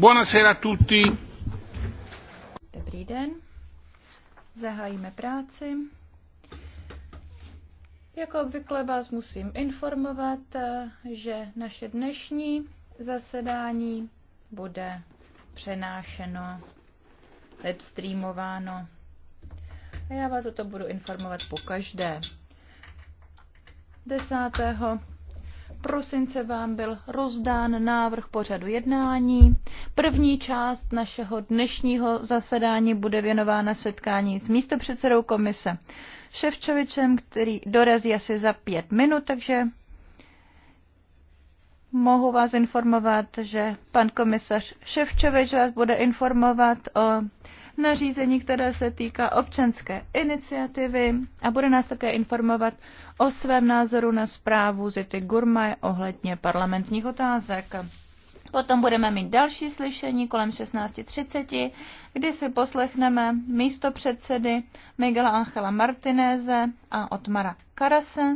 Buonasera a tutti. Dobrý den. Zahájíme práci. Jako obvykle vás musím informovat, že naše dnešní zasedání bude přenášeno, webstreamováno. A já vás o to budu informovat po každé. 10 prosince vám byl rozdán návrh pořadu jednání. První část našeho dnešního zasedání bude věnována setkání s místopředsedou komise Ševčovičem, který dorazí asi za pět minut, takže mohu vás informovat, že pan komisař Ševčovič vás bude informovat o nařízení, které se týká občanské iniciativy a bude nás také informovat o svém názoru na zprávu Zity Gurmaj ohledně parlamentních otázek. Potom budeme mít další slyšení kolem 16.30, kdy si poslechneme místo předsedy Miguela Angela Martineze a Otmara Karase,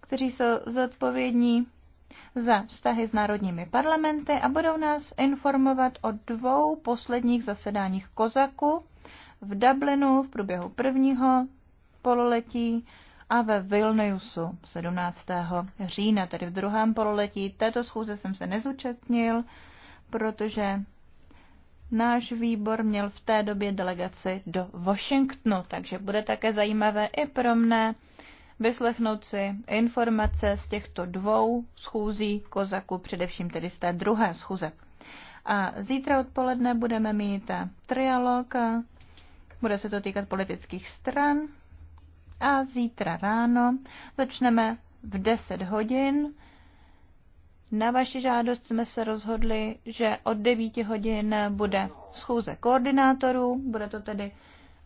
kteří jsou zodpovědní za vztahy s národními parlamenty a budou nás informovat o dvou posledních zasedáních Kozaku v Dublinu v průběhu prvního pololetí a ve Vilniusu 17. října, tedy v druhém pololetí. Této schůze jsem se nezúčastnil, protože náš výbor měl v té době delegaci do Washingtonu, takže bude také zajímavé i pro mne vyslechnout si informace z těchto dvou schůzí kozaku, především tedy z té druhé schůze. A zítra odpoledne budeme mít trialog, bude se to týkat politických stran. A zítra ráno začneme v 10 hodin. Na vaši žádost jsme se rozhodli, že od 9 hodin bude schůze koordinátorů, bude to tedy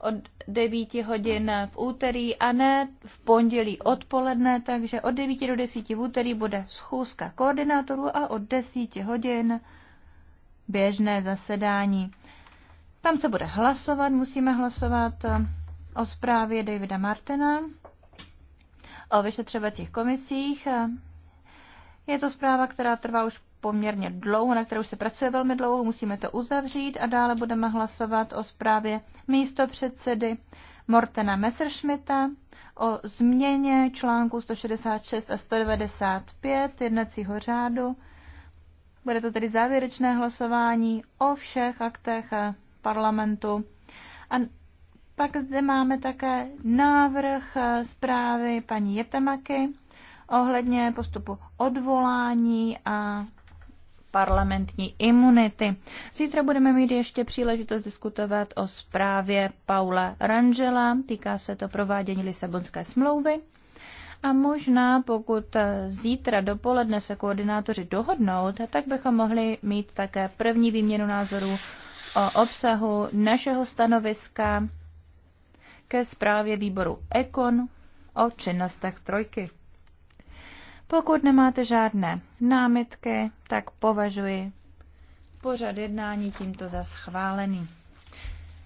od 9 hodin v úterý a ne v pondělí odpoledne, takže od 9 do 10 v úterý bude schůzka koordinátorů a od 10 hodin běžné zasedání. Tam se bude hlasovat, musíme hlasovat o zprávě Davida Martina, o vyšetřovacích komisích. Je to zpráva, která trvá už poměrně dlouho, na kterou se pracuje velmi dlouho, musíme to uzavřít a dále budeme hlasovat o zprávě místo předsedy Mortena Messerschmitta o změně článku 166 a 195 jednacího řádu. Bude to tedy závěrečné hlasování o všech aktech parlamentu. A pak zde máme také návrh zprávy paní Jetemaky ohledně postupu odvolání a parlamentní imunity. Zítra budeme mít ještě příležitost diskutovat o zprávě Paula Rangela, týká se to provádění Lisabonské smlouvy. A možná, pokud zítra dopoledne se koordinátoři dohodnou, tak bychom mohli mít také první výměnu názorů o obsahu našeho stanoviska ke zprávě výboru Ekon o činnostech trojky. Pokud nemáte žádné námitky, tak považuji pořad jednání tímto za schválený.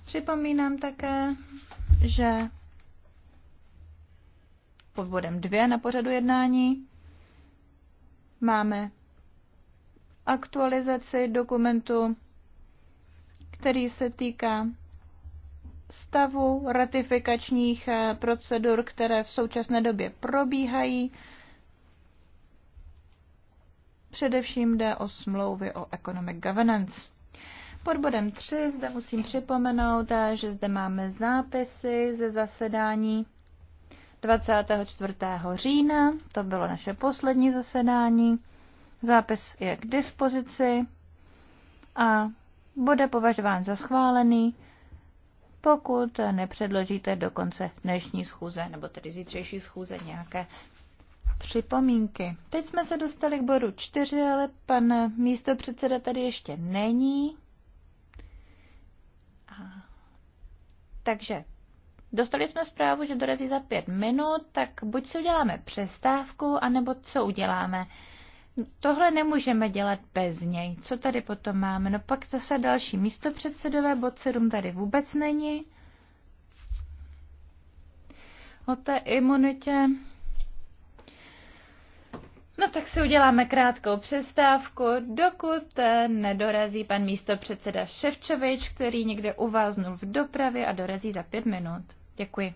Připomínám také, že pod bodem 2 na pořadu jednání máme aktualizaci dokumentu, který se týká stavu ratifikačních eh, procedur, které v současné době probíhají. Především jde o smlouvy o economic governance. Pod bodem 3 zde musím připomenout, že zde máme zápisy ze zasedání 24. října. To bylo naše poslední zasedání. Zápis je k dispozici a bude považován za schválený, pokud nepředložíte do konce dnešní schůze, nebo tedy zítřejší schůze nějaké připomínky. Teď jsme se dostali k bodu čtyři, ale pan místo předseda tady ještě není. Takže dostali jsme zprávu, že dorazí za pět minut, tak buď si uděláme přestávku, anebo co uděláme. Tohle nemůžeme dělat bez něj. Co tady potom máme? No pak zase další místo předsedové, bod 7 tady vůbec není. O té imunitě No tak si uděláme krátkou přestávku, dokud eh, nedorazí pan předseda Ševčovič, který někde uváznul v dopravě a dorazí za pět minut. Děkuji.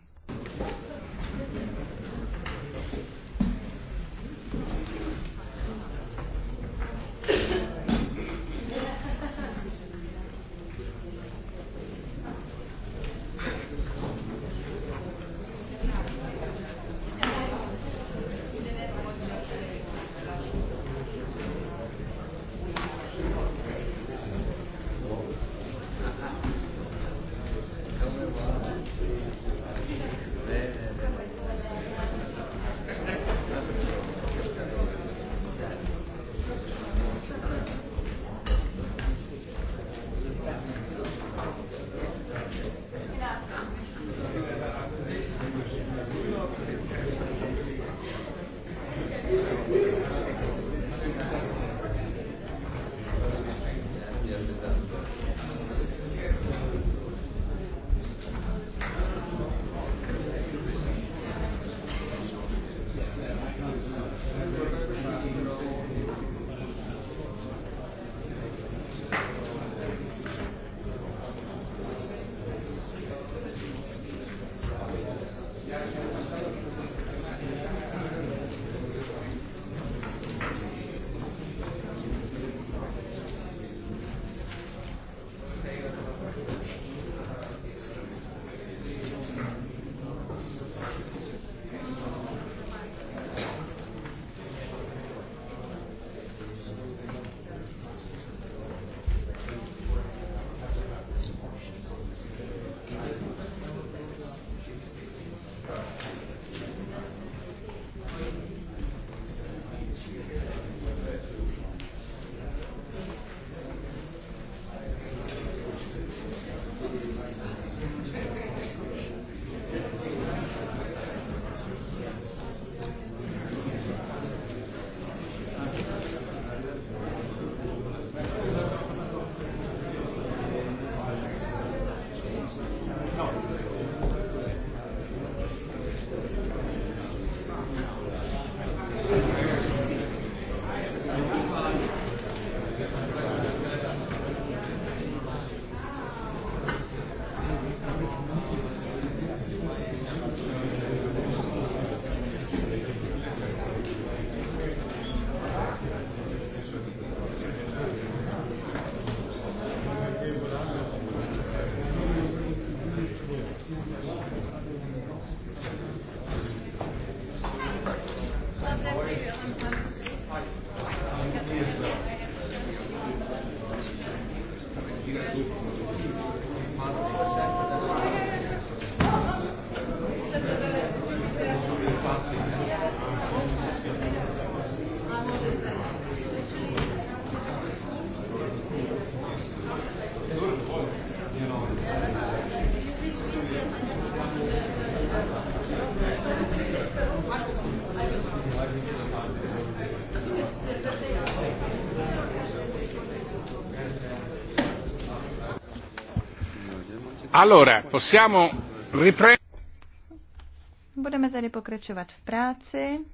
Budeme tedy pokračovat v práci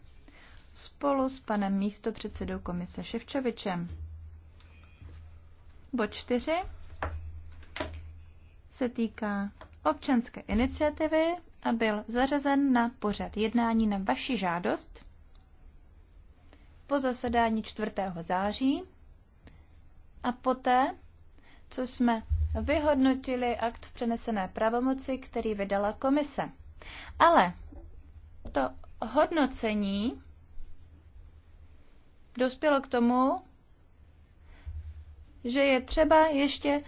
spolu s panem místopředsedou komise Ševčovičem. Bod 4 se týká občanské iniciativy a byl zařazen na pořad jednání na vaši žádost po zasedání 4. září a poté, co jsme vyhodnotili akt v přenesené pravomoci, který vydala komise. Ale to hodnocení dospělo k tomu, že je třeba ještě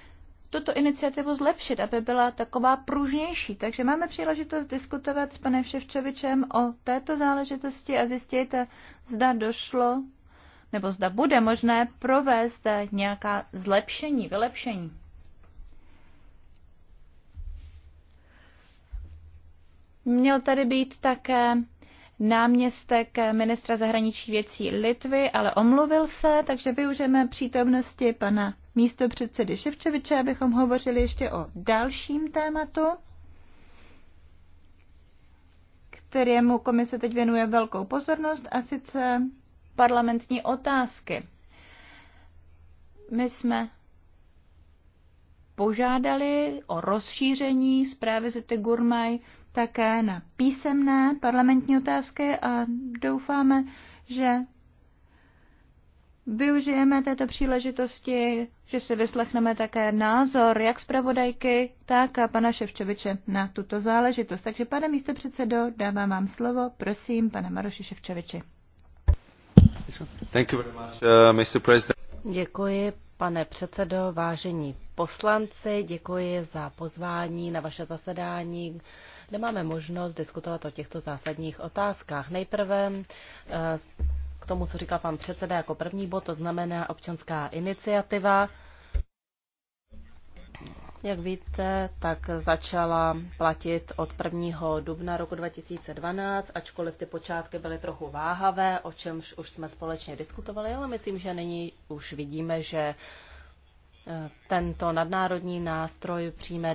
tuto iniciativu zlepšit, aby byla taková pružnější. Takže máme příležitost diskutovat s panem Ševčovičem o této záležitosti a zjistit, zda došlo nebo zda bude možné provést nějaká zlepšení, vylepšení. Měl tady být také náměstek ministra zahraničí věcí Litvy, ale omluvil se, takže využijeme přítomnosti pana místopředsedy Ševčeviče, abychom hovořili ještě o dalším tématu, kterému komise teď věnuje velkou pozornost, a sice parlamentní otázky. My jsme požádali o rozšíření zprávy Zety Gurmaj také na písemné parlamentní otázky a doufáme, že využijeme této příležitosti, že si vyslechneme také názor jak zpravodajky, tak a pana Ševčoviče na tuto záležitost. Takže pane místo předsedo, dávám vám slovo, prosím, pane Maroši Ševčoviči. Uh, Děkuji, Pane předsedo, vážení poslanci, děkuji za pozvání na vaše zasedání, kde máme možnost diskutovat o těchto zásadních otázkách. Nejprve eh, k tomu, co říkal pan předseda jako první bod, to znamená občanská iniciativa. Jak víte, tak začala platit od 1. dubna roku 2012, ačkoliv ty počátky byly trochu váhavé, o čemž už jsme společně diskutovali, ale myslím, že nyní už vidíme, že eh, tento nadnárodní nástroj přímé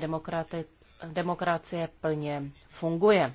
demokracie plně funguje.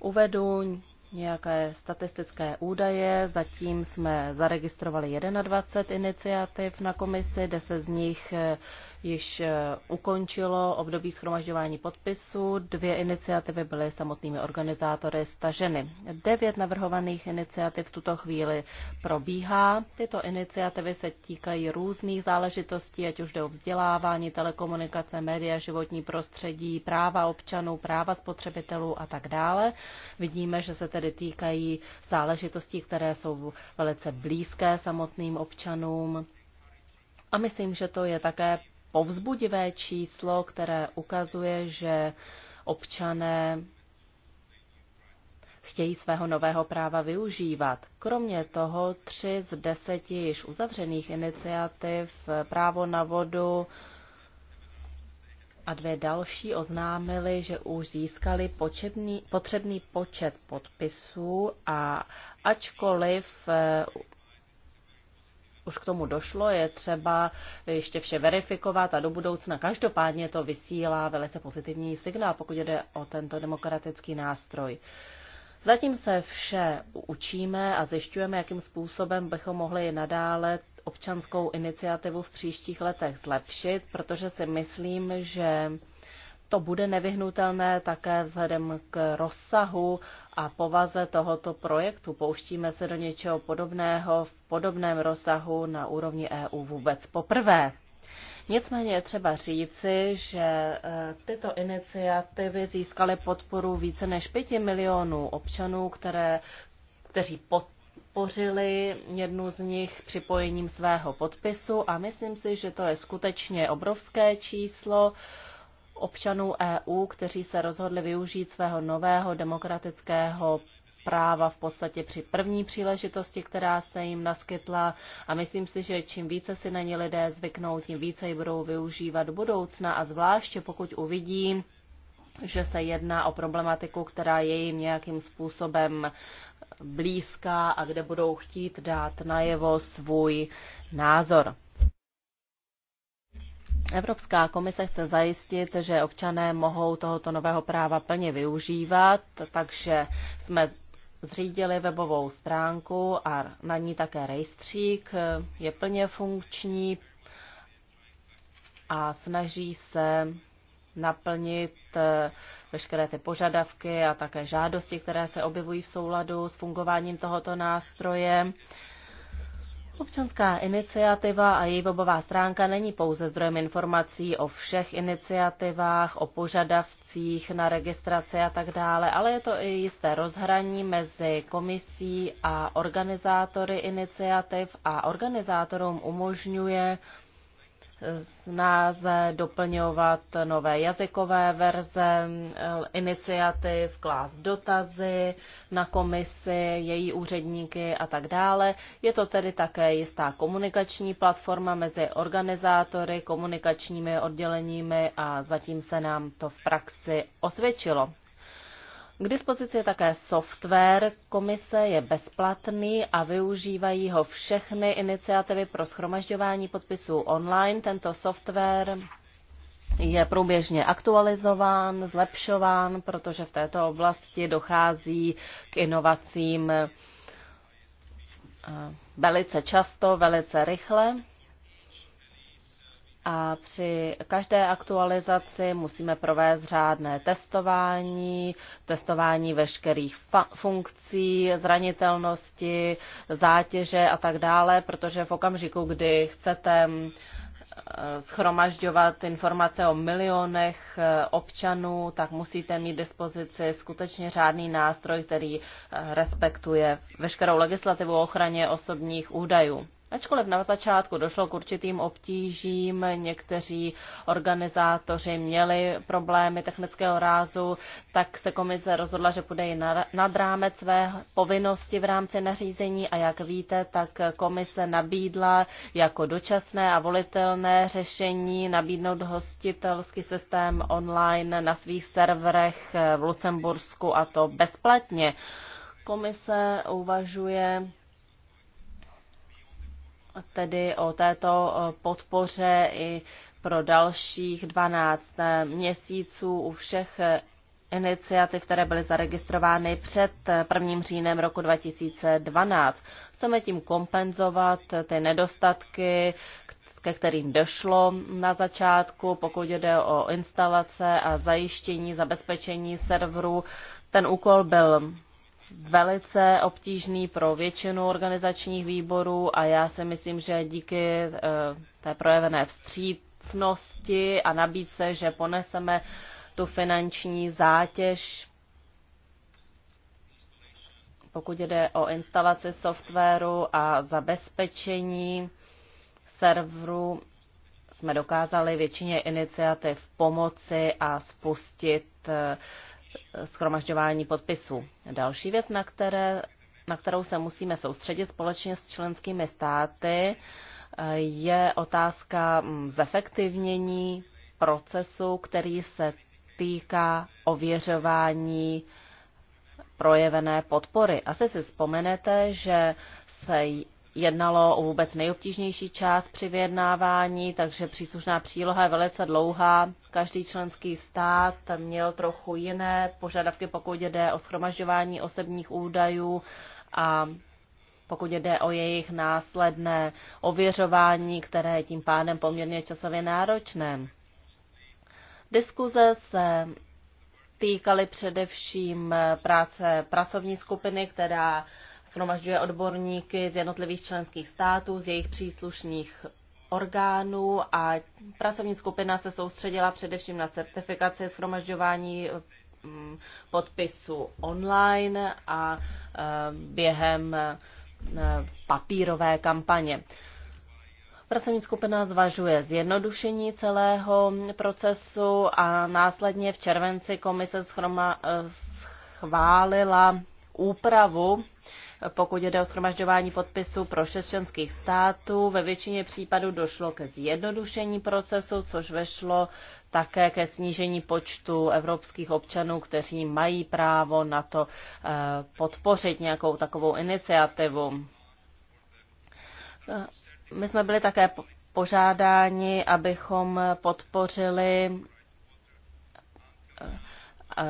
Uvedu nějaké statistické údaje. Zatím jsme zaregistrovali 21 iniciativ na komisi, 10 z nich eh, již eh, ukončilo období schromažďování podpisů. Dvě iniciativy byly samotnými organizátory staženy. Devět navrhovaných iniciativ v tuto chvíli probíhá. Tyto iniciativy se týkají různých záležitostí, ať už jde o vzdělávání, telekomunikace, média, životní prostředí, práva občanů, práva spotřebitelů a tak dále. Vidíme, že se tedy týkají záležitostí, které jsou velice blízké samotným občanům. A myslím, že to je také povzbudivé číslo, které ukazuje, že občané chtějí svého nového práva využívat. Kromě toho tři z deseti již uzavřených iniciativ právo na vodu a dvě další oznámili, že už získali početný, potřebný počet podpisů a ačkoliv už k tomu došlo, je třeba ještě vše verifikovat a do budoucna každopádně to vysílá velice pozitivní signál, pokud jde o tento demokratický nástroj. Zatím se vše učíme a zjišťujeme, jakým způsobem bychom mohli nadále občanskou iniciativu v příštích letech zlepšit, protože si myslím, že to bude nevyhnutelné také vzhledem k rozsahu a povaze tohoto projektu. Pouštíme se do něčeho podobného v podobném rozsahu na úrovni EU vůbec poprvé. Nicméně je třeba říci, že e, tyto iniciativy získaly podporu více než 5 milionů občanů, které, kteří podpořili jednu z nich připojením svého podpisu a myslím si, že to je skutečně obrovské číslo. Uh, občanů EU, kteří se rozhodli využít svého nového demokratického práva v podstatě při první příležitosti, která se jim naskytla a myslím si, že čím více si na ně lidé zvyknou, tím více ji budou využívat do budoucna a zvláště pokud uvidí, že se jedná o problematiku, která je jim nějakým způsobem blízká a kde budou chtít dát najevo svůj názor. Evropská komise chce zajistit, že občané mohou tohoto nového práva plně využívat, takže jsme zřídili webovou stránku a na ní také rejstřík. Je plně funkční a snaží se naplnit eh, veškeré ty požadavky a také žádosti, které se objevují v souladu s fungováním tohoto nástroje. Občanská iniciativa a její webová stránka není pouze zdrojem informací o všech iniciativách, o požadavcích na registraci a tak dále, ale je to i jisté rozhraní mezi komisí a organizátory iniciativ a organizátorům umožňuje snáze doplňovat nové jazykové verze, eh, iniciativ, klást dotazy na komisi, její úředníky a tak dále. Je to tedy také jistá komunikační platforma mezi organizátory, komunikačními odděleními a zatím se nám to v praxi osvědčilo. K dispozici je také software komise, je bezplatný a využívají ho všechny iniciativy pro schromažďování podpisů online. Tento software je průběžně aktualizován, zlepšován, protože v této oblasti dochází k inovacím eh, velice často, velice rychle a při každé aktualizaci musíme provést řádné testování, testování veškerých funkcí, zranitelnosti, zátěže a tak dále, protože v okamžiku, kdy chcete eh, schromažďovat informace o milionech eh, občanů, tak musíte mít dispozici skutečně řádný nástroj, který eh, respektuje veškerou legislativu o ochraně osobních údajů. Ačkoliv na začátku došlo k určitým obtížím, někteří organizátoři měli problémy technického rázu, tak se komise rozhodla, že půjde i nad rámec své povinnosti v rámci nařízení a jak víte, tak komise nabídla jako dočasné a volitelné řešení nabídnout hostitelský systém online na svých serverech v Lucembursku a to bezplatně. Komise uvažuje tedy o této eh, podpoře i pro dalších 12 eh, měsíců u všech eh, iniciativ, které byly zaregistrovány před 1. říjnem roku 2012. Chceme tím kompenzovat ty nedostatky, ke kterým došlo na začátku, pokud jde o instalace a zajištění, zabezpečení serverů. Ten úkol byl velice obtížný pro většinu organizačních výborů a já si myslím, že díky eh, té projevené vstřícnosti a nabídce, že poneseme tu finanční zátěž, pokud jde o instalaci softwaru a zabezpečení serveru, jsme dokázali většině iniciativ pomoci a spustit uh, schromažďování podpisů. Další věc, na, které, na kterou se musíme soustředit společně s členskými státy, je otázka mm, zefektivnění procesu, který se týká ověřování projevené podpory. Asi si vzpomenete, že se jednalo o vůbec nejobtížnější část při vyjednávání, takže příslušná příloha je velice dlouhá. Každý členský stát měl trochu jiné požadavky, pokud jde o schromažďování osobních údajů a pokud jde o jejich následné ověřování, které je tím pádem poměrně časově náročné. Diskuze se týkaly především práce pracovní skupiny, která shromažďuje odborníky z jednotlivých členských států, z jejich příslušných orgánů a pracovní skupina se soustředila především na certifikaci shromažďování mm, podpisu online a e, během e, papírové kampaně. Pracovní skupina zvažuje zjednodušení celého procesu a následně v červenci komise schroma, e, schválila úpravu pokud jde o schromažďování podpisů pro šest členských států. Ve většině případů došlo ke zjednodušení procesu, což vešlo také ke snížení počtu evropských občanů, kteří mají právo na to eh, podpořit nějakou takovou iniciativu. Eh, my jsme byli také požádáni, abychom podpořili eh,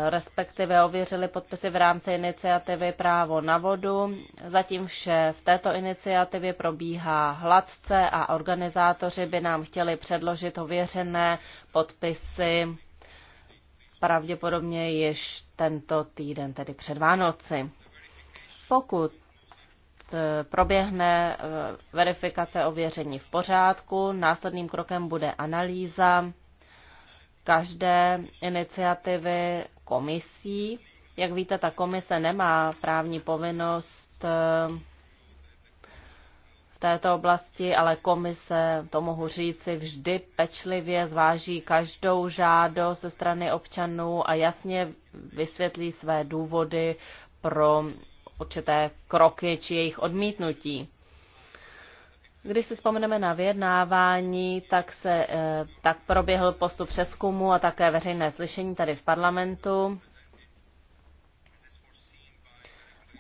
respektive ověřili podpisy v rámci iniciativy Právo na vodu. Zatím vše v této iniciativě probíhá hladce a organizátoři by nám chtěli předložit ověřené podpisy pravděpodobně již tento týden, tedy před Vánoci. Pokud eh, proběhne eh, verifikace ověření v pořádku, následným krokem bude analýza každé iniciativy komisí. Jak víte, ta komise nemá právní povinnost eh, v této oblasti, ale komise, to mohu říci, vždy pečlivě zváží každou žádost ze strany občanů a jasně vysvětlí své důvody pro určité kroky či jejich odmítnutí. Když si vzpomeneme na vyjednávání, tak, se, eh, tak proběhl postup přeskumu a také veřejné slyšení tady v parlamentu.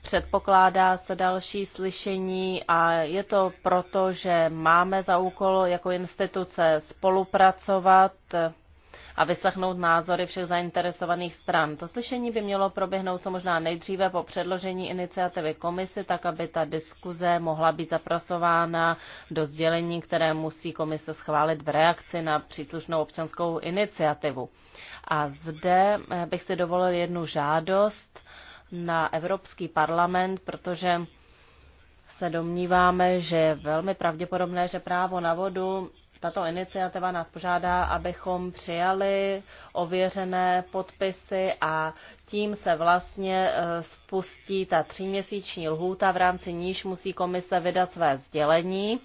Předpokládá se další slyšení a je to proto, že máme za úkol jako instituce spolupracovat a vyslechnout názory všech zainteresovaných stran. To slyšení by mělo proběhnout co možná nejdříve po předložení iniciativy komisy, tak aby ta diskuze mohla být zapracována do sdělení, které musí komise schválit v reakci na příslušnou občanskou iniciativu. A zde eh, bych si dovolil jednu žádost na Evropský parlament, protože se domníváme, že je velmi pravděpodobné, že právo na vodu tato iniciativa nás požádá, abychom přijali ověřené podpisy a tím se vlastně eh, spustí ta tříměsíční lhůta, v rámci níž musí komise vydat své sdělení.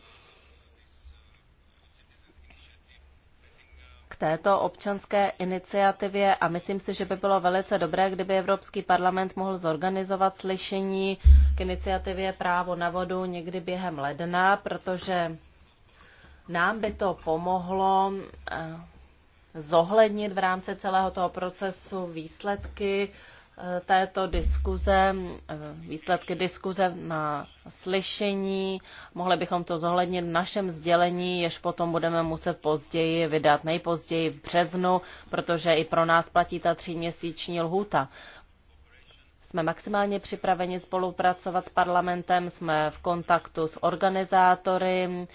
této občanské iniciativě a myslím si, že by bylo velice dobré, kdyby Evropský parlament mohl zorganizovat slyšení k iniciativě právo na vodu někdy během ledna, protože nám by to pomohlo eh, zohlednit v rámci celého toho procesu výsledky eh, této diskuze, eh, výsledky diskuze na slyšení. Mohli bychom to zohlednit v našem sdělení, jež potom budeme muset později vydat nejpozději v březnu, protože i pro nás platí ta tříměsíční lhůta. Jsme maximálně připraveni spolupracovat s parlamentem, jsme v kontaktu s organizátory,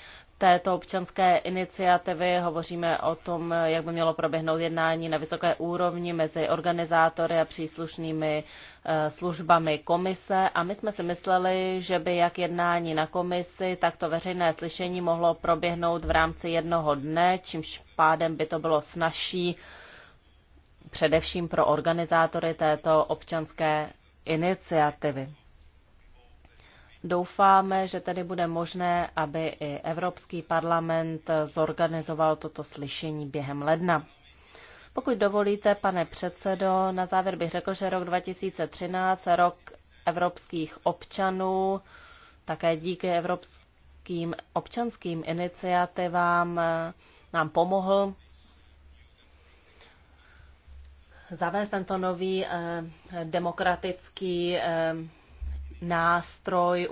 této občanské iniciativy. Hovoříme o tom, jak by mělo proběhnout jednání na vysoké úrovni mezi organizátory a příslušnými eh, službami komise. A my jsme si mysleli, že by jak jednání na komisi, tak to veřejné slyšení mohlo proběhnout v rámci jednoho dne, čímž pádem by to bylo snažší především pro organizátory této občanské iniciativy. Doufáme, že tedy bude možné, aby i Evropský parlament zorganizoval toto slyšení během ledna. Pokud dovolíte, pane předsedo, na závěr bych řekl, že rok 2013, rok evropských občanů, také díky evropským občanským iniciativám nám pomohl zavést tento nový eh, demokratický eh, nástroj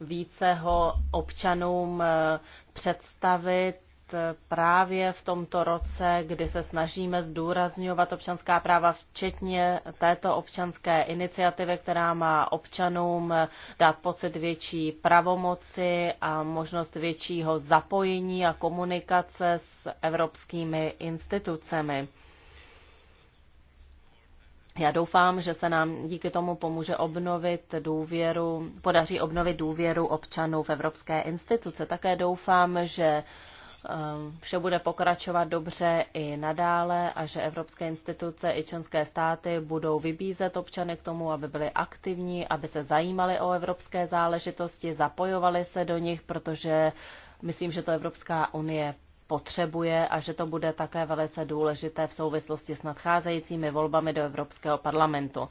více ho občanům eh, představit eh, právě v tomto roce, kdy se snažíme zdůrazňovat občanská práva, včetně této občanské iniciativy, která má občanům eh, dát pocit větší pravomoci a možnost většího zapojení a komunikace s evropskými institucemi. Já doufám, že se nám díky tomu pomůže obnovit důvěru, podaří obnovit důvěru občanů v evropské instituce. Také doufám, že ehm, vše bude pokračovat dobře i nadále a že evropské instituce i členské státy budou vybízet občany k tomu, aby byli aktivní, aby se zajímali o evropské záležitosti, zapojovali se do nich, protože myslím, že to Evropská unie potřebuje a že to bude také velice důležité v souvislosti s nadcházejícími volbami do Evropského parlamentu.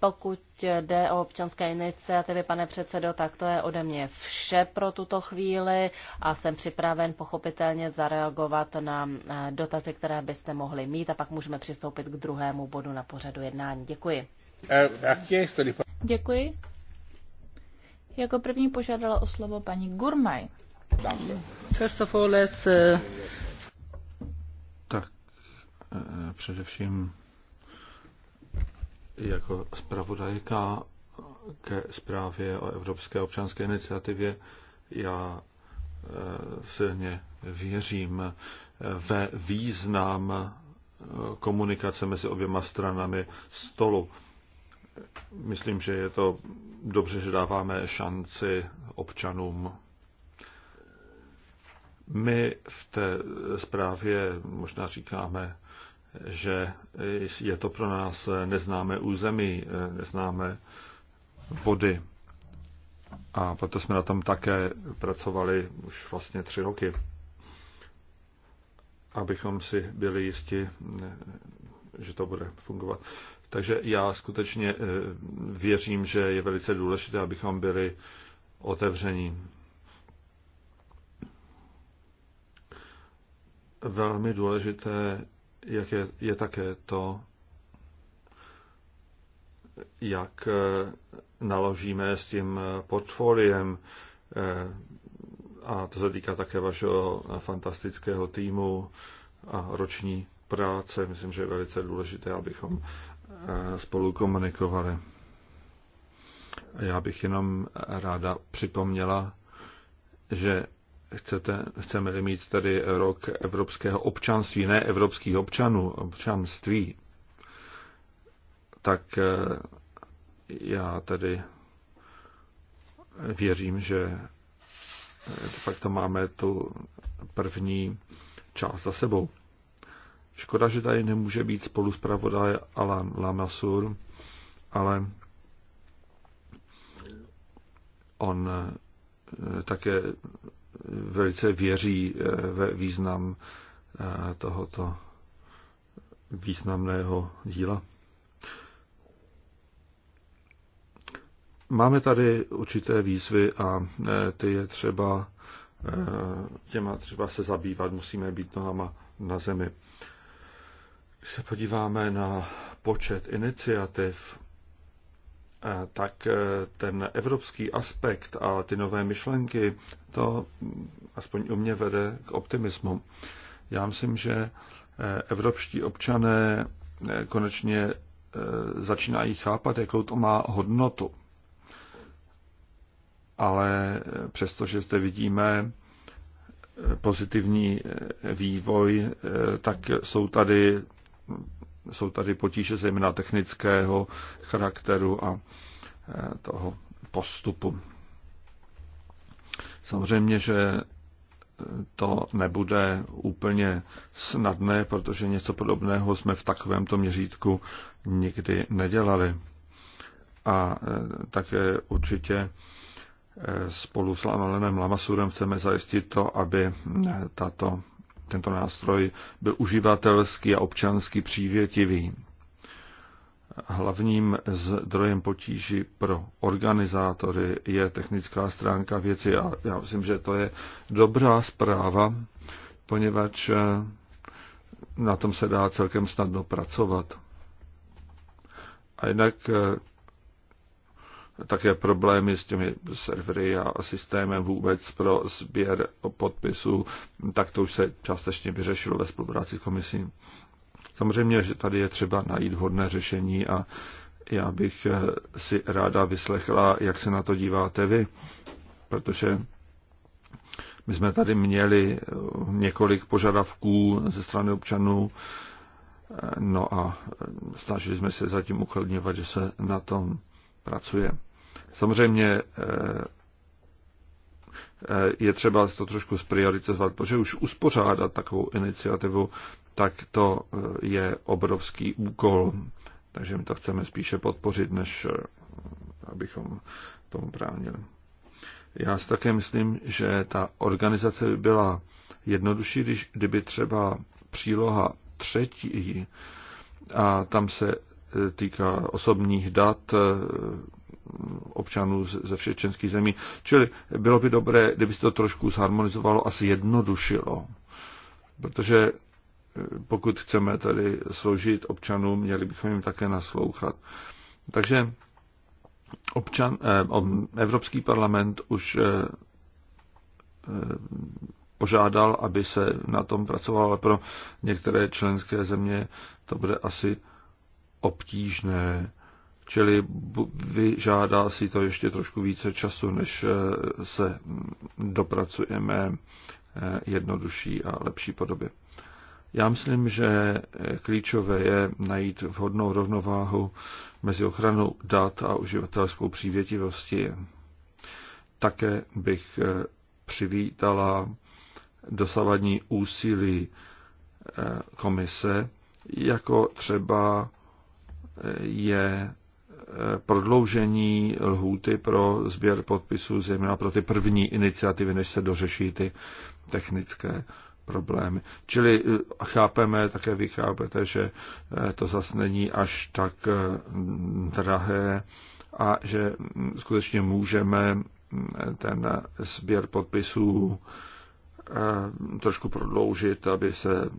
Pokud jde o občanské iniciativy, pane předsedo, tak to je ode mě vše pro tuto chvíli a jsem připraven pochopitelně zareagovat na eh, dotazy, které byste mohli mít a pak můžeme přistoupit k druhému bodu na pořadu jednání. Děkuji. Děkuji. Jako první požádala o slovo paní Gurmaj. Uh, tak, eh, především jako zpravodajka ke zprávě o Evropské občanské iniciativě já eh, silně věřím eh, ve význam komunikace mezi oběma stranami stolu. Myslím, že je to dobře, že dáváme šanci občanům my v té zprávě možná říkáme, že je to pro nás neznámé území, neznámé vody. A proto jsme na tom také pracovali už vlastně tři roky, abychom si byli jisti, že to bude fungovat. Takže já skutečně eh, věřím, že je velice důležité, abychom byli otevření velmi důležité jak je, je také to, jak eh, naložíme s tím portfoliem, eh, a to se týká také vašeho fantastického týmu a roční práce. Myslím, že je velice důležité, abychom eh, spolu komunikovali. Já bych jenom ráda připomněla, že chcete, chceme-li mít tady rok evropského občanství, ne evropských občanů, občanství, tak eh, já tedy věřím, že eh, de facto máme tu první část za sebou. Škoda, že tady nemůže být spolu zpravodaj Alan Lamasur, ale on eh, také velice věří eh, ve význam eh, tohoto významného díla. Máme tady určité výzvy a eh, ty je třeba, těma třeba se zabývat, musíme být nohama na zemi. Když se podíváme na počet iniciativ, tak e, ten evropský aspekt a ty nové myšlenky, to aspoň u mě vede k optimismu. Já myslím, že e, evropští občané e, konečně začínají chápat, jakou to má hodnotu. Ale přestože zde vidíme pozitivní vývoj, tak jsou tady jsou tady potíže zejména technického charakteru a eh, toho postupu. Samozřejmě, že to nebude úplně snadné, protože něco podobného jsme v takovémto měřítku nikdy nedělali. A eh, také určitě eh, spolu s Alanem Lamasurem chceme zajistit to, aby tato tento nástroj byl uživatelský a občanský přívětivý. Hlavním zdrojem potíží pro organizátory je technická stránka věci a já myslím, že to je dobrá zpráva, poněvadž eh, na tom se dá celkem snadno pracovat. A jinak eh, také problémy s těmi servery a systémem vůbec pro sběr podpisů, tak to už se částečně vyřešilo ve spolupráci s komisí. Samozřejmě, že tady je třeba najít vhodné řešení a já bych eh, si ráda vyslechla, jak se na to díváte vy, protože my jsme tady měli eh, několik požadavků ze strany občanů, eh, no a snažili jsme se zatím uklidňovat, že se na tom pracuje. Samozřejmě eh, eh, je třeba to trošku sprioritizovat, protože už uspořádat takovou iniciativu, tak to eh, je obrovský úkol. Takže my to chceme spíše podpořit, než abychom tomu bránili. Já si také myslím, že ta organizace by byla jednodušší, když, kdyby třeba příloha třetí a tam se týká osobních dat občanů ze všech členských zemí. Čili bylo by dobré, kdyby se to trošku zharmonizovalo a zjednodušilo. Protože e, pokud chceme tady sloužit občanům, měli bychom jim také naslouchat. Takže občan, e, Evropský parlament už e, požádal, aby se na tom pracovalo, ale pro některé členské země to bude asi obtížné čili vyžádá si to ještě trošku více času, než eh, se mm, dopracujeme eh, jednodušší a lepší podobě. Já myslím, že eh, klíčové je najít vhodnou rovnováhu mezi ochranou dat a uživatelskou přívětivostí. Také bych přivítala dosavadní úsilí komise, jako třeba je prodloužení lhůty pro sběr podpisů, zejména pro ty první iniciativy, než se dořeší ty technické problémy. Čili eh, chápeme, také vy chápete, že eh, to zase není až tak eh, drahé a že mm, skutečně můžeme mm, ten sběr podpisů trošku prodloužit, aby se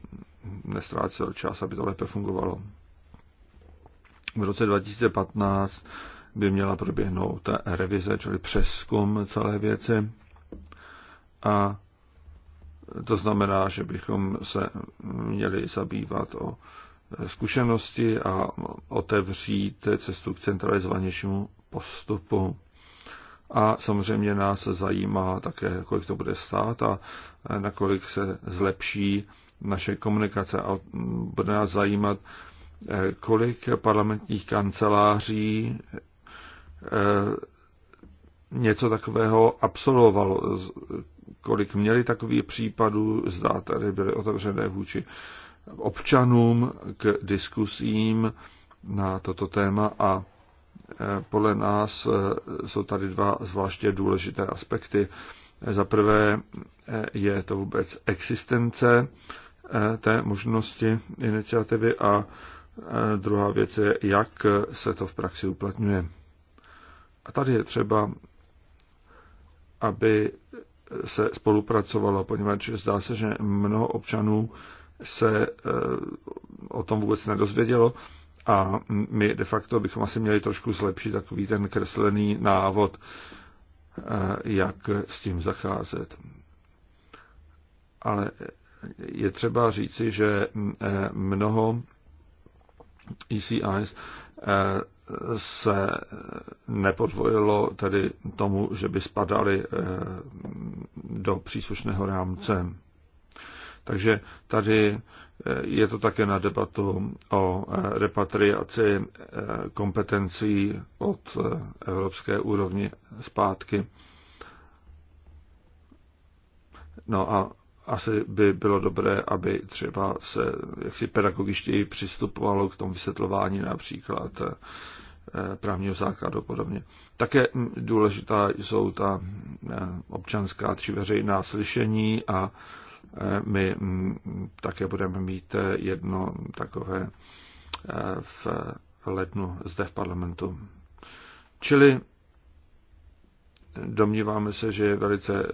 mm, nestrácel čas, aby to lépe fungovalo v roce 2015 by měla proběhnout ta revize, čili přeskum celé věci. A to znamená, že bychom se měli zabývat o zkušenosti a otevřít cestu k centralizovanějšímu postupu. A samozřejmě nás zajímá také, kolik to bude stát a nakolik se zlepší naše komunikace. A bude nás zajímat, kolik parlamentních kanceláří eh, něco takového absolvovalo, kolik měli takových případů, zda tady byly otevřené vůči občanům k diskusím na toto téma a eh, podle nás eh, jsou tady dva zvláště důležité aspekty. Za prvé je to vůbec existence té možnosti iniciativy a Druhá věc je, jak se to v praxi uplatňuje. A tady je třeba, aby se spolupracovalo, poněvadž zdá se, že mnoho občanů se e, o tom vůbec nedozvědělo a my de facto bychom asi měli trošku zlepšit takový ten kreslený návod, e, jak s tím zacházet. Ale je třeba říci, že e, mnoho ECIs e, se nepodvojilo tedy tomu, že by spadali e, do příslušného rámce. Takže tady e, je to také na debatu o repatriaci kompetencí od evropské úrovni zpátky. No a asi by bylo dobré, aby třeba se jaksi pedagogičtěji přistupovalo k tomu vysvětlování například eh, právního základu a podobně. Také důležitá jsou ta eh, občanská či veřejná slyšení a eh, my také budeme mít jedno takové v lednu zde v parlamentu. Čili Domníváme se, že je velice eh,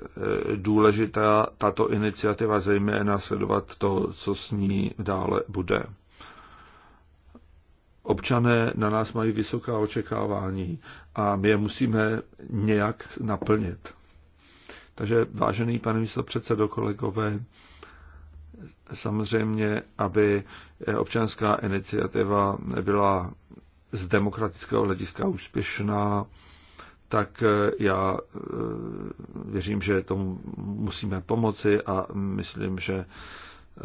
důležitá tato iniciativa, zejména sledovat to, co s ní dále bude. Občané na nás mají vysoká očekávání a my je musíme nějak naplnit. Takže, vážený pane místopředsedo, kolegové, samozřejmě, aby eh, občanská iniciativa byla z demokratického hlediska úspěšná, tak eh, já eh, věřím, že tomu musíme pomoci a myslím, že eh,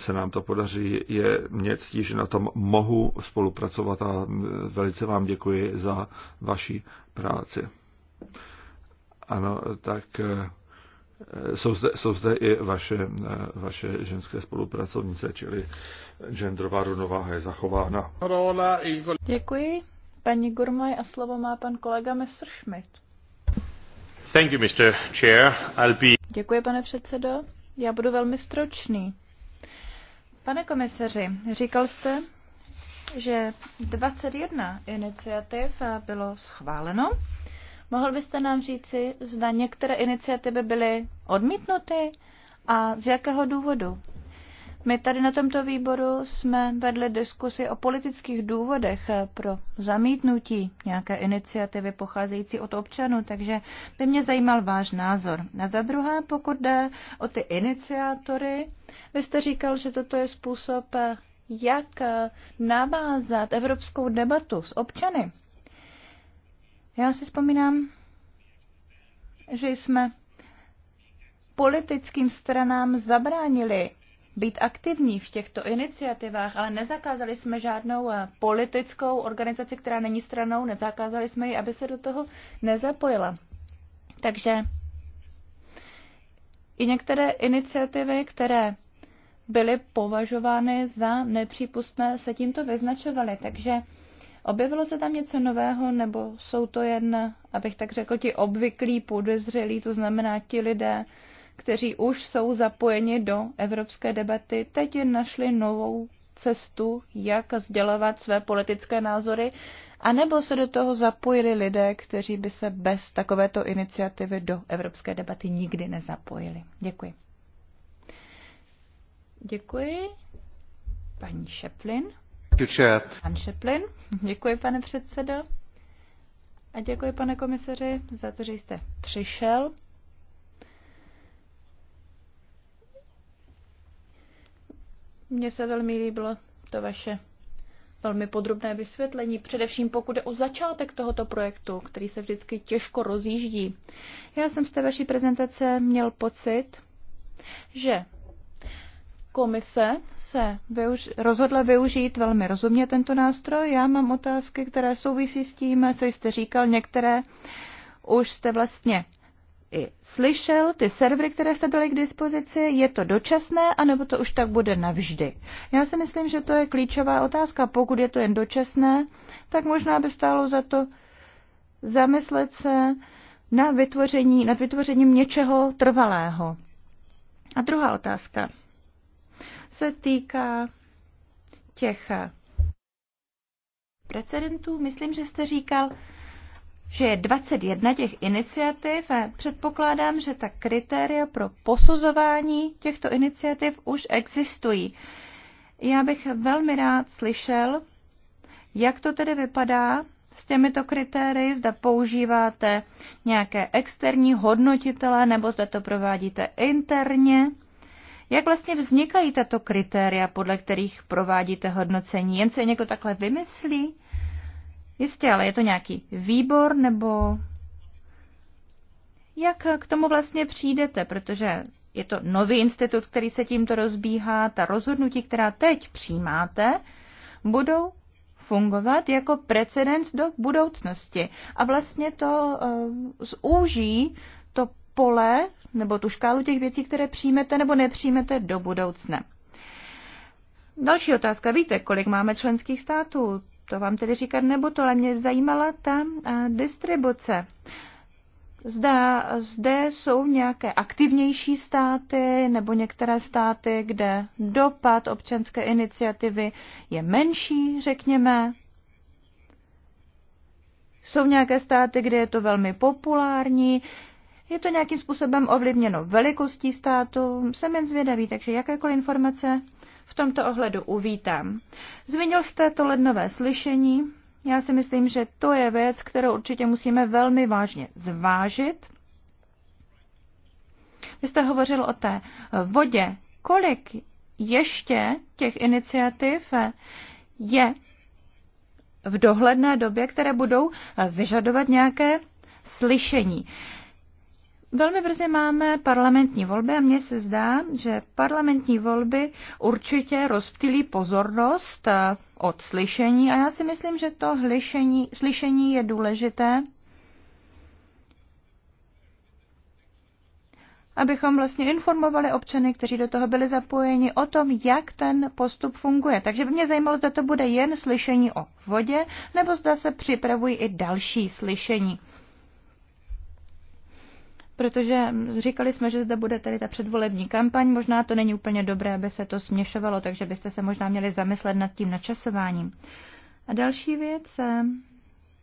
se nám to podaří. Je mě ctí, že na tom mohu spolupracovat a mm, velice vám děkuji za vaši práci. Ano, tak jsou zde, jsou zde i vaše, vaše ženské spolupracovnice, čili genderová rovnováha je zachována. Děkuji paní Gurmaj a slovo má pan kolega Schmidt. Thank you, Mr. Chair. I'll be... Děkuji, pane předsedo. Já budu velmi stročný. Pane komisaři, říkal jste, že 21 iniciativ bylo schváleno. Mohl byste nám říci, zda některé iniciativy byly odmítnuty a z jakého důvodu? My tady na tomto výboru jsme vedli diskusi o politických důvodech eh, pro zamítnutí nějaké iniciativy pocházející od občanů, takže by mě zajímal váš názor. A za druhé, pokud jde o ty iniciátory, vy jste říkal, že toto je způsob, eh, jak eh, navázat evropskou debatu s občany. Já si vzpomínám, že jsme politickým stranám zabránili být aktivní v těchto iniciativách, ale nezakázali jsme žádnou eh, politickou organizaci, která není stranou, nezakázali jsme ji, aby se do toho nezapojila. Takže i některé iniciativy, které byly považovány za nepřípustné, se tímto vyznačovaly. Takže objevilo se tam něco nového, nebo jsou to jen, abych tak řekl, ti obvyklí podezřelí, to znamená ti lidé, kteří už jsou zapojeni do evropské debaty, teď našli novou cestu, jak sdělovat své politické názory, anebo se do toho zapojili lidé, kteří by se bez takovéto iniciativy do evropské debaty nikdy nezapojili. Děkuji. Děkuji. Paní Šeplin. Pan Šeplin. Děkuji, pane předsedo. A děkuji, pane komisaři, za to, že jste přišel. Mně se velmi líbilo to vaše velmi podrobné vysvětlení, především pokud je o začátek tohoto projektu, který se vždycky těžko rozjíždí. Já jsem z té vaší prezentace měl pocit, že komise se využ- rozhodla využít velmi rozumně tento nástroj. Já mám otázky, které souvisí s tím, co jste říkal. Některé už jste vlastně i slyšel, ty servery, které jste dali k dispozici, je to dočasné, anebo to už tak bude navždy? Já si myslím, že to je klíčová otázka. Pokud je to jen dočasné, tak možná by stálo za to zamyslet se na vytvoření, nad vytvořením něčeho trvalého. A druhá otázka se týká těch precedentů. Myslím, že jste říkal, že je 21 těch iniciativ a předpokládám, že ta kritéria pro posuzování těchto iniciativ už existují. Já bych velmi rád slyšel, jak to tedy vypadá s těmito kritérii, zda používáte nějaké externí hodnotitele nebo zda to provádíte interně. Jak vlastně vznikají tato kritéria, podle kterých provádíte hodnocení? Jen se někdo takhle vymyslí? Jistě, ale je to nějaký výbor nebo jak k tomu vlastně přijdete, protože je to nový institut, který se tímto rozbíhá, ta rozhodnutí, která teď přijímáte, budou fungovat jako precedens do budoucnosti. A vlastně to uh, zúží to pole nebo tu škálu těch věcí, které přijmete nebo nepřijmete do budoucna. Další otázka. Víte, kolik máme členských států? To vám tedy říkat nebudu, ale mě zajímala ta distribuce. Zda zde jsou nějaké aktivnější státy nebo některé státy, kde dopad občanské iniciativy je menší, řekněme. Jsou nějaké státy, kde je to velmi populární. Je to nějakým způsobem ovlivněno velikostí státu. Jsem jen zvědavý, takže jakékoliv informace v tomto ohledu uvítám. Zmínil jste to lednové slyšení. Já si myslím, že to je věc, kterou určitě musíme velmi vážně zvážit. Vy jste hovořil o té vodě. Kolik ještě těch iniciativ je v dohledné době, které budou vyžadovat nějaké slyšení. Velmi brzy máme parlamentní volby a mně se zdá, že parlamentní volby určitě rozptýlí pozornost eh, od slyšení a já si myslím, že to hlišení, slyšení je důležité, abychom vlastně informovali občany, kteří do toho byli zapojeni, o tom, jak ten postup funguje. Takže by mě zajímalo, zda to bude jen slyšení o vodě, nebo zda se připravují i další slyšení protože říkali jsme, že zde bude tedy ta předvolební kampaň, možná to není úplně dobré, aby se to směšovalo, takže byste se možná měli zamyslet nad tím načasováním. A další věc, eh,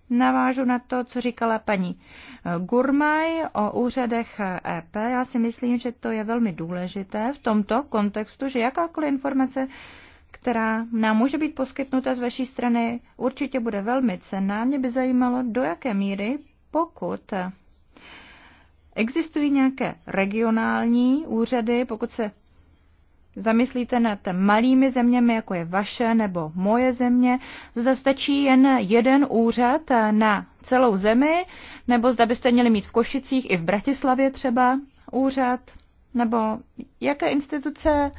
navážu na to, co říkala paní eh, Gurmaj o úřadech EP. Eh, e Já si myslím, že to je velmi důležité v tomto kontextu, že jakákoliv informace, která nám může být poskytnuta z vaší strany, určitě bude velmi cenná. Mě by zajímalo, do jaké míry, pokud Existují nějaké regionální úřady, pokud se zamyslíte nad malými zeměmi, jako je vaše nebo moje země, zda stačí jen jeden úřad na celou zemi, nebo zda byste měli mít v Košicích i v Bratislavě třeba úřad, nebo jaké instituce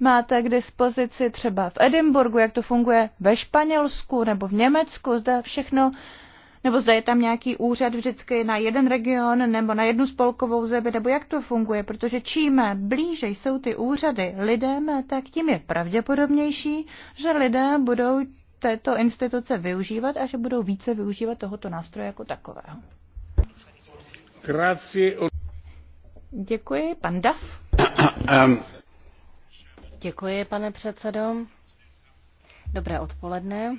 máte k dispozici třeba v Edinburgu, jak to funguje ve Španělsku nebo v Německu, zda všechno nebo zda je tam nějaký úřad vždycky na jeden region nebo na jednu spolkovou zemi, nebo jak to funguje, protože čím blíže jsou ty úřady lidem, tak tím je pravděpodobnější, že lidé budou této instituce využívat a že budou více využívat tohoto nástroje jako takového. Děkuji. Pan Dav. Ehm. Děkuji, pane předsedo. Dobré odpoledne.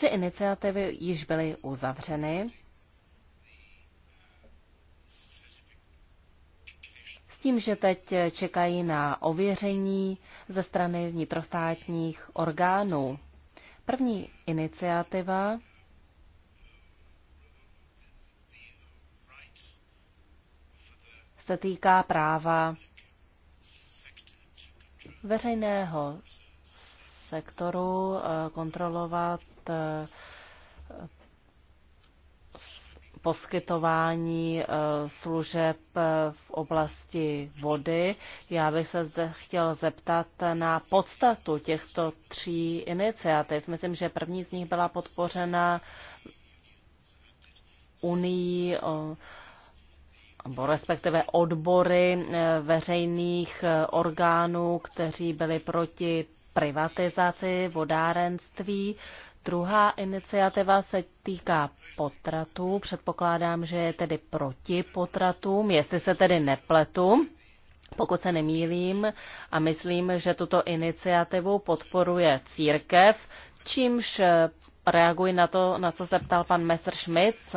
Tři iniciativy již byly uzavřeny. S tím, že teď čekají na ověření ze strany vnitrostátních orgánů. První iniciativa se týká práva veřejného sektoru eh, kontrolovat Eh, poskytování eh, služeb eh, v oblasti vody. Já bych se zde chtěl zeptat na podstatu těchto tří iniciativ. Myslím, že první z nich byla podpořena Unii nebo respektive odbory veřejných orgánů, kteří byli proti privatizaci vodárenství. Druhá iniciativa se týká potratů. Předpokládám, že je tedy proti potratům, jestli se tedy nepletu. Pokud se nemýlím a myslím, že tuto iniciativu podporuje církev, čímž eh, reaguji na to, na co se ptal pan Schmitz.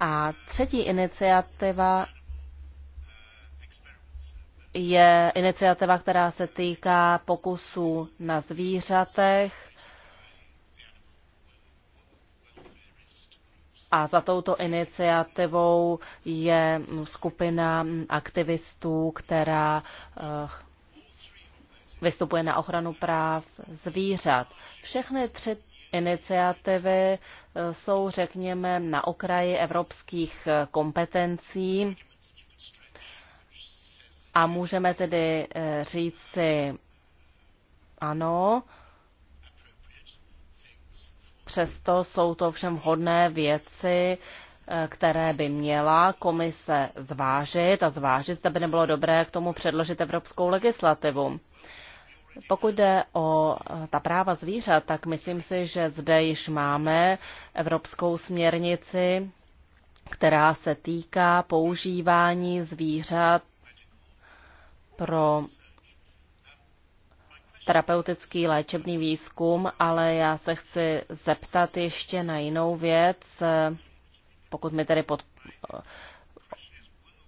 A třetí iniciativa je iniciativa, která se týká pokusů na zvířatech. A za touto iniciativou je skupina aktivistů, která eh, vystupuje na ochranu práv zvířat. Všechny tři iniciativy eh, jsou, řekněme, na okraji evropských eh, kompetencí a můžeme tedy říci ano, Přesto jsou to všem vhodné věci, eh, které by měla komise zvážit a zvážit, zda by nebylo dobré k tomu předložit evropskou legislativu. Pokud jde o eh, ta práva zvířat, tak myslím si, že zde již máme evropskou směrnici, která se týká používání zvířat pro terapeutický léčebný výzkum, ale já se chci zeptat ještě na jinou věc, pokud mi tedy pod,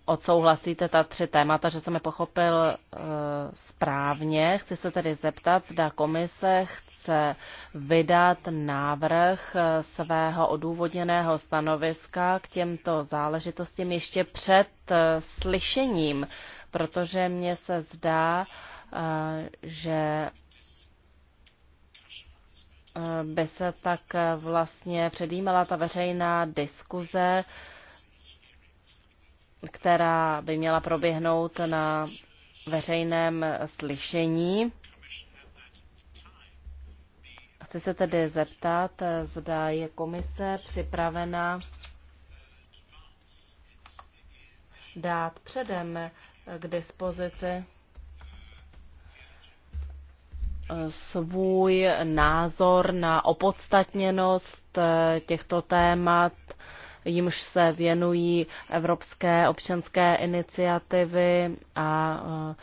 odsouhlasíte ta tři témata, že jsem je pochopil eh, správně. Chci se tedy zeptat, zda komise chce vydat návrh eh, svého odůvodněného stanoviska k těmto záležitostím ještě před eh, slyšením, protože mně se zdá, že eh, by se tak eh, vlastně předjímala ta veřejná diskuze, která by měla proběhnout na veřejném eh, slyšení. Chci se tedy zeptat, zda je komise připravena dát předem k dispozici svůj názor na opodstatněnost eh, těchto témat, jimž se věnují evropské občanské iniciativy a eh,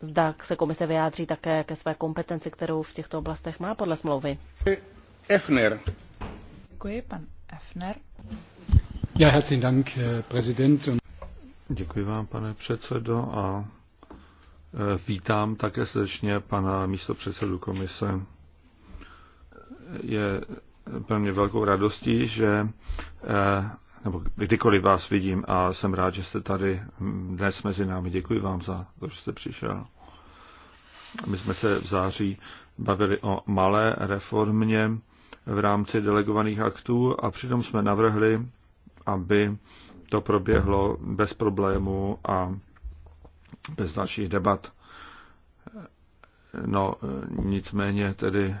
zda se komise vyjádří také ke své kompetenci, kterou v těchto oblastech má podle smlouvy. Efner. Děkuji, pan Efner. Ja, herzlichen Dank, eh, prezident. Děkuji vám, pane předsedo, a Vítám také srdečně pana místopředsedu komise. Je pro mě velkou radostí, že eh, nebo kdykoliv vás vidím a jsem rád, že jste tady dnes mezi námi. Děkuji vám za to, že jste přišel. My jsme se v září bavili o malé reformě v rámci delegovaných aktů a přitom jsme navrhli, aby to proběhlo bez problémů a bez dalších debat. No, nicméně tedy eh,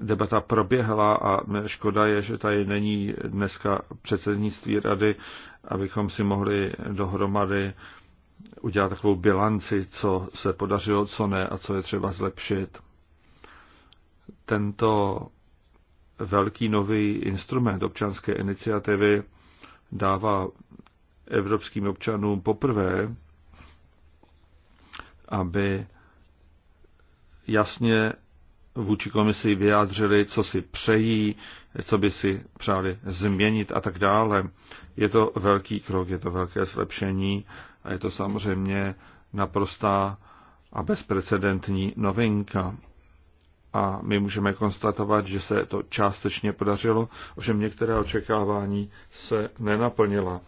debata proběhla a škoda je, že tady není dneska předsednictví rady, abychom si mohli dohromady udělat takovou bilanci, co se podařilo, co ne a co je třeba zlepšit. Tento velký nový instrument občanské iniciativy dává evropským občanům poprvé, aby jasně vůči komisi vyjádřili, co si přejí, co by si přáli změnit a tak dále. Je to velký krok, je to velké zlepšení a je to samozřejmě naprostá a bezprecedentní novinka. A my můžeme konstatovat, že se to částečně podařilo, ovšem některé očekávání se nenaplnila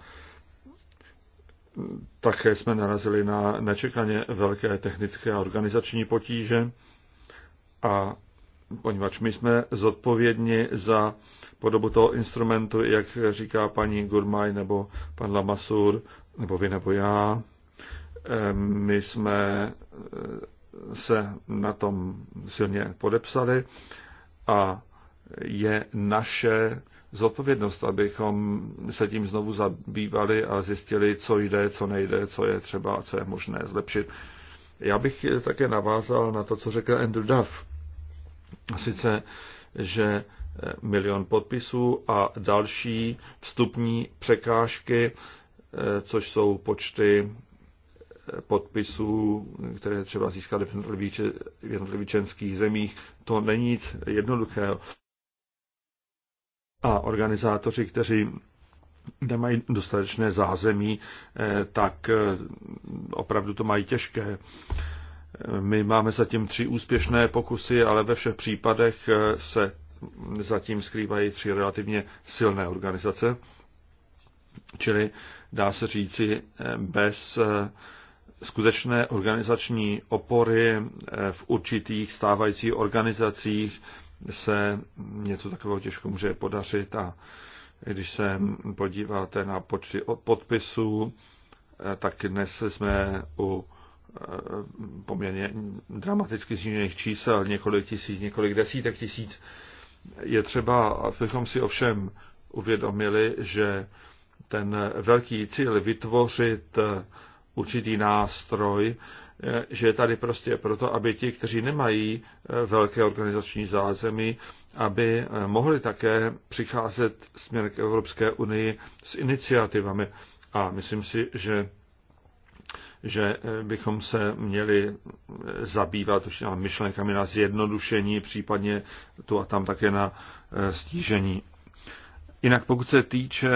také jsme narazili na nečekaně velké technické a organizační potíže a poněvadž my jsme zodpovědni za podobu toho instrumentu, jak říká paní Gurmaj nebo pan Lamasur, nebo vy nebo já. Eh, my jsme eh, se na tom silně podepsali a je naše zodpovědnost, abychom se tím znovu zabývali a zjistili, co jde, co nejde, co je třeba, co je možné zlepšit. Já bych také navázal na to, co řekl Andrew Duff. Sice, že eh, milion podpisů a další vstupní překážky, eh, což jsou počty eh, podpisů, které třeba získali v jednotlivých členských zemích, to není nic jednoduchého a organizátoři, kteří nemají dostatečné zázemí, eh, tak eh, opravdu to mají těžké. Eh, my máme zatím tři úspěšné pokusy, ale ve všech případech se zatím skrývají tři relativně silné organizace. Čili dá se říci, bez skutečné organizační opory v určitých stávajících organizacích se něco takového těžko může podařit a když se podíváte na počty podpisů, eh, tak dnes jsme u eh, poměrně dramaticky znížených čísel, několik tisíc, několik desítek tisíc. Je třeba, abychom si ovšem uvědomili, že ten velký cíl vytvořit eh, určitý nástroj, Eh, že tady prostě proto, aby ti, kteří nemají eh, velké organizační zázemí, aby eh, mohli také přicházet směr k Evropské unii s iniciativami. A myslím si, že že bychom se měli zabývat už myšlenkami na zjednodušení, případně tu a tam také na stížení. Jinak pokud se týče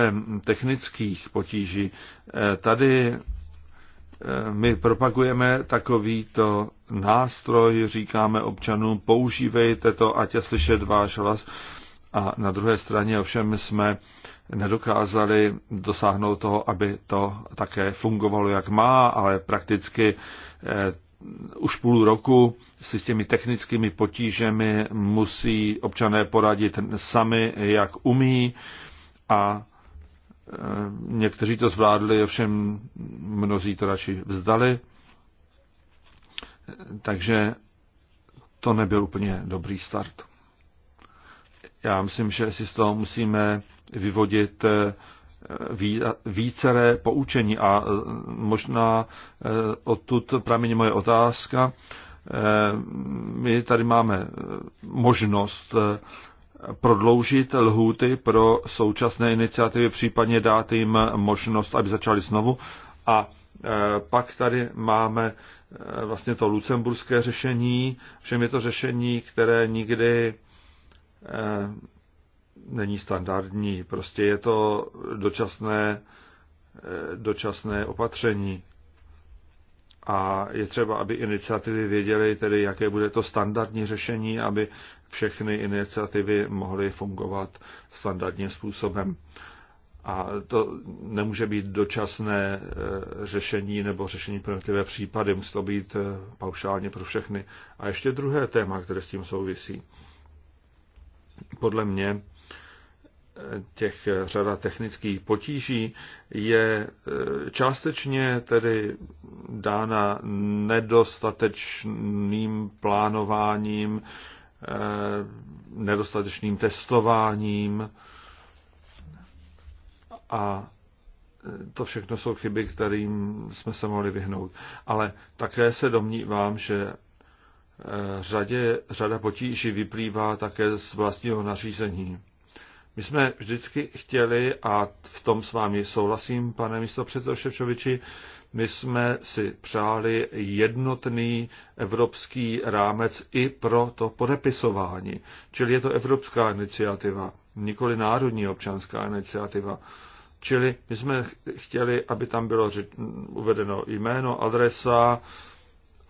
technických potíží, tady my propagujeme takovýto nástroj, říkáme občanům, používejte to, ať je slyšet váš hlas. A na druhé straně ovšem jsme nedokázali dosáhnout toho, aby to také fungovalo, jak má, ale prakticky eh, už půl roku si s těmi technickými potížemi musí občané poradit sami, jak umí a Eh, někteří to zvládli, ovšem mnozí to radši vzdali. Takže to nebyl úplně dobrý start. Já myslím, že si z toho musíme vyvodit eh, víceré poučení a eh, možná odtud pramení moje otázka. My tady máme možnost prodloužit lhůty pro současné iniciativy, případně dát jim možnost, aby začali znovu. A e, pak tady máme e, vlastně to lucemburské řešení, všem je to řešení, které nikdy e, není standardní. Prostě je to dočasné, dočasné opatření. A je třeba, aby iniciativy věděly, tedy jaké bude to standardní řešení, aby všechny iniciativy mohly fungovat standardním způsobem. A to nemůže být dočasné e, řešení nebo řešení pro jednotlivé případy, musí to být e, paušálně pro všechny. A ještě druhé téma, které s tím souvisí. Podle mě e, těch řada technických potíží je částečně tedy dána nedostatečným plánováním, Eh, nedostatečným testováním a eh, to všechno jsou chyby, kterým jsme se mohli vyhnout. Ale také se domnívám, že eh, řadě, řada potíží vyplývá také z vlastního nařízení. My jsme vždycky chtěli, a v tom s vámi souhlasím, pane místo předsedo Ševčoviči, my jsme si přáli jednotný evropský rámec i pro to podepisování. Čili je to evropská iniciativa, nikoli národní občanská iniciativa. Čili my jsme chtěli, aby tam bylo uvedeno jméno, adresa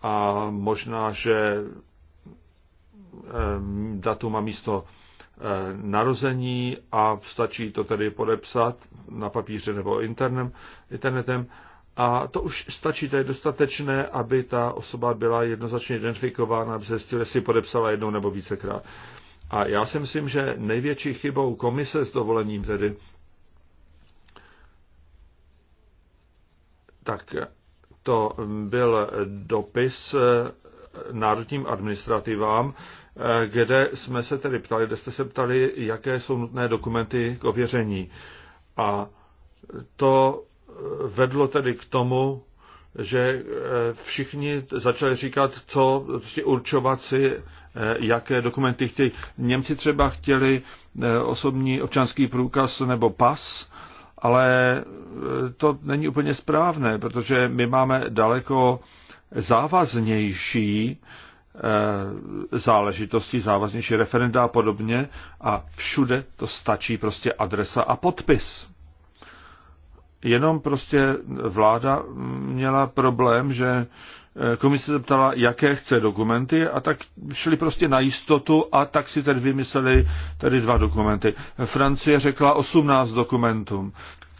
a možná, že datum a místo eh, narození a stačí to tedy podepsat na papíře nebo internem, internetem a to už stačí, to je dostatečné, aby ta osoba byla jednoznačně identifikována, aby se zjistil, jestli podepsala jednou nebo vícekrát. A já si myslím, že největší chybou komise s dovolením tedy, tak to byl dopis národním administrativám, kde jsme se tedy ptali, kde jste se ptali, jaké jsou nutné dokumenty k ověření. A to vedlo tedy k tomu, že eh, všichni začali říkat, co prostě určovat si, eh, jaké dokumenty chtějí. Němci třeba chtěli eh, osobní občanský průkaz nebo pas, ale to není úplně správné, protože my máme daleko závaznější záležitosti, závaznější referenda a podobně a všude to stačí prostě adresa a podpis jenom prostě vláda měla problém, že eh, komise se ptala, jaké chce dokumenty a tak šli prostě na jistotu a tak si tedy vymysleli tady dva dokumenty. Francie řekla 18 dokumentů,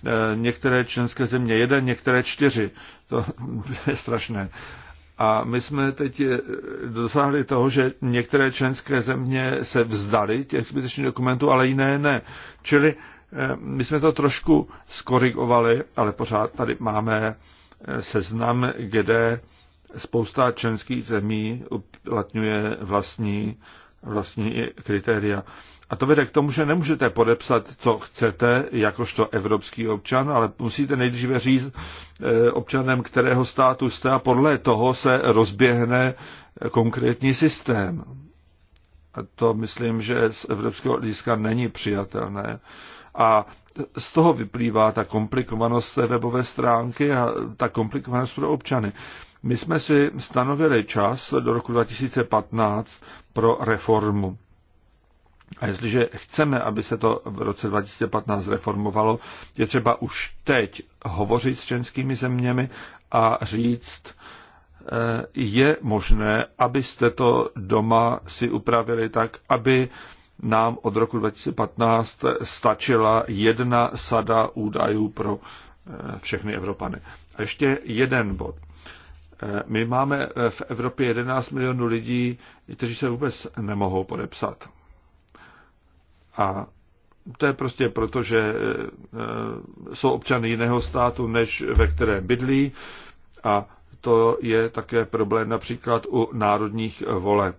eh, některé členské země jeden, některé čtyři. To je strašné. A my jsme teď eh, dosáhli toho, že některé členské země se vzdali těch zbytečných dokumentů, ale jiné ne. Čili Eh, my jsme to trošku skorigovali, ale pořád tady máme eh, seznam, kde spousta členských zemí uplatňuje vlastní, vlastní kritéria. A to vede k tomu, že nemůžete podepsat, co chcete, jakožto evropský občan, ale musíte nejdříve říct eh, občanem, kterého státu jste a podle toho se rozběhne konkrétní systém. A to myslím, že z evropského hlediska není přijatelné. A z toho vyplývá ta komplikovanost té webové stránky a ta komplikovanost pro občany. My jsme si stanovili čas do roku 2015 pro reformu. A jestliže chceme, aby se to v roce 2015 reformovalo, je třeba už teď hovořit s českými zeměmi a říct, eh, je možné, abyste to doma si upravili tak, aby nám od roku 2015 stačila jedna sada údajů pro eh, všechny Evropany. A ještě jeden bod. Eh, my máme eh, v Evropě 11 milionů lidí, kteří se vůbec nemohou podepsat. A to je prostě proto, že jsou občany jiného státu, než ve kterém bydlí. A to je také problém například u národních voleb.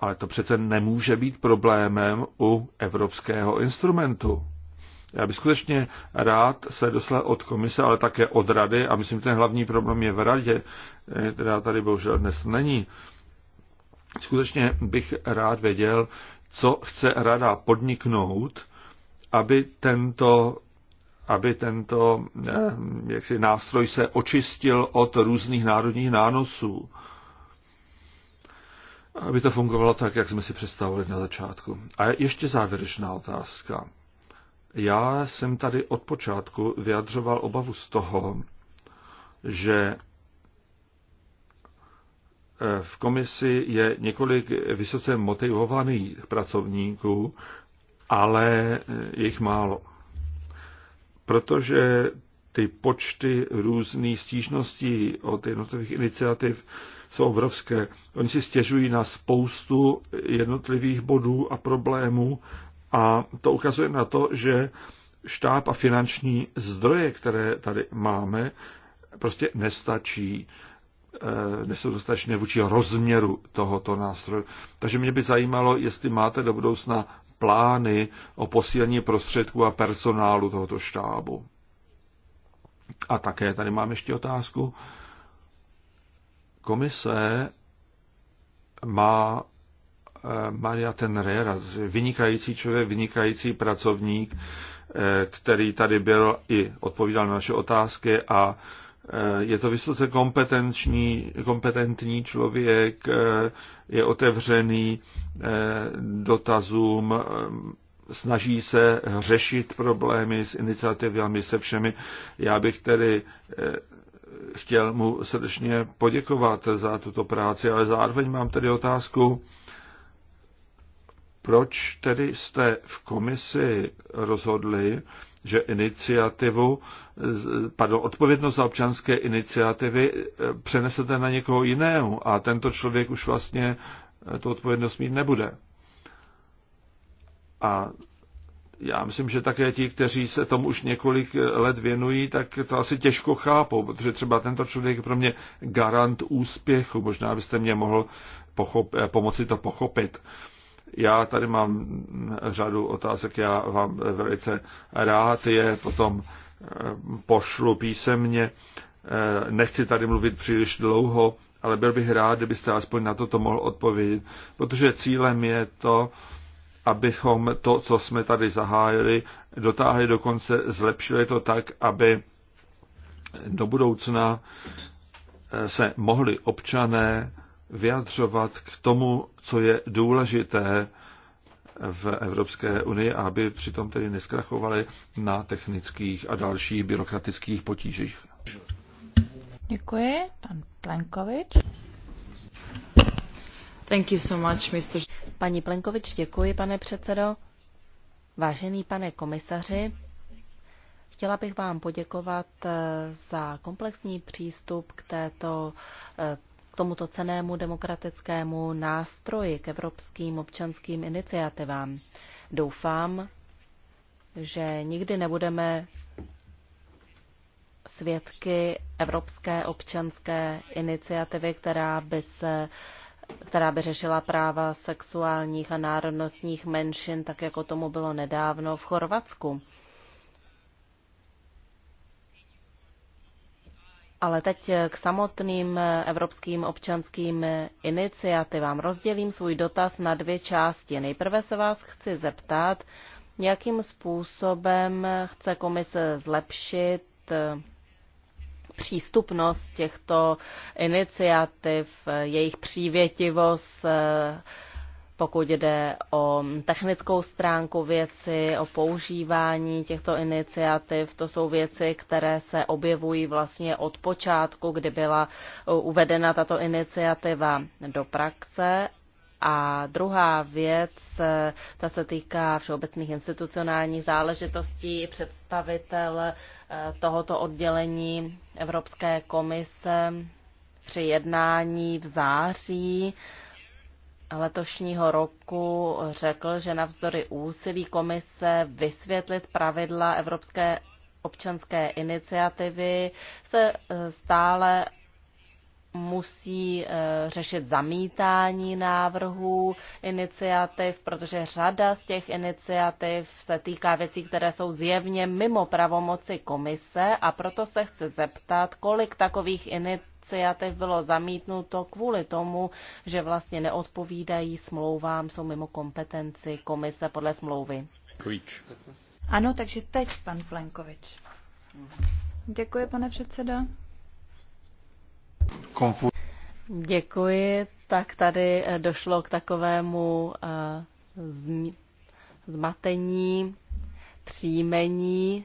Ale to přece nemůže být problémem u evropského instrumentu. Já bych skutečně rád se dostal od komise, ale také od rady, a myslím, že ten hlavní problém je v radě, eh, která tady bohužel dnes není. Skutečně bych rád věděl, co chce rada podniknout, aby tento aby tento eh, jaksi, nástroj se očistil od různých národních nánosů aby to fungovalo tak, jak jsme si představovali na začátku. A ještě závěrečná otázka. Já jsem tady od počátku vyjadřoval obavu z toho, že eh, v komisi je několik vysoce motivovaných pracovníků, ale eh, jich málo. Protože ty počty různých stížností od jednotlivých iniciativ jsou obrovské. Oni si stěžují na spoustu jednotlivých bodů a problémů a to ukazuje na to, že štáb a finanční zdroje, které tady máme, prostě nestačí eh, nejsou dostatečné vůči rozměru tohoto nástroje. Takže mě by zajímalo, jestli máte do budoucna plány o posílení prostředků a personálu tohoto štábu. A také tady mám ještě otázku. Komise má eh, Maria Tenrera, vynikající člověk, vynikající pracovník, eh, který tady byl i odpovídal na naše otázky a eh, je to vysoce kompetenční, kompetentní člověk, je otevřený dotazům, snaží se řešit problémy s iniciativami, se všemi. Já bych tedy chtěl mu srdečně poděkovat za tuto práci, ale zároveň mám tedy otázku, proč tedy jste v komisi rozhodli, že iniciativu, pardon, odpovědnost za občanské iniciativy e, přenesete na někoho jiného a tento člověk už vlastně e, tu odpovědnost mít nebude. A já myslím, že také ti, kteří se tomu už několik let věnují, tak to asi těžko chápou, protože třeba tento člověk je pro mě garant úspěchu. Možná byste mě mohl pochop- eh, pomoci to pochopit. Já tady mám řadu otázek, já vám velice rád je potom eh, pošlu písemně. Eh, nechci tady mluvit příliš dlouho, ale byl bych rád, kdybyste aspoň na toto mohl odpovědět, protože cílem je to, abychom to, co jsme tady zahájili, dotáhli do konce, zlepšili to tak, aby do budoucna eh, se mohli občané vyjadřovat k tomu, co je důležité v Evropské unii, aby přitom tedy neskrachovali na technických a dalších byrokratických potížích. Děkuji, pan Plenkovič. Thank you so much, Mr. Paní Plenkovič, děkuji, pane předsedo. Vážený pane komisaři, chtěla bych vám poděkovat eh, za komplexní přístup k této eh, tomuto cenému demokratickému nástroji k evropským občanským iniciativám. Doufám, že nikdy nebudeme svědky Evropské občanské iniciativy, která by se která by řešila práva sexuálních a národnostních menšin, tak jako tomu bylo nedávno v Chorvatsku. Ale teď k samotným evropským občanským iniciativám. Rozdělím svůj dotaz na dvě části. Nejprve se vás chci zeptat, jakým způsobem chce komise zlepšit přístupnost těchto iniciativ, jejich přívětivost, pokud jde o technickou stránku věci, o používání těchto iniciativ, to jsou věci, které se objevují vlastně od počátku, kdy byla uvedena tato iniciativa do praxe a druhá věc, ta se týká všeobecných institucionálních záležitostí. Představitel eh, tohoto oddělení Evropské komise při jednání v září letošního roku řekl, že navzdory úsilí komise vysvětlit pravidla Evropské občanské iniciativy se eh, stále musí eh, řešit zamítání návrhů iniciativ, protože řada z těch iniciativ se týká věcí, které jsou zjevně mimo pravomoci komise a proto se chci zeptat, kolik takových iniciativ bylo zamítnuto kvůli tomu, že vlastně neodpovídají smlouvám, jsou mimo kompetenci komise podle smlouvy. Klíč. Ano, takže teď pan Plenkovič. Děkuji, pane předsedo. Děkuji. Tak tady eh, došlo k takovému eh, zmatení příjmení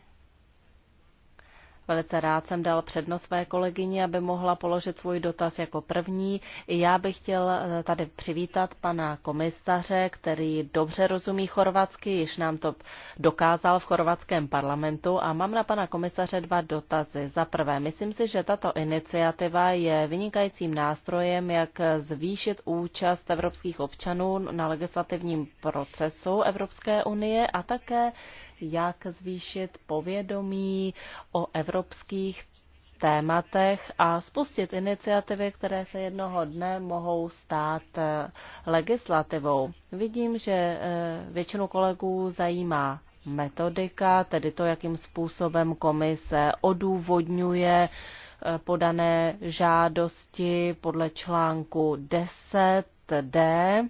Velice rád jsem dal přednost své kolegyni, aby mohla položit svůj dotaz jako první. I já bych chtěl eh, tady přivítat pana komisaře, který dobře rozumí chorvatsky, již nám to dokázal v chorvatském parlamentu a mám na pana komisaře dva dotazy. Za prvé, myslím si, že tato iniciativa je vynikajícím nástrojem, jak zvýšit účast evropských občanů na legislativním procesu Evropské unie a také jak zvýšit povědomí o evropských tématech a spustit iniciativy, které se jednoho dne mohou stát eh, legislativou. Vidím, že eh, většinu kolegů zajímá metodika, tedy to, jakým způsobem komise odůvodňuje eh, podané žádosti podle článku 10d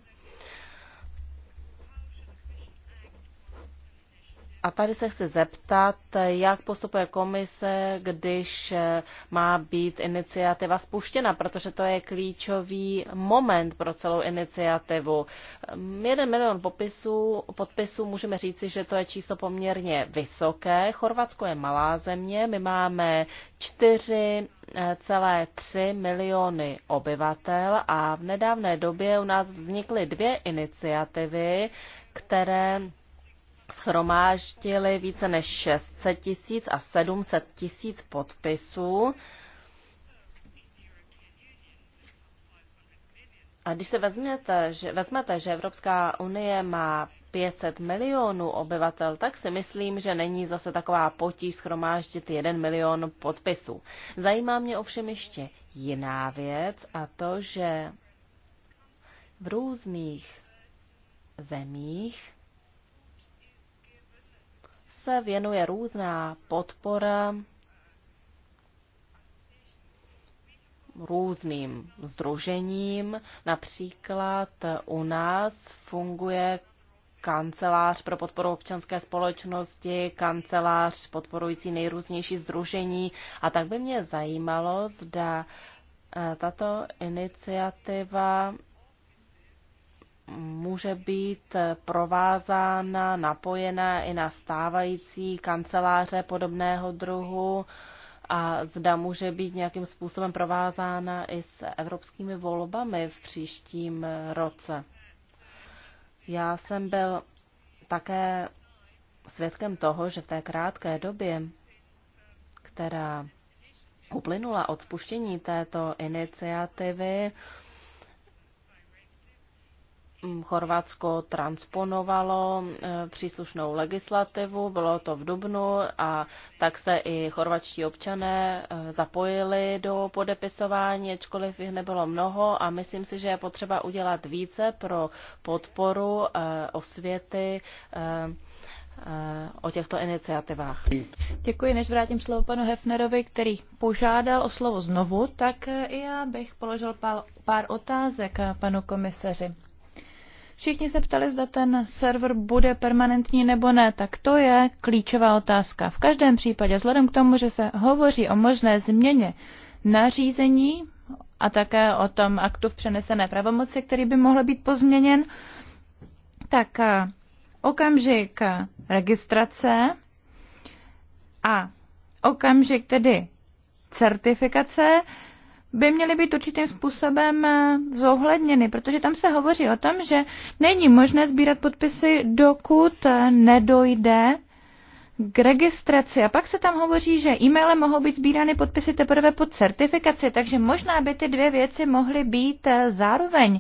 A tady se chci zeptat, jak postupuje komise, když eh, má být iniciativa spuštěna, protože to je klíčový moment pro celou iniciativu. Ehm, jeden milion popisů, podpisů můžeme říci, že to je číslo poměrně vysoké. Chorvatsko je malá země, my máme eh, celé 3 miliony obyvatel a v nedávné době u nás vznikly dvě iniciativy, které schromáždili více než 600 tisíc a 700 tisíc podpisů. A když se vezměte, že, vezmete, že Evropská unie má 500 milionů obyvatel, tak si myslím, že není zase taková potíž schromáždit 1 milion podpisů. Zajímá mě ovšem ještě jiná věc a to, že v různých zemích se věnuje různá podpora různým združením. Například u nás funguje kancelář pro podporu občanské společnosti, kancelář podporující nejrůznější združení. A tak by mě zajímalo, zda eh, tato iniciativa může být provázána, napojena i na stávající kanceláře podobného druhu a zda může být nějakým způsobem provázána i s evropskými volbami v příštím roce. Já jsem byl také svědkem toho, že v té krátké době, která uplynula od spuštění této iniciativy, Mm, Chorvatsko transponovalo eh, příslušnou legislativu, bylo to v Dubnu a tak se i chorvatští občané eh, zapojili do podepisování, ačkoliv jich nebylo mnoho a myslím si, že je potřeba udělat více pro podporu eh, osvěty o těchto iniciativách. Děkuji, než vrátím slovo panu Hefnerovi, který požádal o slovo znovu, tak i já bych položil pár, otázek panu komisaři. Všichni se ptali, zda ten server bude permanentní nebo ne, tak to je klíčová otázka. V každém případě, vzhledem k tomu, že se hovoří o možné změně nařízení a také o tom aktu v přenesené pravomoci, který by mohl být pozměněn, tak eh, okamžik registrace a okamžik tedy certifikace by měly být určitým způsobem eh, zohledněny, protože tam se hovoří o tom, že není možné sbírat podpisy, dokud eh, nedojde k registraci. A pak se tam hovoří, že e-mailem mohou být sbírány podpisy teprve pod certifikaci, takže možná by ty dvě věci mohly být eh, zároveň.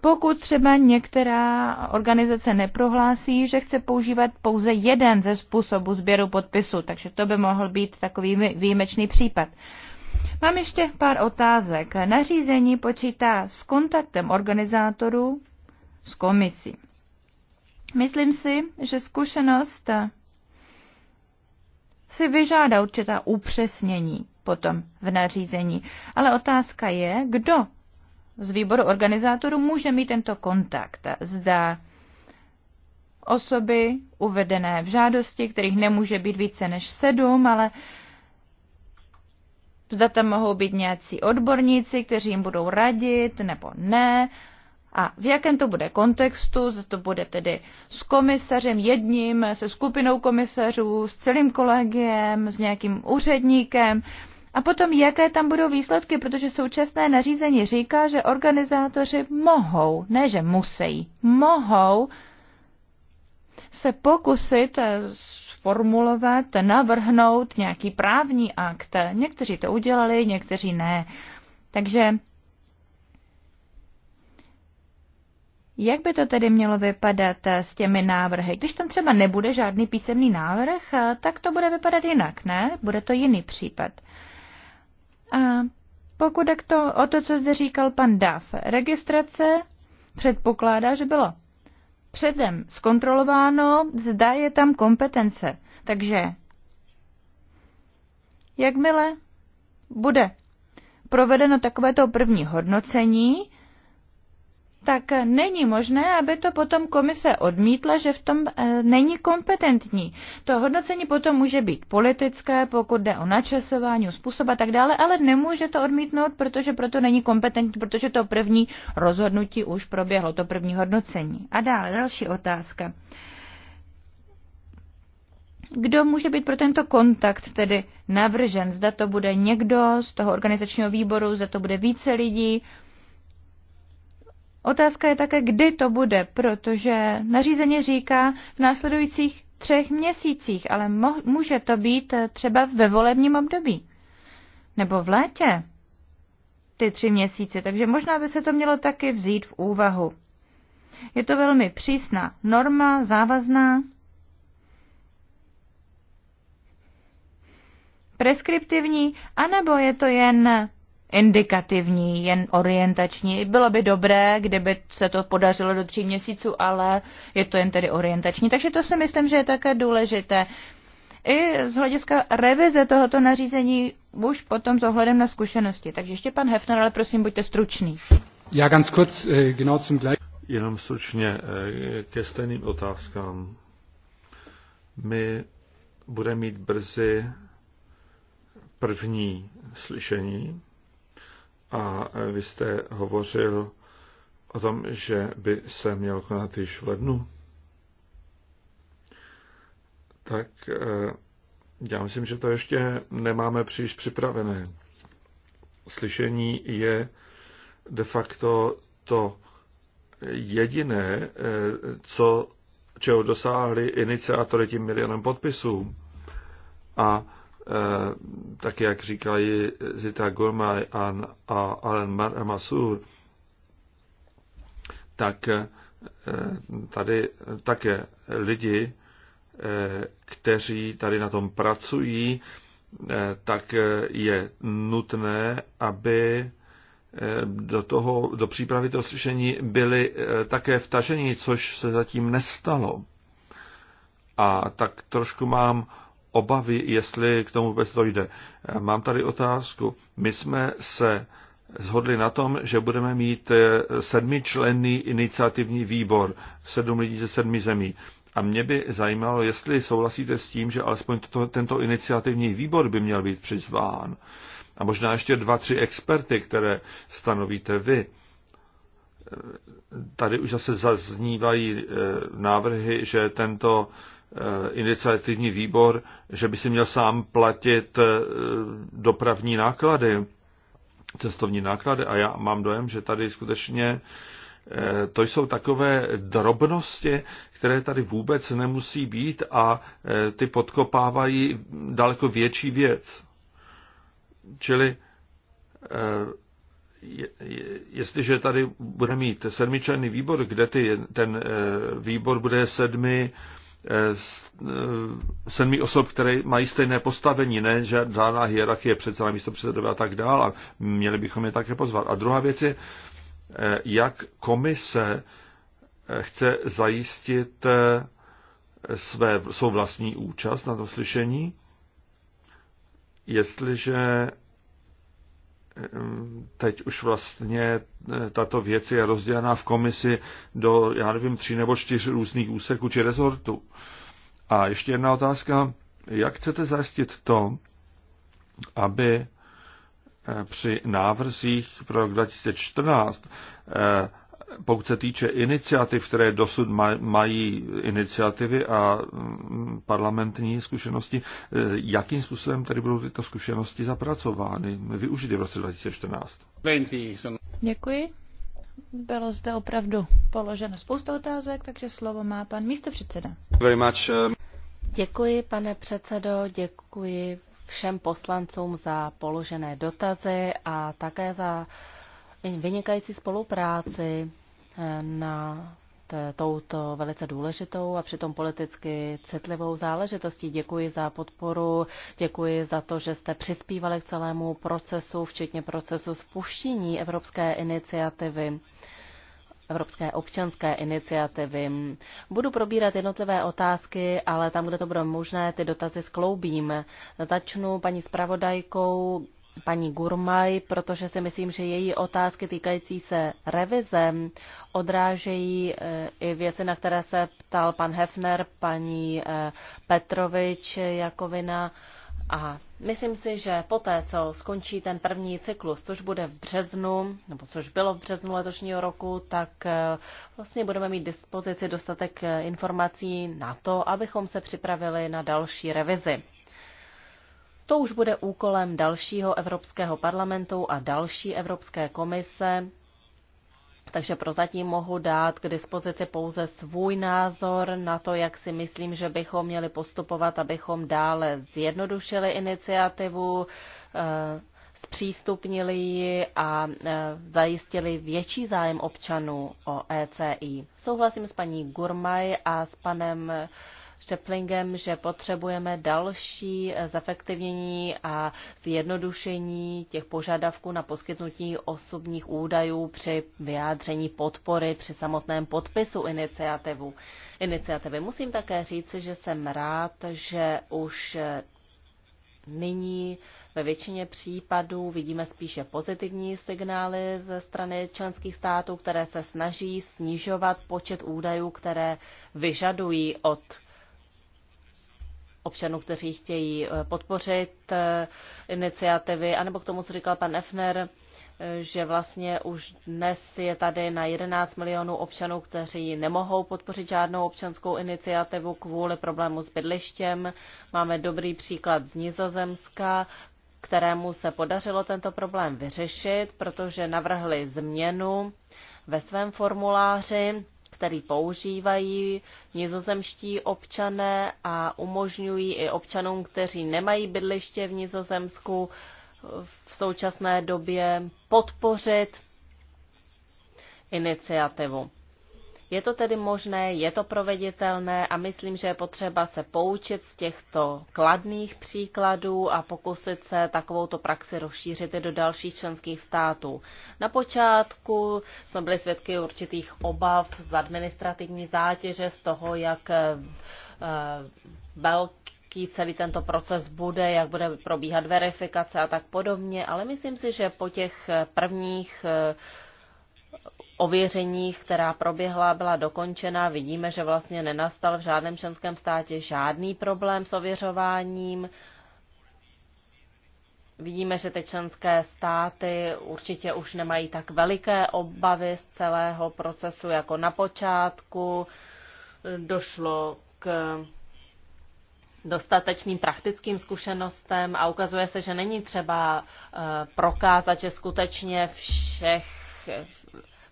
Pokud třeba některá organizace neprohlásí, že chce používat pouze jeden ze způsobů sběru podpisu, takže to by mohl být takový výjimečný případ. Mám ještě pár otázek. Nařízení počítá s kontaktem organizátorů s komisí. Myslím si, že zkušenost si vyžádá určitá upřesnění potom v nařízení. Ale otázka je, kdo z výboru organizátorů může mít tento kontakt. Zda osoby uvedené v žádosti, kterých nemůže být více než sedm, ale Zda tam mohou být nějací odborníci, kteří jim budou radit nebo ne. A v jakém to bude kontextu, zda to bude tedy s komisařem jedním, se skupinou komisařů, s celým kolegiem, s nějakým úředníkem. A potom, jaké tam budou výsledky, protože současné nařízení říká, že organizátoři mohou, ne že musí, mohou se pokusit s sformulovat, navrhnout nějaký právní akt. Někteří to udělali, někteří ne. Takže Jak by to tedy mělo vypadat s těmi návrhy? Když tam třeba nebude žádný písemný návrh, tak to bude vypadat jinak, ne? Bude to jiný případ. A pokud to, o to, co zde říkal pan Dav, registrace předpokládá, že bylo předem zkontrolováno, zda je tam kompetence. Takže jakmile bude provedeno takovéto první hodnocení, tak není možné, aby to potom komise odmítla, že v tom eh, není kompetentní. To hodnocení potom může být politické, pokud jde o načasování, způsob a tak dále, ale nemůže to odmítnout, protože proto není kompetentní, protože to první rozhodnutí už proběhlo, to první hodnocení. A dále, další otázka. Kdo může být pro tento kontakt tedy navržen? Zda to bude někdo z toho organizačního výboru, zda to bude více lidí, Otázka je také, kdy to bude, protože nařízení říká v následujících třech měsících, ale může to být eh, třeba ve volebním období nebo v létě, ty tři měsíce, takže možná by se to mělo taky vzít v úvahu. Je to velmi přísná norma, závazná. Preskriptivní, anebo je to jen indikativní, jen orientační. Bylo by dobré, kdyby se to podařilo do tří měsíců, ale je to jen tedy orientační. Takže to si myslím, že je také důležité. I z hlediska revize tohoto nařízení už potom s ohledem na zkušenosti. Takže ještě pan Hefner, ale prosím, buďte stručný. Já ganz kurz, eh, genau zum gleich. Jenom stručně eh, ke stejným otázkám. My budeme mít brzy první slyšení a vy jste hovořil o tom, že by se měl konat již v lednu. Tak eh, já myslím, že to ještě nemáme příliš připravené. Slyšení je de facto to jediné, eh, co, čeho dosáhli iniciátory tím milionem podpisů. A Eh, tak jak říkají Zita Gormaj a Alan Masur, tak eh, tady také lidi, eh, kteří tady na tom pracují, tak je nutné, aby do, toho, do přípravy toho slyšení byli také vtaženi, což se zatím nestalo. A tak trošku mám obavy, jestli k tomu vůbec dojde. Mám tady otázku. My jsme se zhodli na tom, že budeme mít eh, sedmičlenný iniciativní výbor, sedm lidí ze sedmi zemí. A mě by zajímalo, jestli souhlasíte s tím, že alespoň to, tento iniciativní výbor by měl být přizván. A možná ještě dva, tři experty, které stanovíte vy. Tady už zase zaznívají eh, návrhy, že tento Eh, iniciativní výbor, že by si měl sám platit eh, dopravní náklady, cestovní náklady. A já mám dojem, že tady skutečně eh, to jsou takové drobnosti, které tady vůbec nemusí být a ty podkopávají daleko větší věc. Čili jestliže tady bude mít sedmičlenný výbor, kde ty, ten výbor bude sedmi Eh, eh, sedmi osob, které mají stejné postavení, ne že žádná hierarchie, předseda, místo předsedové a tak dále. A měli bychom je také pozvat. A druhá věc je, eh, jak komise chce zajistit své, svou vlastní účast na tom slyšení, jestliže teď už vlastně eh, tato věc je rozdělená v komisi do, já nevím, tří nebo čtyř různých úseků či rezortů. A ještě jedna otázka. Jak chcete zajistit to, aby eh, při návrzích pro 2014 eh, pokud se týče iniciativ, které dosud mají iniciativy a mm, parlamentní zkušenosti, eh, jakým způsobem tady budou tyto zkušenosti zapracovány, využity v roce 2014? Děkuji. Bylo zde opravdu položeno spousta otázek, takže slovo má pan místopředseda. Very much. Eh. Děkuji, pane předsedo, děkuji všem poslancům za položené dotazy a také za vynikající spolupráci na touto velice důležitou a přitom politicky citlivou záležitostí. Děkuji za podporu, děkuji za to, že jste přispívali k celému procesu, včetně procesu spuštění Evropské iniciativy. Evropské občanské iniciativy. Budu probírat jednotlivé otázky, ale tam, kde to bude možné, ty dotazy skloubím. Začnu paní zpravodajkou paní Gurmaj, protože si myslím, že její otázky týkající se revize odrážejí eh, i věci, na které se ptal pan Hefner, paní eh, Petrovič, eh, Jakovina. A myslím si, že poté, co skončí ten první cyklus, což bude v březnu, nebo což bylo v březnu letošního roku, tak vlastně budeme mít dispozici dostatek informací na to, abychom se připravili na další revizi. To už bude úkolem dalšího Evropského parlamentu a další Evropské komise, takže prozatím mohu dát k dispozici pouze svůj názor na to, jak si myslím, že bychom měli postupovat, abychom dále zjednodušili iniciativu, eh, zpřístupnili ji a eh, zajistili větší zájem občanů o ECI. Souhlasím s paní Gurmaj a s panem Šteplingem, že potřebujeme další eh, zefektivnění a zjednodušení těch požadavků na poskytnutí osobních údajů při vyjádření podpory při samotném podpisu iniciativu. iniciativy. Musím také říci, že jsem rád, že už eh, Nyní ve většině případů vidíme spíše pozitivní signály ze strany členských států, které se snaží snižovat počet údajů, které vyžadují od občanů, kteří chtějí eh, podpořit eh, iniciativy, anebo k tomu, co říkal pan Efner, eh, že vlastně už dnes je tady na 11 milionů občanů, kteří nemohou podpořit žádnou občanskou iniciativu kvůli problému s bydlištěm. Máme dobrý příklad z Nizozemska, kterému se podařilo tento problém vyřešit, protože navrhli změnu ve svém formuláři který používají nizozemští občané a umožňují i občanům, kteří nemají bydliště v Nizozemsku, v současné době podpořit iniciativu. Je to tedy možné, je to proveditelné a myslím, že je potřeba se poučit z těchto kladných příkladů a pokusit se takovouto praxi rozšířit i do dalších členských států. Na počátku jsme byli svědky určitých obav z administrativní zátěže, z toho, jak eh, velký celý tento proces bude, jak bude probíhat verifikace a tak podobně, ale myslím si, že po těch prvních eh, ověření, která proběhla, byla dokončena. Vidíme, že vlastně nenastal v žádném členském státě žádný problém s ověřováním. Vidíme, že ty členské státy určitě už nemají tak veliké obavy z celého procesu jako na počátku. Došlo k dostatečným praktickým zkušenostem a ukazuje se, že není třeba eh, prokázat, že skutečně všech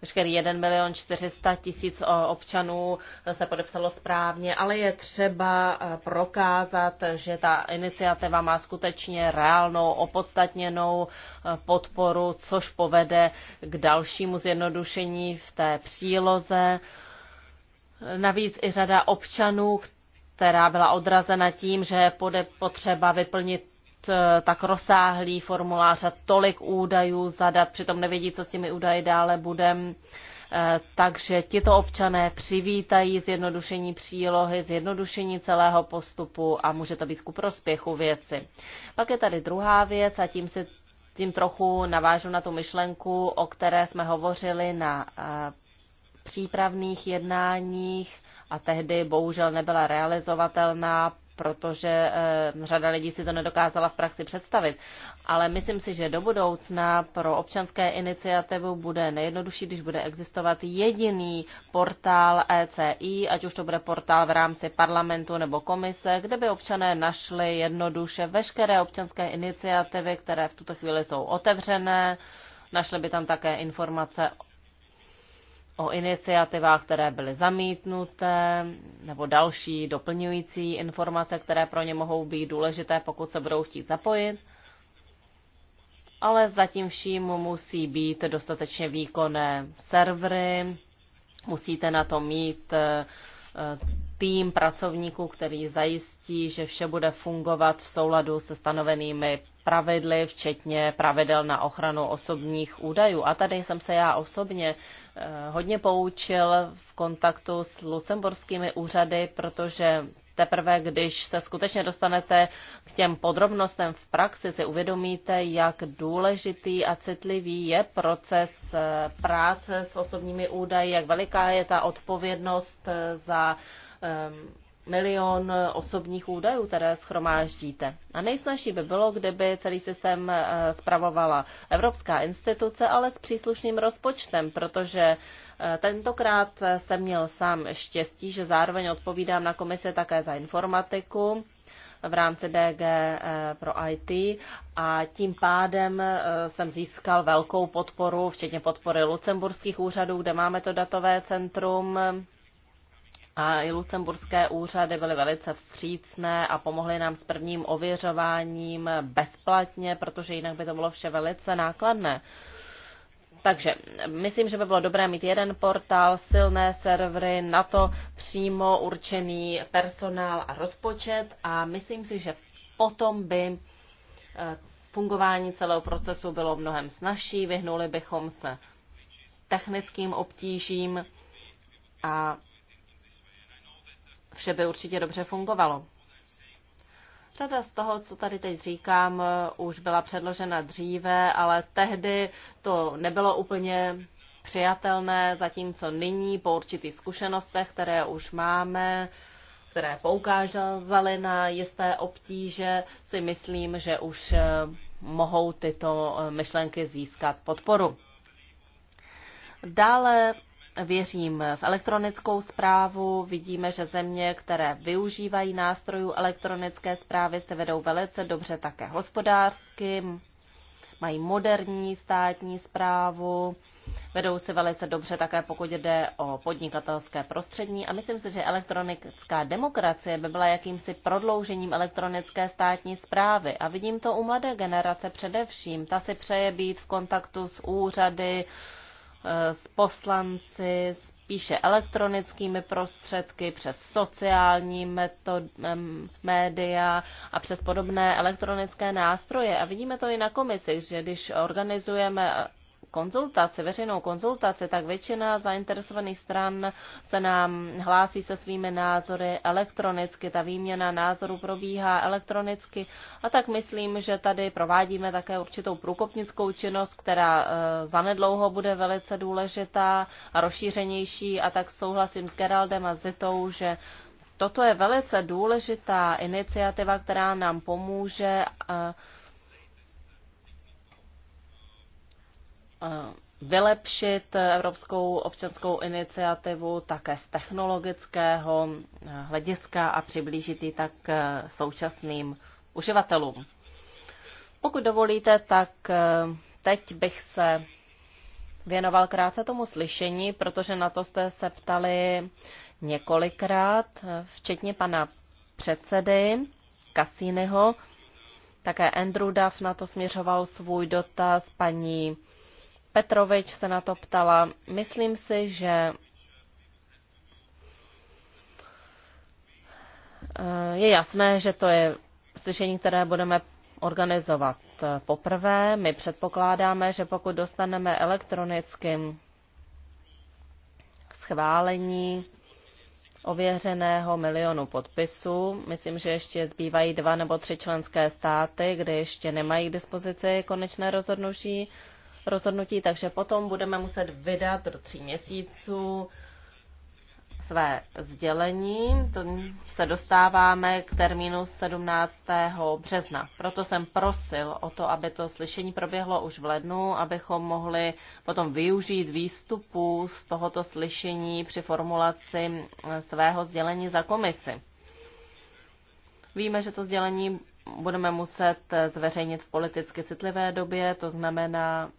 veškerý 1 milion 400 tisíc občanů se podepsalo správně, ale je třeba eh, prokázat, že ta iniciativa má skutečně reálnou, opodstatněnou eh, podporu, což povede k dalšímu zjednodušení v té příloze. Navíc i řada občanů, která byla odrazena tím, že je potřeba vyplnit Eh, tak rozsáhlý formulář a tolik údajů zadat, přitom nevědí, co s těmi údaji dále budem. Eh, takže tito občané přivítají zjednodušení přílohy, zjednodušení celého postupu a může to být ku prospěchu věci. Pak je tady druhá věc a tím si tím trochu navážu na tu myšlenku, o které jsme hovořili na eh, přípravných jednáních a tehdy bohužel nebyla realizovatelná protože eh, řada lidí si to nedokázala v praxi představit. Ale myslím si, že do budoucna pro občanské iniciativu bude nejjednodušší, když bude existovat jediný portál ECI, ať už to bude portál v rámci parlamentu nebo komise, kde by občané našli jednoduše veškeré občanské iniciativy, které v tuto chvíli jsou otevřené. Našli by tam také informace o iniciativách, které byly zamítnuté, nebo další doplňující informace, které pro ně mohou být důležité, pokud se budou chtít zapojit. Ale zatím vším musí být dostatečně výkonné servery, musíte na to mít eh, tým pracovníků, který zajistí, že vše bude fungovat v souladu se stanovenými pravidly, včetně pravidel na ochranu osobních údajů. A tady jsem se já osobně eh, hodně poučil v kontaktu s lucemburskými úřady, protože teprve, když se skutečně dostanete k těm podrobnostem v praxi, si uvědomíte, jak důležitý a citlivý je proces eh, práce s osobními údaji, jak veliká je ta odpovědnost eh, za Ehm, milion osobních údajů, které schromáždíte. A nejsnažší by bylo, kdyby celý systém eh, spravovala Evropská instituce, ale s příslušným rozpočtem, protože eh, tentokrát jsem měl sám štěstí, že zároveň odpovídám na komise také za informatiku v rámci DG eh, pro IT a tím pádem jsem získal velkou podporu, včetně podpory lucemburských úřadů, kde máme to datové centrum, a i lucemburské úřady byly velice vstřícné a pomohly nám s prvním ověřováním bezplatně, protože jinak by to bylo vše velice nákladné. Takže myslím, že by bylo dobré mít jeden portál, silné servery, na to přímo určený personál a rozpočet a myslím si, že potom by eh, fungování celého procesu bylo mnohem snažší, vyhnuli bychom se technickým obtížím a vše by určitě dobře fungovalo. Řada z toho, co tady teď říkám, už byla předložena dříve, ale tehdy to nebylo úplně přijatelné, zatímco nyní po určitých zkušenostech, které už máme, které poukázaly na jisté obtíže, si myslím, že už eh, mohou tyto eh, myšlenky získat podporu. Dále Věřím v elektronickou zprávu, vidíme, že země, které využívají nástrojů elektronické zprávy, se vedou velice dobře také hospodářsky, mají moderní státní zprávu, vedou se velice dobře také pokud jde o podnikatelské prostředí a myslím si, že elektronická demokracie by byla jakýmsi prodloužením elektronické státní zprávy a vidím to u mladé generace především. Ta si přeje být v kontaktu s úřady, Eh, s poslanci, spíše elektronickými prostředky, přes sociální metod, média a přes podobné elektronické nástroje. A vidíme to i na komisích, že když organizujeme konzultace, veřejnou konzultace, tak většina zainteresovaných stran se nám hlásí se svými názory elektronicky. Ta výměna názorů probíhá elektronicky a tak myslím, že tady provádíme také určitou průkopnickou činnost, která e, zanedlouho bude velice důležitá a rozšířenější a tak souhlasím s Geraldem a Zitou, že Toto je velice důležitá iniciativa, která nám pomůže e, Eh, vylepšit Evropskou občanskou iniciativu také z technologického eh, hlediska a přiblížit ji tak eh, současným uživatelům. Pokud dovolíte, tak teď bych se věnoval krátce tomu slyšení, protože na to jste se ptali několikrát, včetně pana předsedy Cassínyho. Také Andrew Duff na to směřoval svůj dotaz, paní Petrovič se na to ptala. Myslím si, že eh, je jasné, že to je slyšení, které budeme organizovat eh, poprvé. My předpokládáme, že pokud dostaneme elektronickým schválení ověřeného milionu podpisů. Myslím, že ještě zbývají dva nebo tři členské státy, kde ještě nemají k dispozici konečné rozhodnutí rozhodnutí, takže potom budeme muset vydat do tří měsíců své sdělení. To se dostáváme k termínu 17. března. Proto jsem prosil o to, aby to slyšení proběhlo už v lednu, abychom mohli potom využít výstupu z tohoto slyšení při formulaci svého sdělení za komisi. Víme, že to sdělení budeme muset zveřejnit v politicky citlivé době, to znamená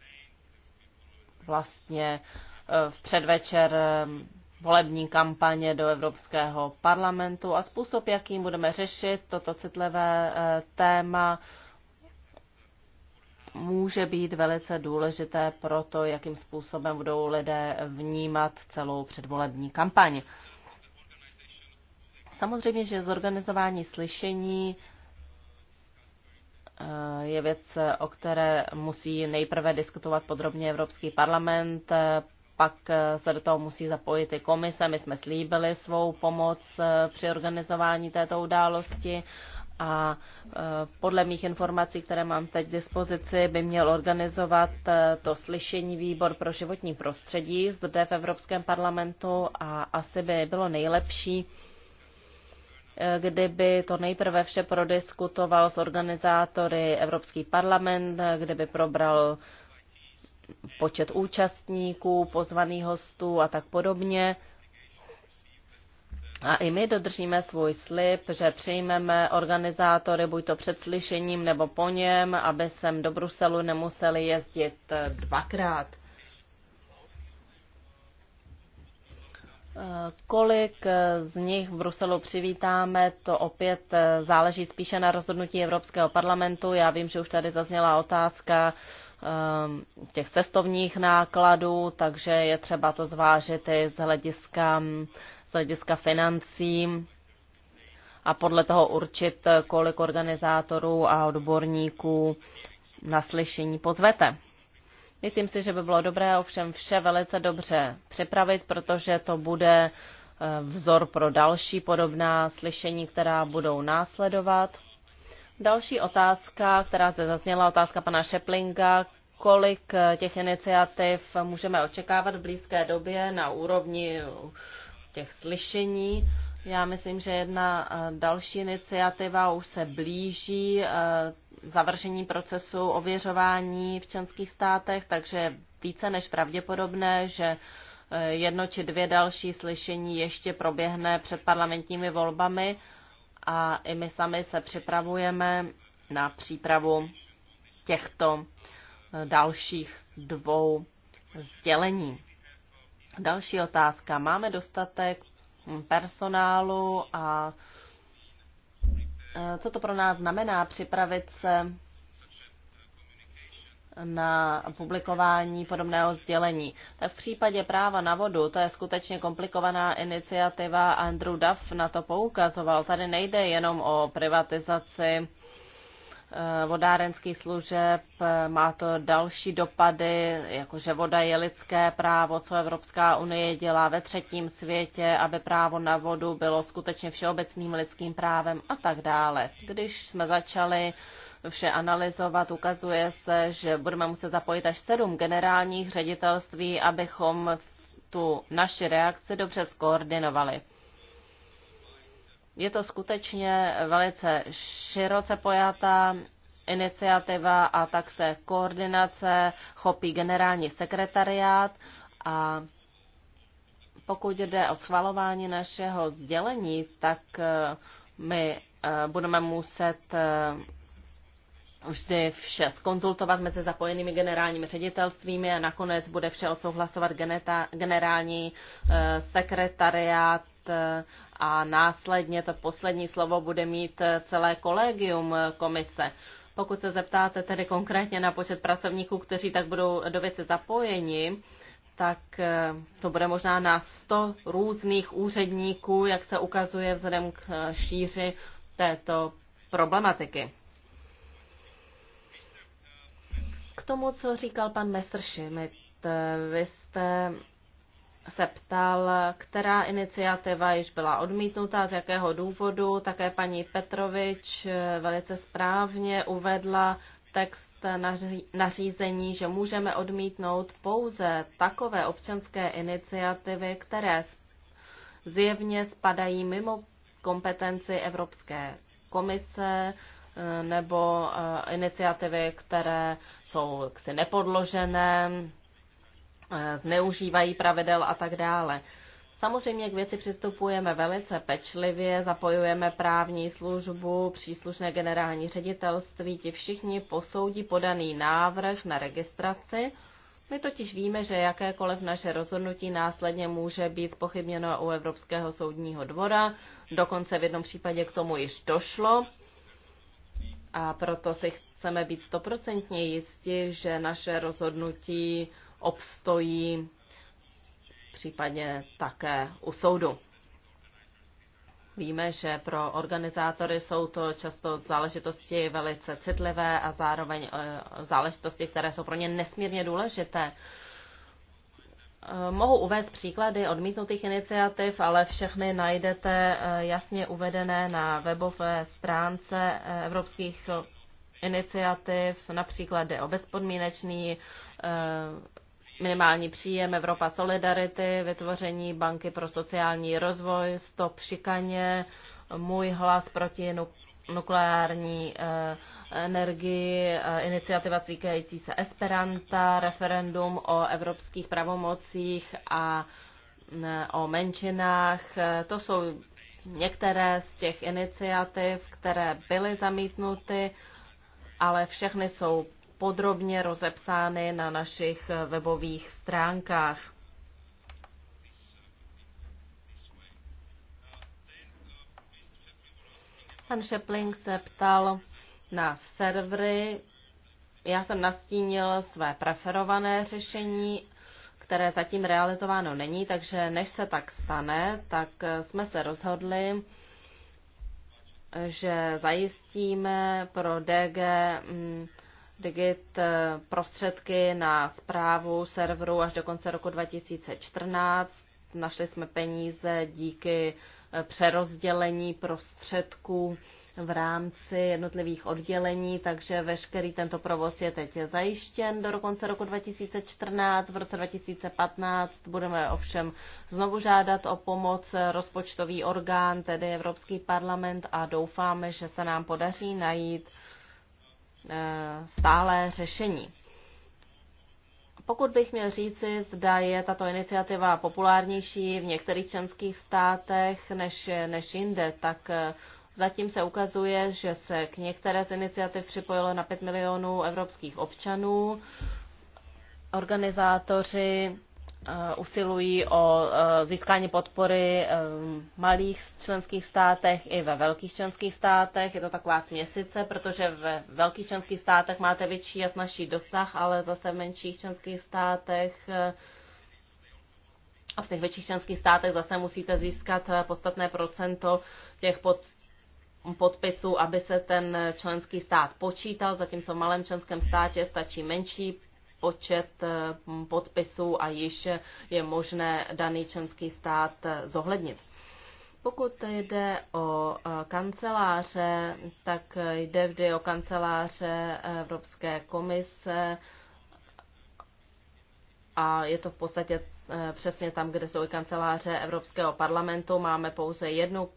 vlastně eh, v předvečer eh, volební kampaně do Evropského parlamentu a způsob, jakým budeme řešit toto citlivé eh, téma, může být velice důležité pro to, jakým způsobem budou lidé vnímat celou předvolební kampaň. Samozřejmě, že zorganizování slyšení je věc, o které musí nejprve diskutovat podrobně Evropský parlament, pak se do toho musí zapojit i komise. My jsme slíbili svou pomoc při organizování této události a e, podle mých informací, které mám teď k dispozici, by měl organizovat e, to slyšení výbor pro životní prostředí zde v Evropském parlamentu a asi by bylo nejlepší, kdyby to nejprve vše prodiskutoval s organizátory Evropský parlament, kdyby probral počet účastníků, pozvaných hostů a tak podobně. A i my dodržíme svůj slib, že přijmeme organizátory buď to před slyšením nebo po něm, aby sem do Bruselu nemuseli jezdit dvakrát. Kolik eh, z nich v Bruselu přivítáme, to opět eh, záleží spíše na rozhodnutí Evropského parlamentu. Já vím, že už tady zazněla otázka ehm, těch cestovních nákladů, takže je třeba to zvážit i z hlediska, z hlediska financí a podle toho určit, eh, kolik organizátorů a odborníků na slyšení pozvete. Myslím si, že by bylo dobré ovšem vše velice dobře připravit, protože to bude eh, vzor pro další podobná slyšení, která budou následovat. Další otázka, která zde zazněla, otázka pana Šeplinga, kolik eh, těch iniciativ můžeme očekávat v blízké době na úrovni těch slyšení. Já myslím, že jedna eh, další iniciativa už se blíží eh, završení procesu ověřování v členských státech, takže více než pravděpodobné, že eh, jedno či dvě další slyšení ještě proběhne před parlamentními volbami a i my sami se připravujeme na přípravu těchto dalších dvou sdělení. Další otázka. Máme dostatek personálu a e, co to pro nás znamená připravit se na publikování podobného sdělení. Tak v případě práva na vodu, to je skutečně komplikovaná iniciativa, Andrew Duff na to poukazoval. Tady nejde jenom o privatizaci Eh, vodárenských služeb, eh, má to další dopady, jakože voda je lidské právo, co Evropská unie dělá ve třetím světě, aby právo na vodu bylo skutečně všeobecným lidským právem a tak dále. Když jsme začali vše analyzovat, ukazuje se, že budeme muset zapojit až sedm generálních ředitelství, abychom tu naši reakci dobře skoordinovali. Je to skutečně velice široce pojatá iniciativa a tak se koordinace chopí generální sekretariát a pokud jde o schvalování našeho sdělení, tak eh, my eh, budeme muset eh, vždy vše skonzultovat mezi zapojenými generálními ředitelstvími a nakonec bude vše odsouhlasovat generální sekretariát a následně to poslední slovo bude mít eh, celé kolegium eh, komise. Pokud se zeptáte tedy konkrétně na počet pracovníků, kteří tak budou do věci zapojeni, tak eh, to bude možná na 100 různých úředníků, jak se ukazuje vzhledem k šíři této problematiky. K tomu, co říkal pan Messerschmidt, vy jste se ptal, která iniciativa již byla odmítnuta, z jakého důvodu. Také paní Petrovič eh, velice správně uvedla text nařízení, že můžeme odmítnout pouze takové občanské iniciativy, které zjevně spadají mimo kompetenci Evropské komise eh, nebo eh, iniciativy, které jsou jaksi nepodložené, Eh, zneužívají pravidel a tak dále. Samozřejmě k věci přistupujeme velice pečlivě, zapojujeme právní službu, příslušné generální ředitelství, ti všichni posoudí podaný návrh na registraci. My totiž víme, že jakékoliv naše rozhodnutí následně může být pochybněno u Evropského soudního dvora, dokonce v jednom případě k tomu již došlo. A proto si chceme být stoprocentně jistí, že naše rozhodnutí obstojí případně také u soudu. Víme, že pro organizátory jsou to často záležitosti velice citlivé a zároveň eh, záležitosti, které jsou pro ně nesmírně důležité. Eh, mohu uvést příklady odmítnutých iniciativ, ale všechny najdete eh, jasně uvedené na webové stránce evropských iniciativ, například jde o bezpodmínečný minimální příjem, Evropa solidarity, vytvoření banky pro sociální rozvoj, stop šikaně, můj hlas proti nukleární eh, energii, eh, iniciativa týkající se Esperanta, referendum o evropských pravomocích a eh, o menšinách. To jsou některé z těch iniciativ, které byly zamítnuty, ale všechny jsou podrobně rozepsány na našich webových stránkách. Pan Šepling se ptal na servery. Já jsem nastínil své preferované řešení, které zatím realizováno není, takže než se tak stane, tak jsme se rozhodli, že zajistíme pro DG mm, Digit eh, prostředky na zprávu serveru až do konce roku 2014. Našli jsme peníze díky eh, přerozdělení prostředků v rámci jednotlivých oddělení, takže veškerý tento provoz je teď zajištěn do konce roku 2014. V roce 2015 budeme ovšem znovu žádat o pomoc rozpočtový orgán, tedy Evropský parlament a doufáme, že se nám podaří najít Eh, stále řešení. Pokud bych měl říci, zda je tato iniciativa populárnější v některých členských státech než, než jinde, tak eh, zatím se ukazuje, že se k některé z iniciativ připojilo na 5 milionů evropských občanů. Organizátoři Eh, usilují o eh, získání podpory eh, v malých členských státech i ve velkých členských státech. Je to taková směsice, protože ve velkých členských státech máte větší a snažší dosah, ale zase v menších členských státech a v těch větších členských státech zase musíte získat podstatné procento těch pod, podpisů, aby se ten členský stát počítal, zatímco v malém členském státě stačí menší počet eh, podpisů a již je možné daný členský stát eh, zohlednit. Pokud jde o eh, kanceláře, tak jde vždy o kanceláře Evropské komise a je to v podstatě přesně tam, kde jsou i kanceláře Evropského parlamentu. Máme pouze jednu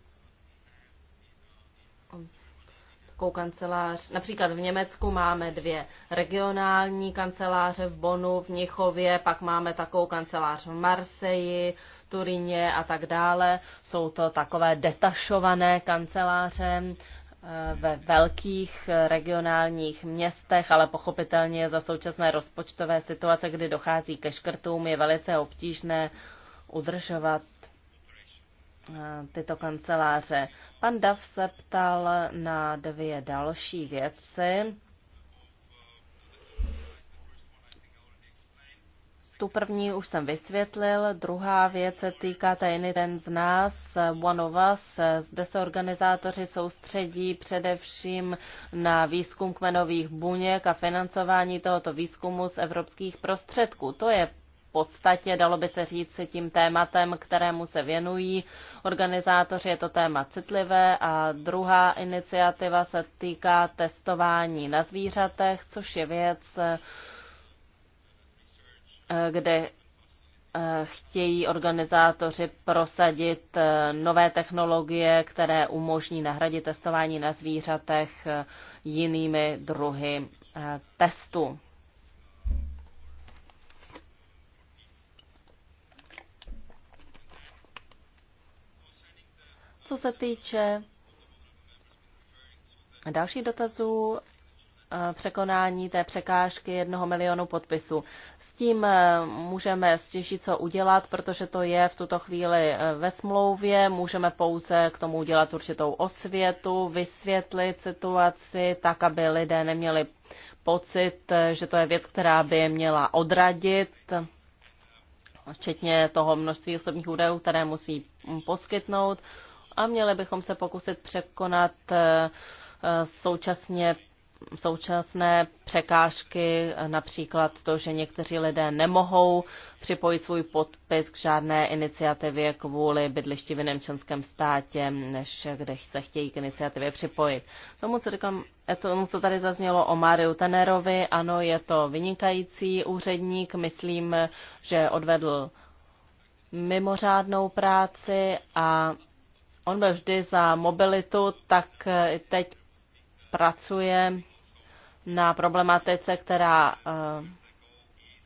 evropskou kancelář. Například v Německu máme dvě regionální kanceláře v Bonu, v Nichově, pak máme takovou kancelář v Marseji, Turině a tak dále. Jsou to takové detašované kanceláře eh, ve velkých eh, regionálních městech, ale pochopitelně za současné rozpočtové situace, kdy dochází ke škrtům, je velice obtížné udržovat Eh, tyto kanceláře. Pan Dav se ptal na dvě další věci. Tu první už jsem vysvětlil, druhá věc se týká té jeden z nás, One of Us. Zde se organizátoři soustředí především na výzkum kmenových buněk a financování tohoto výzkumu z evropských prostředků. To je podstatě, dalo by se říct, tím tématem, kterému se věnují organizátoři. Je to téma citlivé a druhá iniciativa se týká testování na zvířatech, což je věc, kde eh, chtějí organizátoři prosadit eh, nové technologie, které umožní nahradit testování na zvířatech eh, jinými druhy testů. Co se týče další dotazů, eh, překonání té překážky jednoho milionu podpisů. S tím eh, můžeme stěžit, co udělat, protože to je v tuto chvíli eh, ve smlouvě. Můžeme pouze k tomu udělat určitou osvětu, vysvětlit situaci tak, aby lidé neměli pocit, že to je věc, která by je měla odradit, včetně toho množství osobních údajů, které musí poskytnout a měli bychom se pokusit překonat eh, současně současné překážky, například to, že někteří lidé nemohou připojit svůj podpis k žádné iniciativě kvůli bydlišti v jiném členském státě, než kde se chtějí k iniciativě připojit. Tomu, co, říkám, eh, tomu, co tady zaznělo o Mariu Tenerovi, ano, je to vynikající úředník, myslím, že odvedl mimořádnou práci a On byl vždy za mobilitu, tak eh, teď pracuje na problematice, která eh,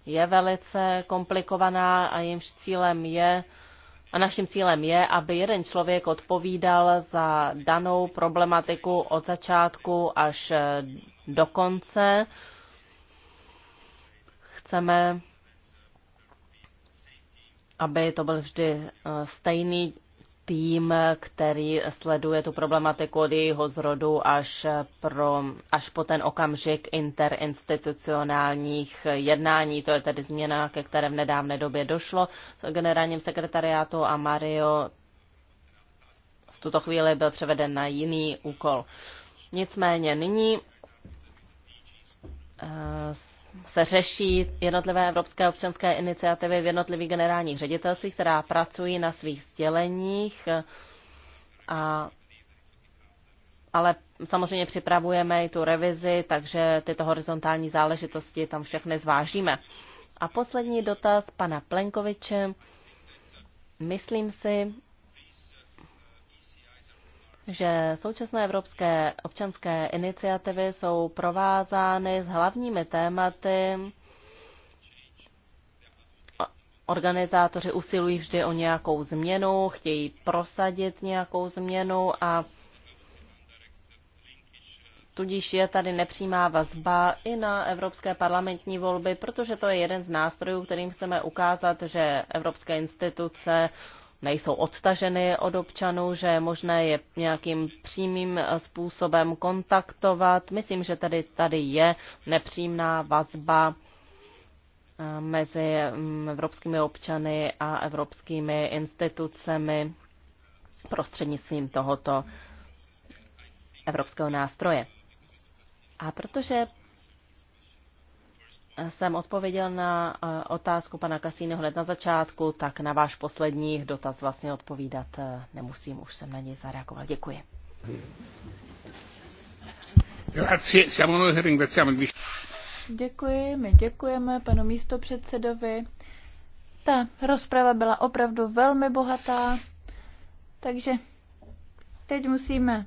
je velice komplikovaná a jimž cílem je, a naším cílem je, aby jeden člověk odpovídal za danou problematiku od začátku až eh, do konce. Chceme, aby to byl vždy stejný tým, který sleduje tu problematiku od jejího zrodu až, pro, až po ten okamžik interinstitucionálních jednání. To je tedy změna, ke které v nedávné době došlo v generálním sekretariátu a Mario v tuto chvíli byl převeden na jiný úkol. Nicméně nyní eh, se řeší jednotlivé evropské občanské iniciativy v jednotlivých generálních ředitelstvích, která pracují na svých sděleních. A, ale samozřejmě připravujeme i tu revizi, takže tyto horizontální záležitosti tam všechny zvážíme. A poslední dotaz pana Plenkoviče. Myslím si, že současné evropské občanské iniciativy jsou provázány s hlavními tématy. Organizátoři usilují vždy o nějakou změnu, chtějí prosadit nějakou změnu a Tudíž je tady nepřímá vazba i na evropské parlamentní volby, protože to je jeden z nástrojů, kterým chceme ukázat, že evropské instituce nejsou odtaženy od občanů, že je možné je nějakým přímým eh, způsobem kontaktovat. Myslím, že tady, tady je nepřímná vazba eh, mezi mm, evropskými občany a evropskými institucemi prostřednictvím tohoto evropského nástroje. A protože jsem odpověděl na eh, otázku pana Kasíny hned na začátku, tak na váš poslední dotaz vlastně odpovídat eh, nemusím, už jsem na něj zareagoval. Děkuji. Děkuji, my děkujeme panu místopředsedovi. Ta rozprava byla opravdu velmi bohatá, takže teď musíme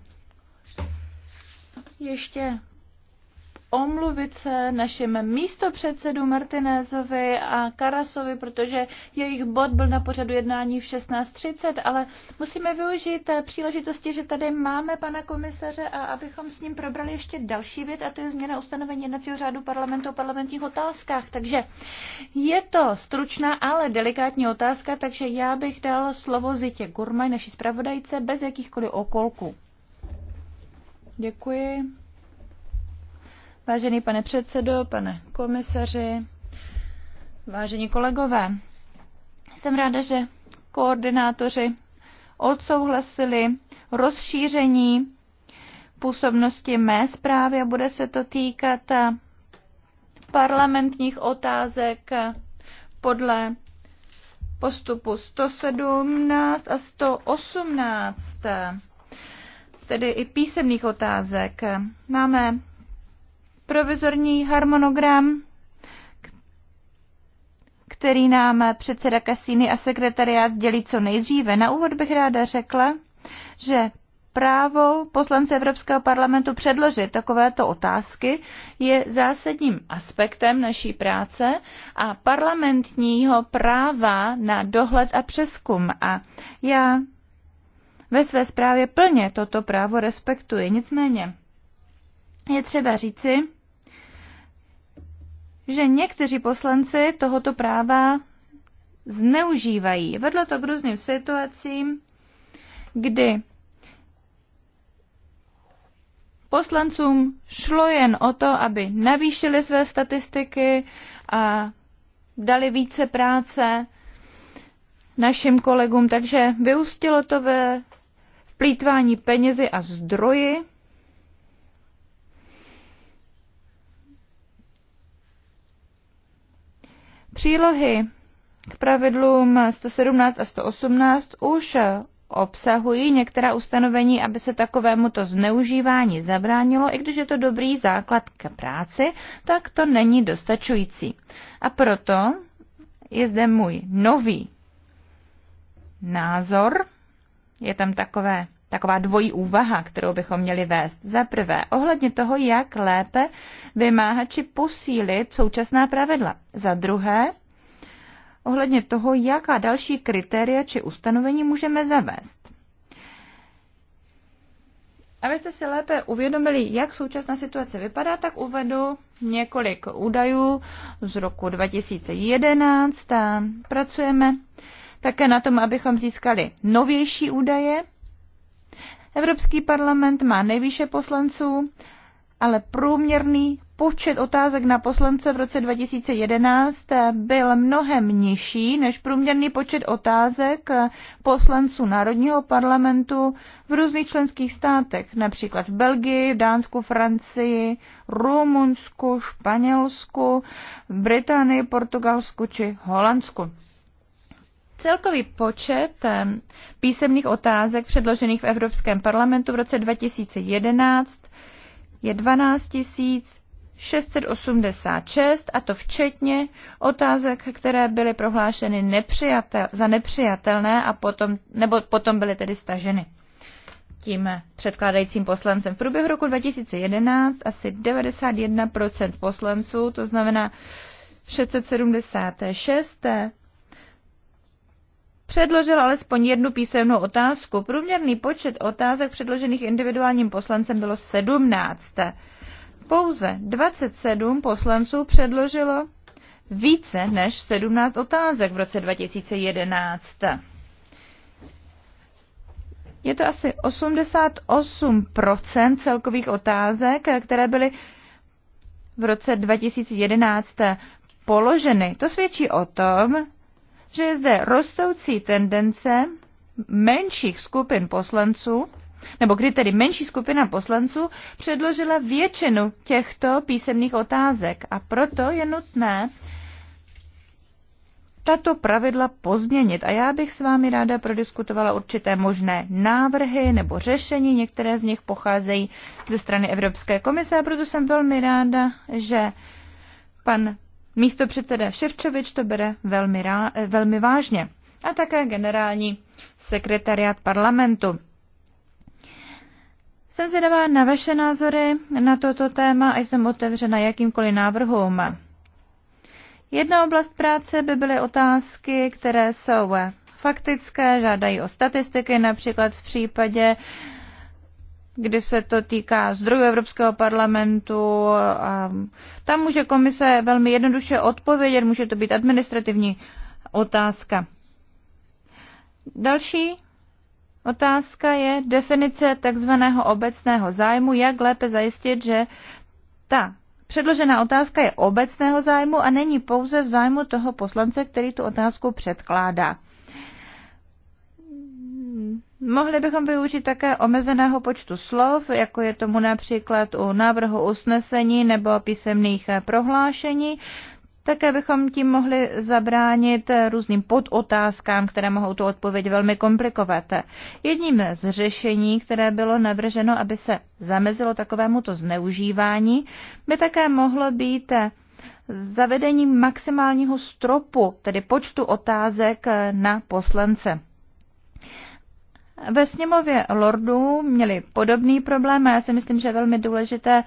ještě omluvit se našim místopředsedům Martinézovi a Karasovi, protože jejich bod byl na pořadu jednání v 16.30, ale musíme využít příležitosti, že tady máme pana komisaře a abychom s ním probrali ještě další věc, a to je změna ustanovení jednacího řádu parlamentu o parlamentních otázkách. Takže je to stručná, ale delikátní otázka, takže já bych dal slovo Zitě Gurmaj, naší zpravodajce, bez jakýchkoliv okolků. Děkuji Vážený pane předsedo, pane komisaři, vážení kolegové, jsem ráda, že koordinátoři odsouhlasili rozšíření působnosti mé zprávy a bude se to týkat parlamentních otázek podle postupu 117 a 118, tedy i písemných otázek. Máme provizorní harmonogram, který nám předseda Kasíny a sekretariát sdělí co nejdříve. Na úvod bych ráda řekla, že právo poslance Evropského parlamentu předložit takovéto otázky je zásadním aspektem naší práce a parlamentního práva na dohled a přeskum. A já ve své zprávě plně toto právo respektuji. Nicméně je třeba říci, že někteří poslanci tohoto práva zneužívají. Vedlo to k různým situacím, kdy poslancům šlo jen o to, aby navýšili své statistiky a dali více práce našim kolegům, takže vyústilo to ve vplýtvání penězi a zdroji Přílohy k pravidlům 117 a 118 už obsahují některá ustanovení, aby se takovémuto zneužívání zabránilo, i když je to dobrý základ k práci, tak to není dostačující. A proto je zde můj nový názor. Je tam takové taková dvojí úvaha, kterou bychom měli vést. Za prvé, ohledně toho, jak lépe vymáhat či posílit současná pravidla. Za druhé, ohledně toho, jaká další kritéria či ustanovení můžeme zavést. Abyste si lépe uvědomili, jak současná situace vypadá, tak uvedu několik údajů z roku 2011. Pracujeme také na tom, abychom získali novější údaje Evropský parlament má nejvýše poslanců, ale průměrný počet otázek na poslance v roce 2011 byl mnohem nižší než průměrný počet otázek poslanců Národního parlamentu v různých členských státech, například v Belgii, v Dánsku, Francii, Rumunsku, Španělsku, Británii, Portugalsku či Holandsku. Celkový počet písemných otázek předložených v Evropském parlamentu v roce 2011 je 12 686, a to včetně otázek, které byly prohlášeny nepřijatel, za nepřijatelné a potom, nebo potom byly tedy staženy. Tím předkládajícím poslancem v průběhu roku 2011 asi 91% poslanců, to znamená 676, předložil alespoň jednu písemnou otázku. Průměrný počet otázek předložených individuálním poslancem bylo 17. Pouze 27 poslanců předložilo více než 17 otázek v roce 2011. Je to asi 88 celkových otázek, které byly v roce 2011 položeny. To svědčí o tom, že je zde rostoucí tendence menších skupin poslanců, nebo kdy tedy menší skupina poslanců předložila většinu těchto písemných otázek a proto je nutné tato pravidla pozměnit. A já bych s vámi ráda prodiskutovala určité možné návrhy nebo řešení. Některé z nich pocházejí ze strany Evropské komise a proto jsem velmi ráda, že pan místo předseda Ševčovič to bere velmi, rá, eh, velmi vážně a také generální sekretariát parlamentu. Jsem zvědavá na vaše názory na toto téma a jsem otevřena jakýmkoliv návrhům. Jedna oblast práce by byly otázky, které jsou eh, faktické, žádají o statistiky, například v případě uh, kdy se to týká zdrojů Evropského parlamentu. A tam může komise velmi jednoduše odpovědět, může to být administrativní otázka. Další otázka je definice takzvaného obecného zájmu, jak lépe zajistit, že ta předložená otázka je obecného zájmu a není pouze v zájmu toho poslance, který tu otázku předkládá. Mohli bychom využít také omezeného počtu slov, jako je tomu například u návrhu usnesení nebo písemných eh, prohlášení. Také bychom tím mohli zabránit eh, různým podotázkám, které mohou tu odpověď velmi komplikovat. Jedním z řešení, které bylo navrženo, aby se zamezilo takovémuto zneužívání, by také mohlo být eh, zavedení maximálního stropu, tedy počtu otázek na poslance. Ve sněmově lordů měli podobný problém a já si myslím, že je velmi důležité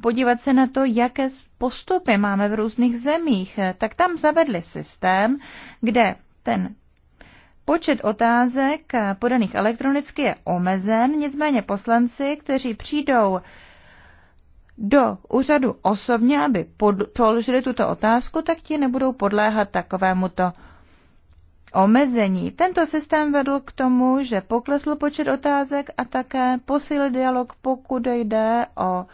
podívat se na to, jaké postupy máme v různých zemích. Tak tam zavedli systém, kde ten Počet otázek podaných elektronicky je omezen, nicméně poslanci, kteří přijdou do úřadu osobně, aby položili tuto otázku, tak ti nebudou podléhat takovémuto omezení. Tento systém vedl k tomu, že poklesl počet otázek a také posílil dialog, pokud jde o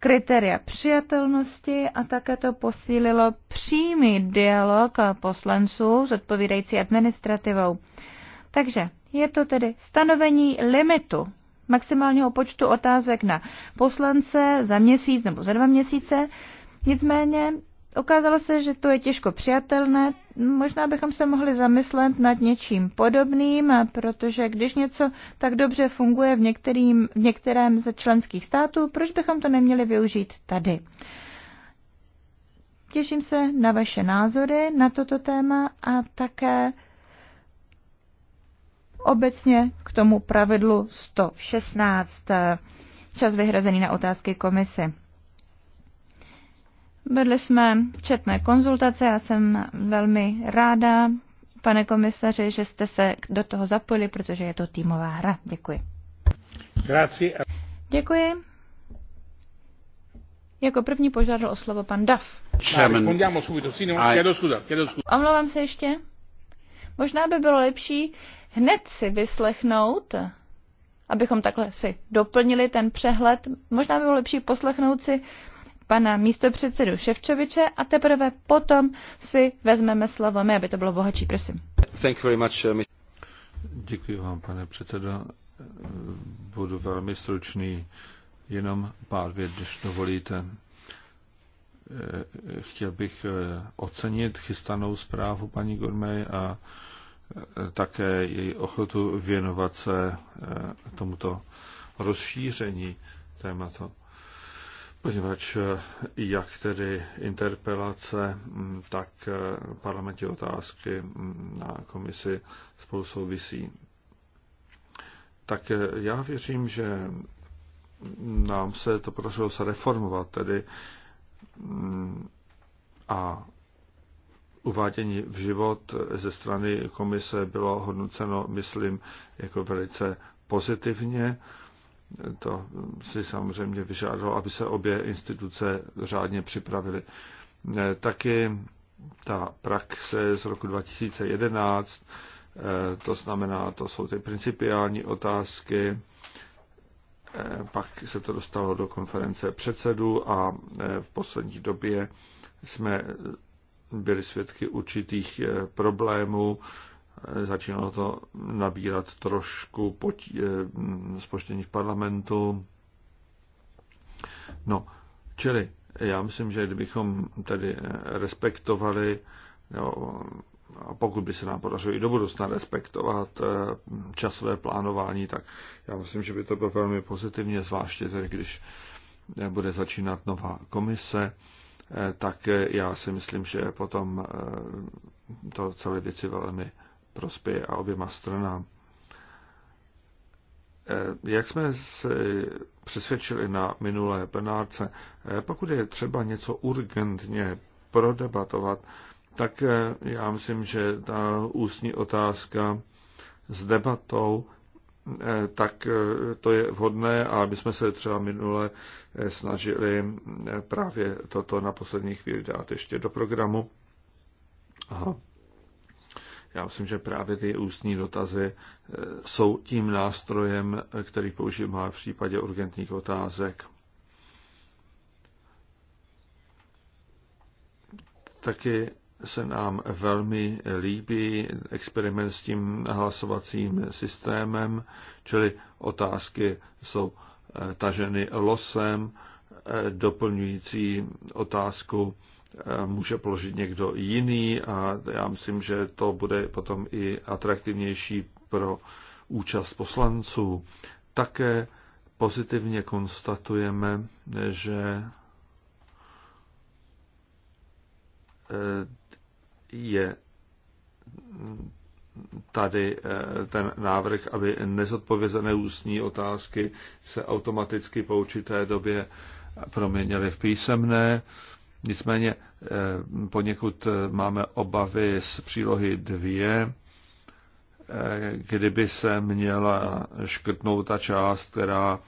kritéria přijatelnosti a také to posílilo přímý dialog poslanců s odpovídající administrativou. Takže je to tedy stanovení limitu maximálního počtu otázek na poslance za měsíc nebo za dva měsíce. Nicméně Ukázalo se, že to je těžko přijatelné. Možná bychom se mohli zamyslet nad něčím podobným, protože když něco tak dobře funguje v, některým, v některém ze členských států, proč bychom to neměli využít tady? Těším se na vaše názory na toto téma a také obecně k tomu pravidlu 116, čas vyhrazený na otázky komise. Vedli jsme četné konzultace, já jsem velmi ráda, pane komisaři, že jste se do toho zapojili, protože je to týmová hra. Děkuji. Grazie. Děkuji. Jako první požádal o slovo pan Duff. No, no, Omlouvám se ještě. Možná by bylo lepší hned si vyslechnout, abychom takhle si doplnili ten přehled. Možná by bylo lepší poslechnout si pana místopředsedu Ševčoviče a teprve potom si vezmeme slovo my, aby to bylo bohatší, prosím. Thank you very much, uh, Děkuji vám, pane předsedo. Budu velmi stručný, jenom pár vět, když dovolíte. Eh, chtěl bych eh, ocenit chystanou zprávu paní Gormej a eh, také její ochotu věnovat se tomuto rozšíření tématu poněvadž jak tedy interpelace, tak parlamentní otázky na komisi spolu souvisí. Tak já věřím, že nám se to podařilo se reformovat tedy a uvádění v život ze strany komise bylo hodnoceno, myslím, jako velice pozitivně to si samozřejmě vyžádalo, aby se obě instituce řádně připravily. E, taky ta praxe z roku 2011, e, to znamená, to jsou ty principiální otázky, e, pak se to dostalo do konference předsedů a v poslední době jsme byli svědky určitých problémů začínalo to nabírat trošku spoštění eh, v parlamentu. No, čili já myslím, že kdybychom tedy respektovali, jo, a pokud by se nám podařilo i do budoucna respektovat eh, časové plánování, tak já myslím, že by to bylo velmi pozitivně, zvláště tedy, když eh, bude začínat nová komise, tak já si myslím, že potom to celé věci velmi prospěje a oběma stranám. Eh, jak jsme se přesvědčili na minulé plenárce, eh, pokud je třeba něco urgentně prodebatovat, tak eh, já myslím, že ta ústní otázka s debatou, tak to je vhodné a my jsme se třeba minule snažili právě toto na poslední chvíli dát ještě do programu. Aha. Já myslím, že právě ty ústní dotazy eh, jsou tím nástrojem, eh, který používá v případě urgentních otázek. Taky se nám velmi líbí experiment s tím hlasovacím systémem, čili otázky jsou eh, taženy losem, doplňující otázku Eh, může položit někdo jiný a já myslím, že to bude potom i atraktivnější pro účast poslanců. Také pozitivně konstatujeme, že eh, je tady eh, ten návrh, aby nezodpovězené ústní otázky se automaticky po určité době proměnily v písemné. Nicméně eh, poněkud eh, máme obavy z přílohy dvě, eh, kdyby se měla škrtnout ta část, která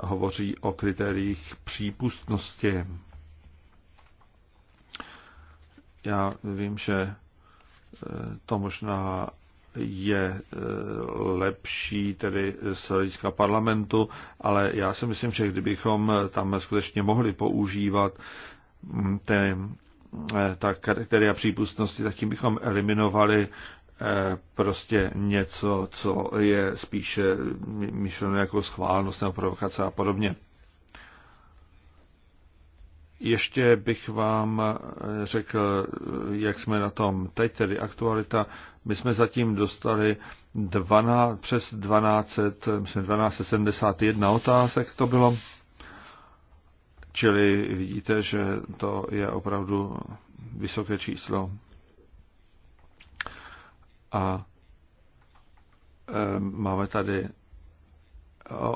hovoří o kritériích přípustnosti. Já vím, že to možná je lepší tedy z hlediska parlamentu, ale já si myslím, že kdybychom tam skutečně mohli používat ty, eh, ta kritéria přípustnosti, tak tím bychom eliminovali eh, prostě něco, co je spíše myšleno jako schválnost nebo provokace a podobně. Ještě bych vám eh, řekl, jak jsme na tom teď, tedy aktualita. My jsme zatím dostali 12, přes 12, myslím, 1271 otázek to bylo Čili vidíte, že to je opravdu vysoké číslo. A eh, máme tady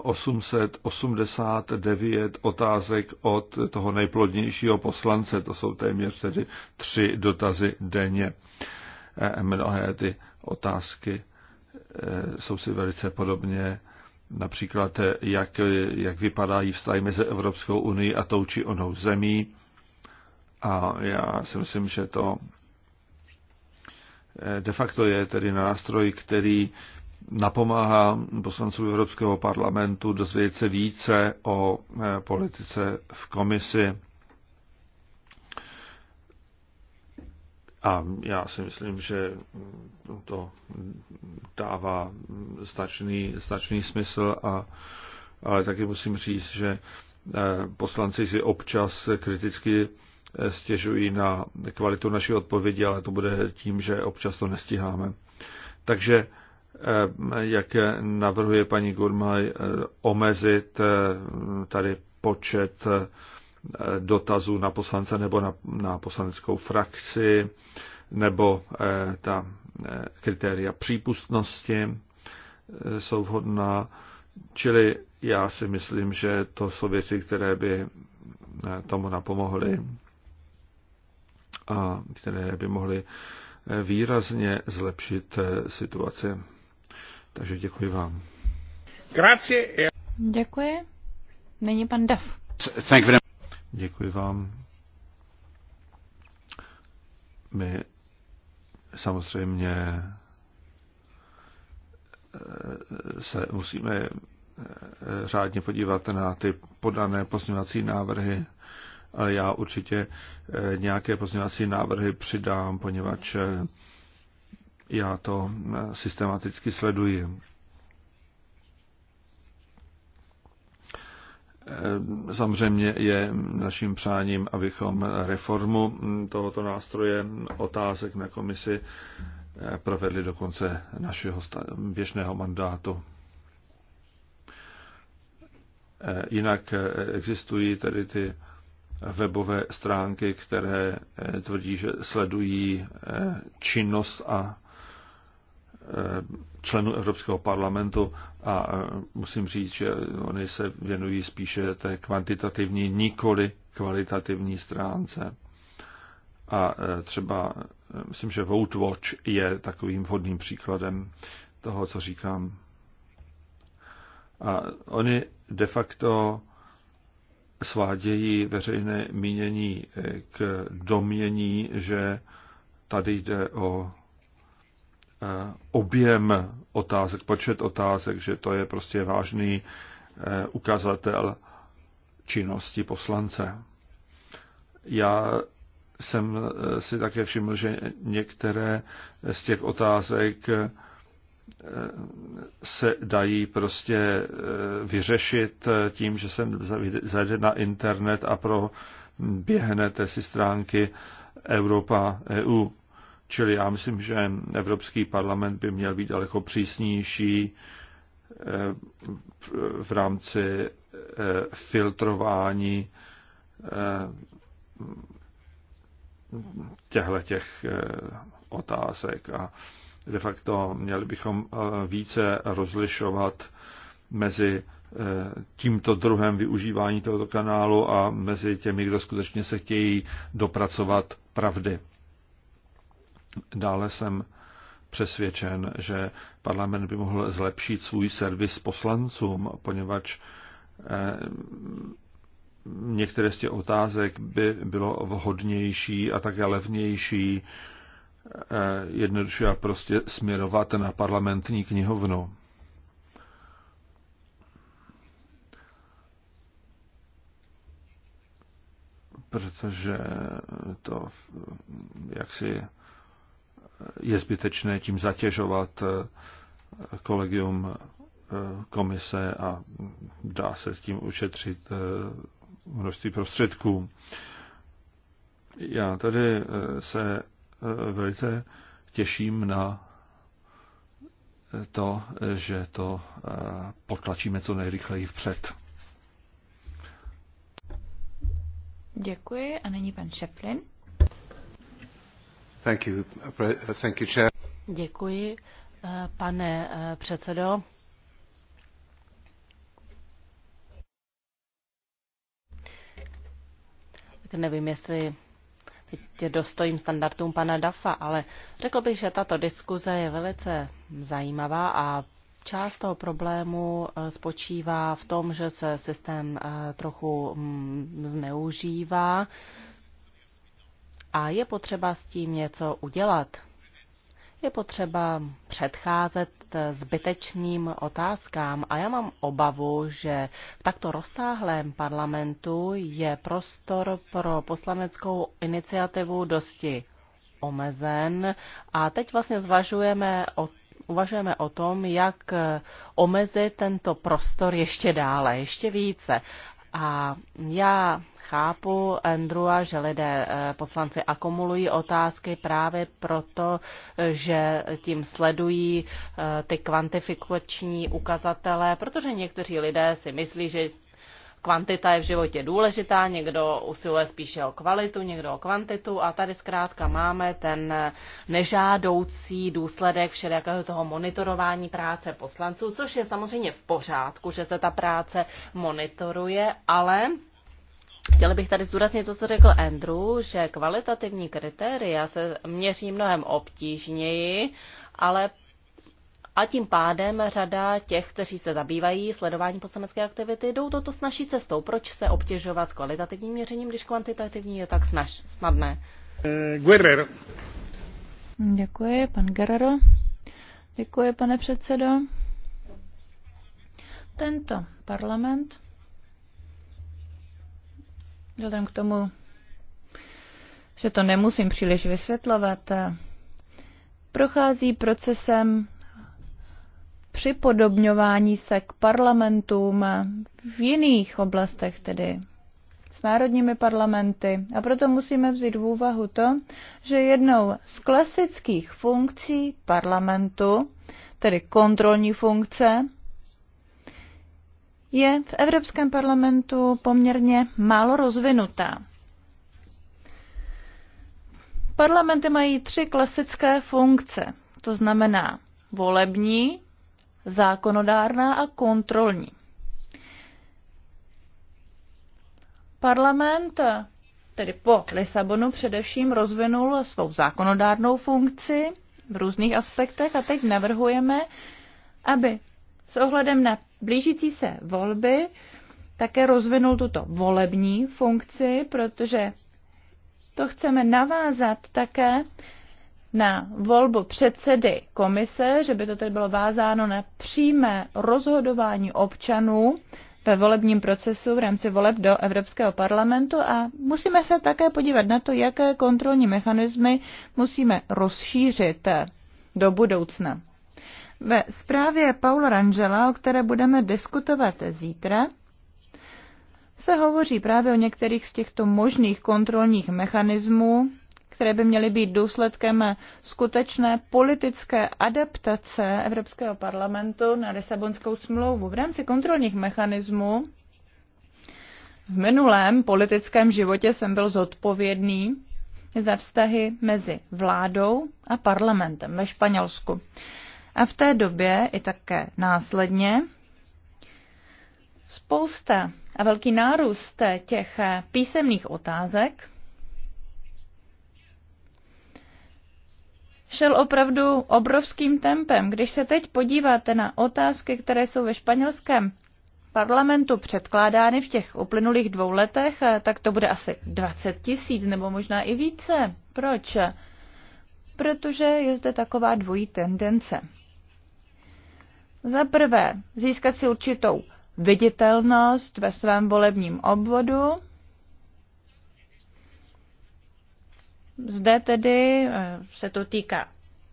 889 eh, otázek od toho nejplodnějšího poslance. To jsou téměř tedy tři dotazy denně. Eh, mnohé ty otázky jsou si velice podobně například jak, jak vypadají vztahy mezi Evropskou unii a tou či onou zemí. A já si myslím, že to eh, de facto je tedy nástroj, který napomáhá poslancům Evropského parlamentu dozvědět se více o eh, politice v komisi. A já si myslím, že to dává stačný stačný smysl, a, ale taky musím říct, že eh, poslanci si občas kriticky eh, stěžují na kvalitu naší odpovědi, ale to bude tím, že občas to nestiháme. Takže eh, jak navrhuje paní Gurmaj, omezit tady počet dotazů na poslance nebo na, na poslaneckou frakci, nebo eh, ta eh, kritéria přípustnosti eh, jsou vhodná. Čili já si myslím, že to jsou věci, které by tomu napomohly a které by mohly výrazně zlepšit situaci. Takže děkuji vám. Grazie. Děkuji. Není pan Dav. Děkuji vám. My samozřejmě eh, se musíme eh, řádně podívat na ty podané pozměňovací návrhy, ale já určitě eh, nějaké pozměňovací návrhy přidám, poněvadž já to systematicky sleduji. Ehm, samozřejmě je naším přáním, abychom reformu tohoto nástroje otázek na komisi eh, provedli do konce našeho běžného mandátu. Eh, jinak eh, existují tedy ty webové stránky, které tvrdí, že sledují činnost a členů Evropského parlamentu a e, musím říct, že oni se věnují spíše té kvantitativní, nikoli kvalitativní stránce. A e, třeba, e, myslím, že Vote Watch je takovým vhodným příkladem toho, co říkám. A oni de facto svádějí veřejné mínění k domění, že tady jde o Eh, objem otázek, počet otázek, že to je prostě vážný eh, ukazatel činnosti poslance. Já jsem eh, si také všiml, že některé z těch otázek se dají prostě vyřešit tím, že se zajde na internet a běhnete si stránky Europa EU. Čili já myslím, že Evropský parlament by měl být daleko přísnější eh, v rámci eh, filtrování eh, těchto těch otázek a de facto měli bychom více rozlišovat mezi tímto druhem využívání tohoto kanálu a mezi těmi, kdo skutečně se chtějí dopracovat pravdy. Dále jsem přesvědčen, že parlament by mohl zlepšit svůj servis poslancům, poněvadž eh, některé z těch otázek by bylo vhodnější a také levnější eh, jednoduše a prostě směrovat na parlamentní knihovnu. Protože to jaksi je zbytečné tím zatěžovat eh, kolegium eh, komise a dá se s tím ušetřit eh, množství prostředků. Já tady se velice těším na to, že to potlačíme co nejrychleji vpřed. Děkuji a není pan Šeplin. Děkuji, eh, pane eh, předsedo. Tak nevím, jestli teď dostojím standardům pana Dafa, ale řekl bych, že tato diskuze je velice zajímavá a část toho problému eh, spočívá v tom, že se systém trochu mm, zneužívá a je potřeba s tím něco udělat. Je potřeba předcházet zbytečným otázkám a já mám obavu, že v takto rozsáhlém parlamentu je prostor pro poslaneckou iniciativu dosti omezen a teď vlastně zvažujeme o uvažujeme o tom, jak omezit tento prostor ještě dále, ještě více. A já chápu, Andrua, že lidé eh, poslanci akumulují otázky právě proto, že tím sledují eh, ty kvantifikační ukazatele, protože někteří lidé si myslí, že kvantita je v životě důležitá, někdo usiluje spíše o kvalitu, někdo o kvantitu a tady zkrátka máme ten nežádoucí důsledek všelijakého toho monitorování práce poslanců, což je samozřejmě v pořádku, že se ta práce monitoruje, ale Chtěla bych tady zdůraznit to, co řekl Andrew, že kvalitativní kritéria se měří mnohem obtížněji, ale a tím pádem řada těch, kteří se zabývají sledováním poslanecké aktivity, jdou toto snaží cestou. Proč se obtěžovat s kvalitativním měřením, když kvantitativní je tak snaž, snadné? Eh, Guerrero. Děkuji, pan Guerrero. Děkuji, pane předsedo. Tento parlament, vzhledem k tomu, že to nemusím příliš vysvětlovat, eh, prochází procesem připodobňování se k parlamentům v jiných oblastech, tedy s národními parlamenty. A proto musíme vzít v úvahu to, že jednou z klasických funkcí parlamentu, tedy kontrolní funkce, je v Evropském parlamentu poměrně málo rozvinutá. Parlamenty mají tři klasické funkce, to znamená volební, zákonodárná a kontrolní. Parlament tedy po Lisabonu především rozvinul svou zákonodárnou funkci v různých aspektech a teď navrhujeme, aby s ohledem na blížící se volby také rozvinul tuto volební funkci, protože to chceme navázat také na volbu předsedy komise, že by to tedy bylo vázáno na přímé rozhodování občanů ve volebním procesu v rámci voleb do Evropského parlamentu a musíme se také podívat na to, jaké kontrolní mechanismy musíme rozšířit do budoucna. Ve zprávě Paula Rangela, o které budeme diskutovat zítra, se hovoří právě o některých z těchto možných kontrolních mechanismů které by měly být důsledkem skutečné politické adaptace Evropského parlamentu na Lisabonskou smlouvu. V rámci kontrolních mechanismů v minulém politickém životě jsem byl zodpovědný za vztahy mezi vládou a parlamentem ve Španělsku. A v té době i také následně spousta a velký nárůst těch písemných otázek šel opravdu obrovským tempem. Když se teď podíváte na otázky, které jsou ve španělském parlamentu předkládány v těch uplynulých dvou letech, tak to bude asi 20 tisíc nebo možná i více. Proč? Protože je zde taková dvojí tendence. Za prvé, získat si určitou viditelnost ve svém volebním obvodu, Zde tedy eh, se to týká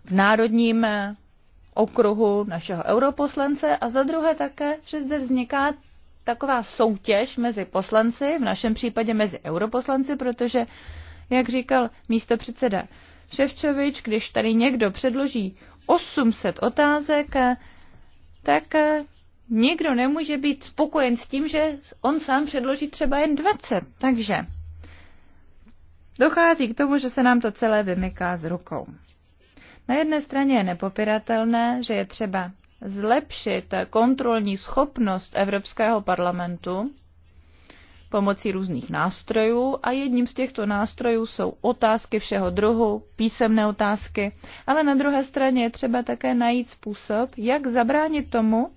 v národním eh, okruhu našeho europoslance a za druhé také, že zde vzniká taková soutěž mezi poslanci, v našem případě mezi europoslanci, protože, jak říkal místo předseda Ševčovič, když tady někdo předloží 800 otázek, eh, tak nikdo nemůže být spokojen s tím, že on sám předloží třeba jen 20. Takže dochází k tomu, že se nám to celé vymyká z rukou. Na jedné straně je nepopiratelné, že je třeba zlepšit kontrolní schopnost Evropského parlamentu pomocí různých nástrojů a jedním z těchto nástrojů jsou otázky všeho druhu, písemné otázky, ale na druhé straně je třeba také najít způsob, jak zabránit tomu,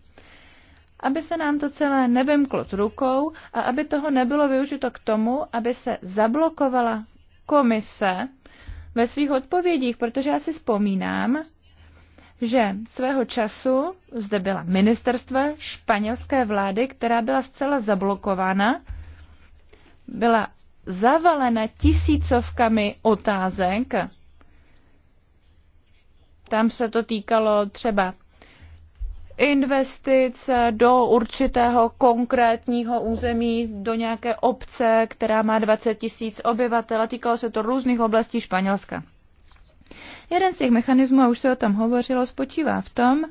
aby se nám to celé nevymklo rukou a aby toho nebylo využito k tomu, aby se zablokovala komise ve svých odpovědích, protože já si vzpomínám, že svého času zde byla ministerstva španělské vlády, která byla zcela zablokována, byla zavalena tisícovkami otázek. Tam se to týkalo třeba investic do určitého konkrétního území, do nějaké obce, která má 20 tisíc obyvatel a týkalo se to různých oblastí Španělska. Jeden z těch mechanismů, a už se o tom hovořilo, spočívá v tom,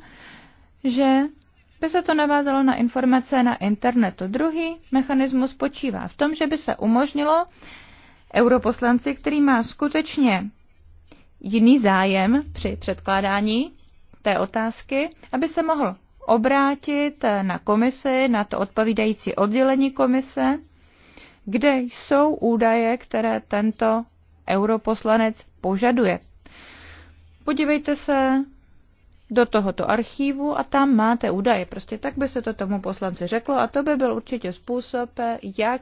že by se to navázalo na informace na internetu. Druhý mechanismus spočívá v tom, že by se umožnilo europoslanci, který má skutečně jiný zájem při předkládání té otázky, aby se mohl obrátit na komisi, na to odpovídající oddělení komise, kde jsou údaje, které tento europoslanec požaduje. Podívejte se do tohoto archívu a tam máte údaje. Prostě tak by se to tomu poslanci řeklo a to by byl určitě způsob, jak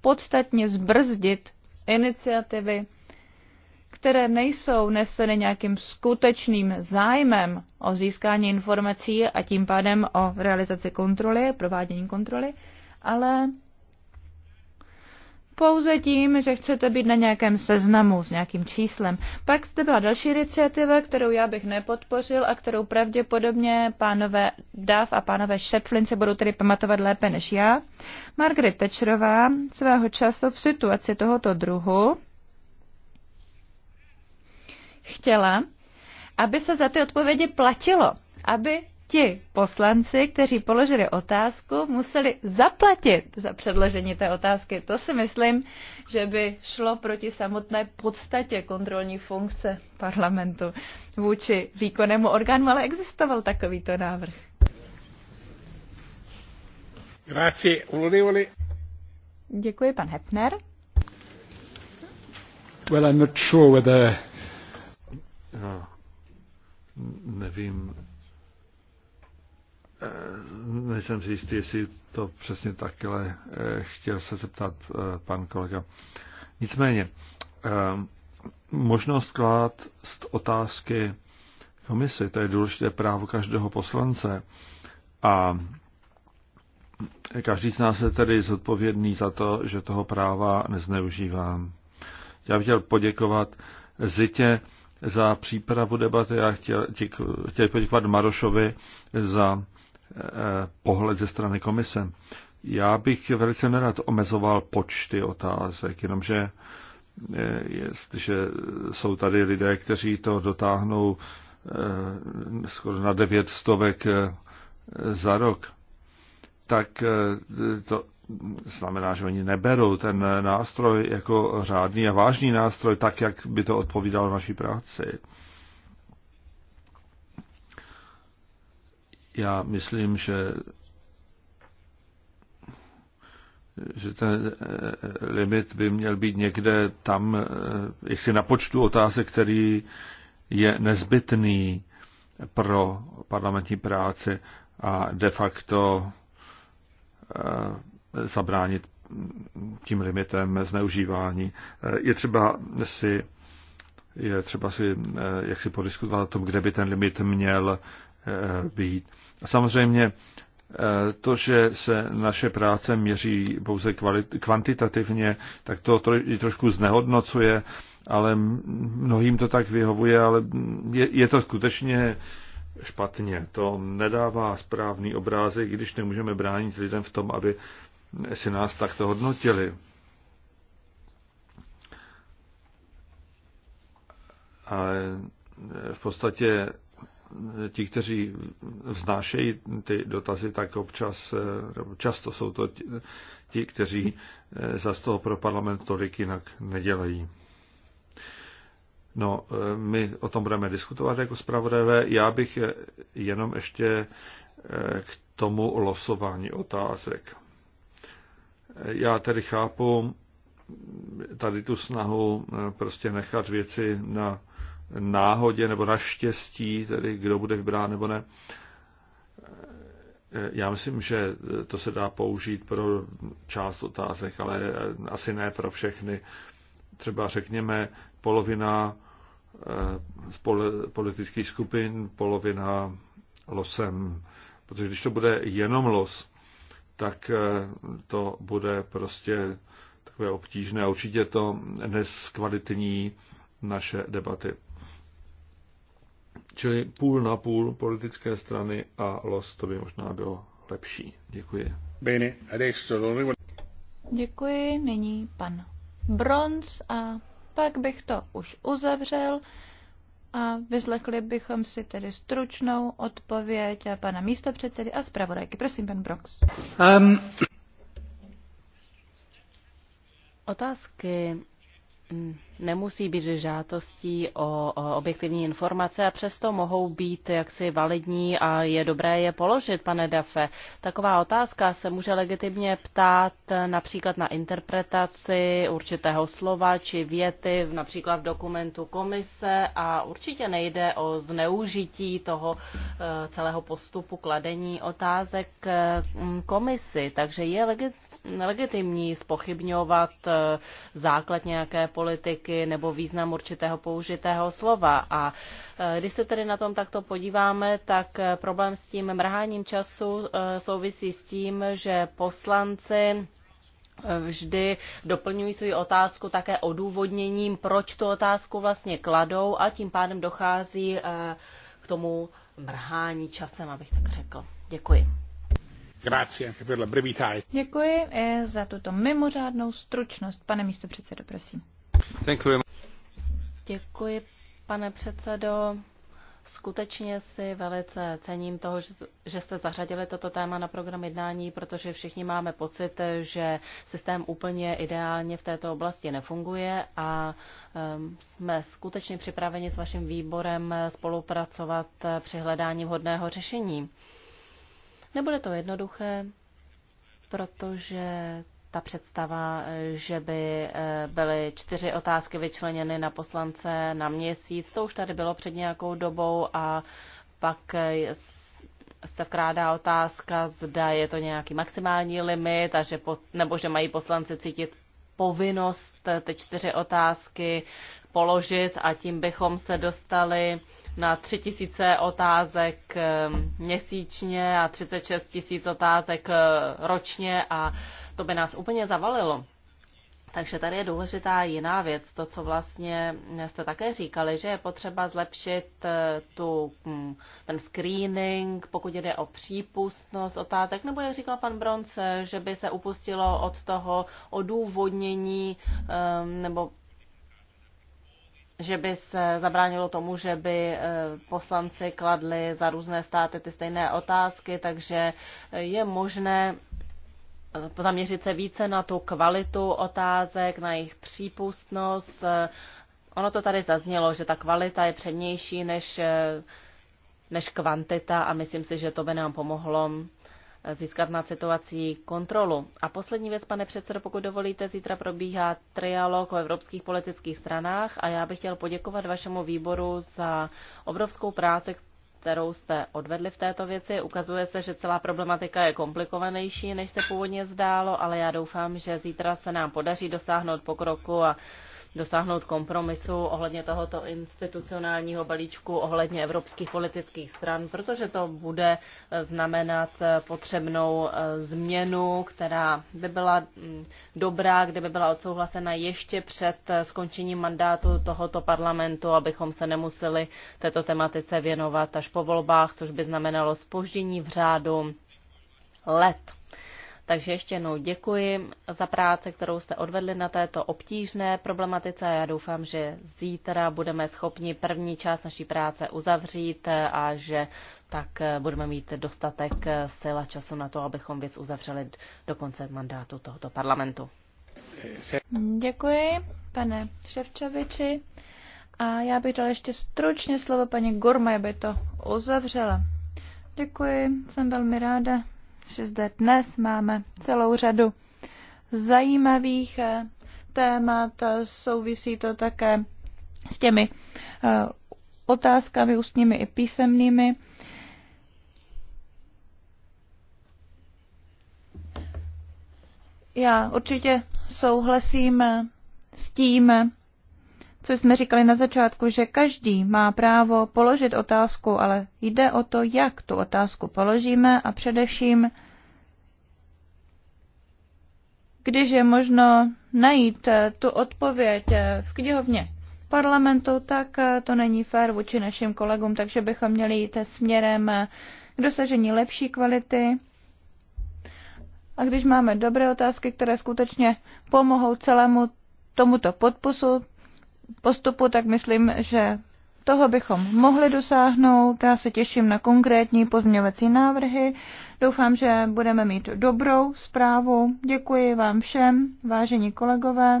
podstatně zbrzdit iniciativy které nejsou neseny nějakým skutečným zájmem o získání informací a tím pádem o realizaci kontroly, provádění kontroly, ale pouze tím, že chcete být na nějakém seznamu s nějakým číslem. Pak zde byla další iniciativa, kterou já bych nepodpořil a kterou pravděpodobně pánové Dav a pánové Šeplin se budou tedy pamatovat lépe než já. Margaret Thatcherová svého času v situaci tohoto druhu chtěla, aby se za ty odpovědi platilo, aby ti poslanci, kteří položili otázku, museli zaplatit za předložení té otázky. To si myslím, že by šlo proti samotné podstatě kontrolní funkce parlamentu vůči výkonnému orgánu, ale existoval takovýto návrh. Děkuji, pan Hepner. Well, I'm not sure whether já nevím, eh, nejsem si jistý, jestli to přesně takhle eh, chtěl se zeptat eh, pan kolega. Nicméně, možnost klát otázky komisi, to je důležité právo každého poslance a každý z nás je tedy zodpovědný za to, že toho práva nezneužívám. Já bych chtěl poděkovat Zitě, za přípravu debaty já chtěl, chtěl poděkovat Marošovi za eh, pohled ze strany komise. Já bych velice nerad omezoval počty otázek, jenomže eh, jestliže jsou tady lidé, kteří to dotáhnou eh, skoro na devět stovek za rok, tak to znamená, že oni neberou ten nástroj jako řádný a vážný nástroj, tak jak by to odpovídalo naší práci. Já myslím, že že ten eh, limit by měl být někde tam, eh, jestli na počtu otázek, který je nezbytný pro parlamentní práci a de facto eh, zabránit tím limitem zneužívání. Je třeba si je třeba si jak si podiskutovat o tom, kde by ten limit měl eh, být. A samozřejmě eh, to, že se naše práce měří pouze kvalit, kvantitativně, tak to je trošku znehodnocuje, ale mnohým to tak vyhovuje, ale je, je to skutečně špatně. To nedává správný obrázek, když nemůžeme bránit lidem v tom, aby jestli nás takto hodnotili. Ale v podstatě ti, kteří vznášejí ty dotazy, tak občas, často jsou to ti, kteří za toho pro parlament tolik jinak nedělají. No, my o tom budeme diskutovat jako zpravodajové. Já bych jenom ještě k tomu losování otázek. Já tedy chápu tady tu snahu eh, prostě nechat věci na náhodě nebo na štěstí, tedy kdo bude vybrán nebo ne. Eh, já myslím, že to se dá použít pro část otázek, ale eh, asi ne pro všechny. Třeba řekněme polovina politických skupin, polovina losem. Protože když to bude jenom los, tak eh, to bude prostě takové obtížné. Určitě to neskvalitní naše debaty. Čili půl na půl politické strany a los, to by možná bylo lepší. Děkuji. Děkuji, nyní pan Bronz a pak bych to už uzavřel a vyslechli bychom si tedy stručnou odpověď a pana místopředsedy a zpravodajky. Prosím, pan Brox. Um. Otázky nemusí být žádostí o objektivní informace a přesto mohou být jaksi validní a je dobré je položit, pane Dafe. Taková otázka se může legitimně ptát například na interpretaci určitého slova či věty, například v dokumentu komise a určitě nejde o zneužití toho eh, celého postupu kladení otázek eh, mm, komisi, takže je legitimní legitimní spochybňovat eh, základ nějaké politiky nebo význam určitého použitého slova. A eh, když se tedy na tom takto podíváme, tak eh, problém s tím mrháním času souvisí s tím, že poslanci vždy doplňují svou otázku také odůvodněním, proč tu otázku vlastně kladou a tím pádem dochází k tomu mrhání časem, abych tak řekl. Děkuji. Děkuji za tuto mimořádnou stručnost. Pane místo předsedo, prosím. Děkuji. Děkuji, pane předsedo. Skutečně si velice cením toho, že jste zařadili toto téma na program jednání, protože všichni máme pocit, že systém úplně ideálně v této oblasti nefunguje a ehm, jsme skutečně připraveni s vaším výborem spolupracovat při hledání vhodného řešení. Nebude to jednoduché, protože ta představa, že by eh, byly čtyři otázky vyčleněny na poslance na měsíc, to už tady bylo před nějakou dobou a pak eh, se vkrádá otázka, zda je to nějaký maximální limit, a že po, nebo že mají poslanci cítit povinnost eh, ty čtyři otázky položit a tím bychom se dostali na 3 otázek ehm, měsíčně a 36 tisíc otázek eh, ročně a to by nás úplně zavalilo. Takže tady je důležitá jiná věc, to, co vlastně jste také říkali, že je potřeba zlepšit eh, tu, hm, ten screening, pokud jde o přípustnost otázek, nebo jak říkal pan Bronce, že by se upustilo od toho odůvodnění ehm, nebo že by se zabránilo tomu, že by eh, poslanci kladli za různé státy ty stejné otázky, takže eh, je možné eh, zaměřit se více na tu kvalitu otázek, na jejich přípustnost. Ono to tady zaznělo, že ta kvalita je přednější než, než kvantita a myslím si, že to by nám pomohlo získat na situací kontrolu. A poslední věc, pane předsedo, pokud dovolíte, zítra probíhá trialog o evropských politických stranách a já bych chtěl poděkovat vašemu výboru za obrovskou práci, kterou jste odvedli v této věci. Ukazuje se, že celá problematika je komplikovanější, než se původně zdálo, ale já doufám, že zítra se nám podaří dosáhnout pokroku a dosáhnout kompromisu ohledně tohoto institucionálního balíčku, ohledně evropských politických stran, protože to bude znamenat potřebnou eh, změnu, která by byla mm, dobrá, kdyby byla odsouhlasena ještě před eh, skončením mandátu tohoto parlamentu, abychom se nemuseli této tematice věnovat až po volbách, což by znamenalo spoždění v řádu let. Takže ještě jednou děkuji za práci, kterou jste odvedli na této obtížné problematice. Já doufám, že zítra budeme schopni první část naší práce uzavřít a že tak budeme mít dostatek sil a času na to, abychom věc uzavřeli do konce mandátu tohoto parlamentu. Děkuji, pane Ševčeviči. A já bych dal ještě stručně slovo paní Gormaj, aby to uzavřela. Děkuji, jsem velmi ráda, že zde dnes máme celou řadu zajímavých eh, témat. Eh, souvisí to také s těmi eh, otázkami ústními i písemnými. Já určitě souhlasím s tím, co jsme říkali na začátku, že každý má právo položit otázku, ale jde o to, jak tu otázku položíme a především, když je možno najít eh, tu odpověď eh, v knihovně parlamentu, tak eh, to není fér vůči našim kolegům, takže bychom měli jít směrem k dosažení lepší kvality. A když máme dobré otázky, které skutečně pomohou celému tomuto podpisu, postupu, tak myslím, že toho bychom mohli dosáhnout. Já se těším na konkrétní pozměňovací návrhy. Doufám, že budeme mít dobrou zprávu. Děkuji vám všem, vážení kolegové,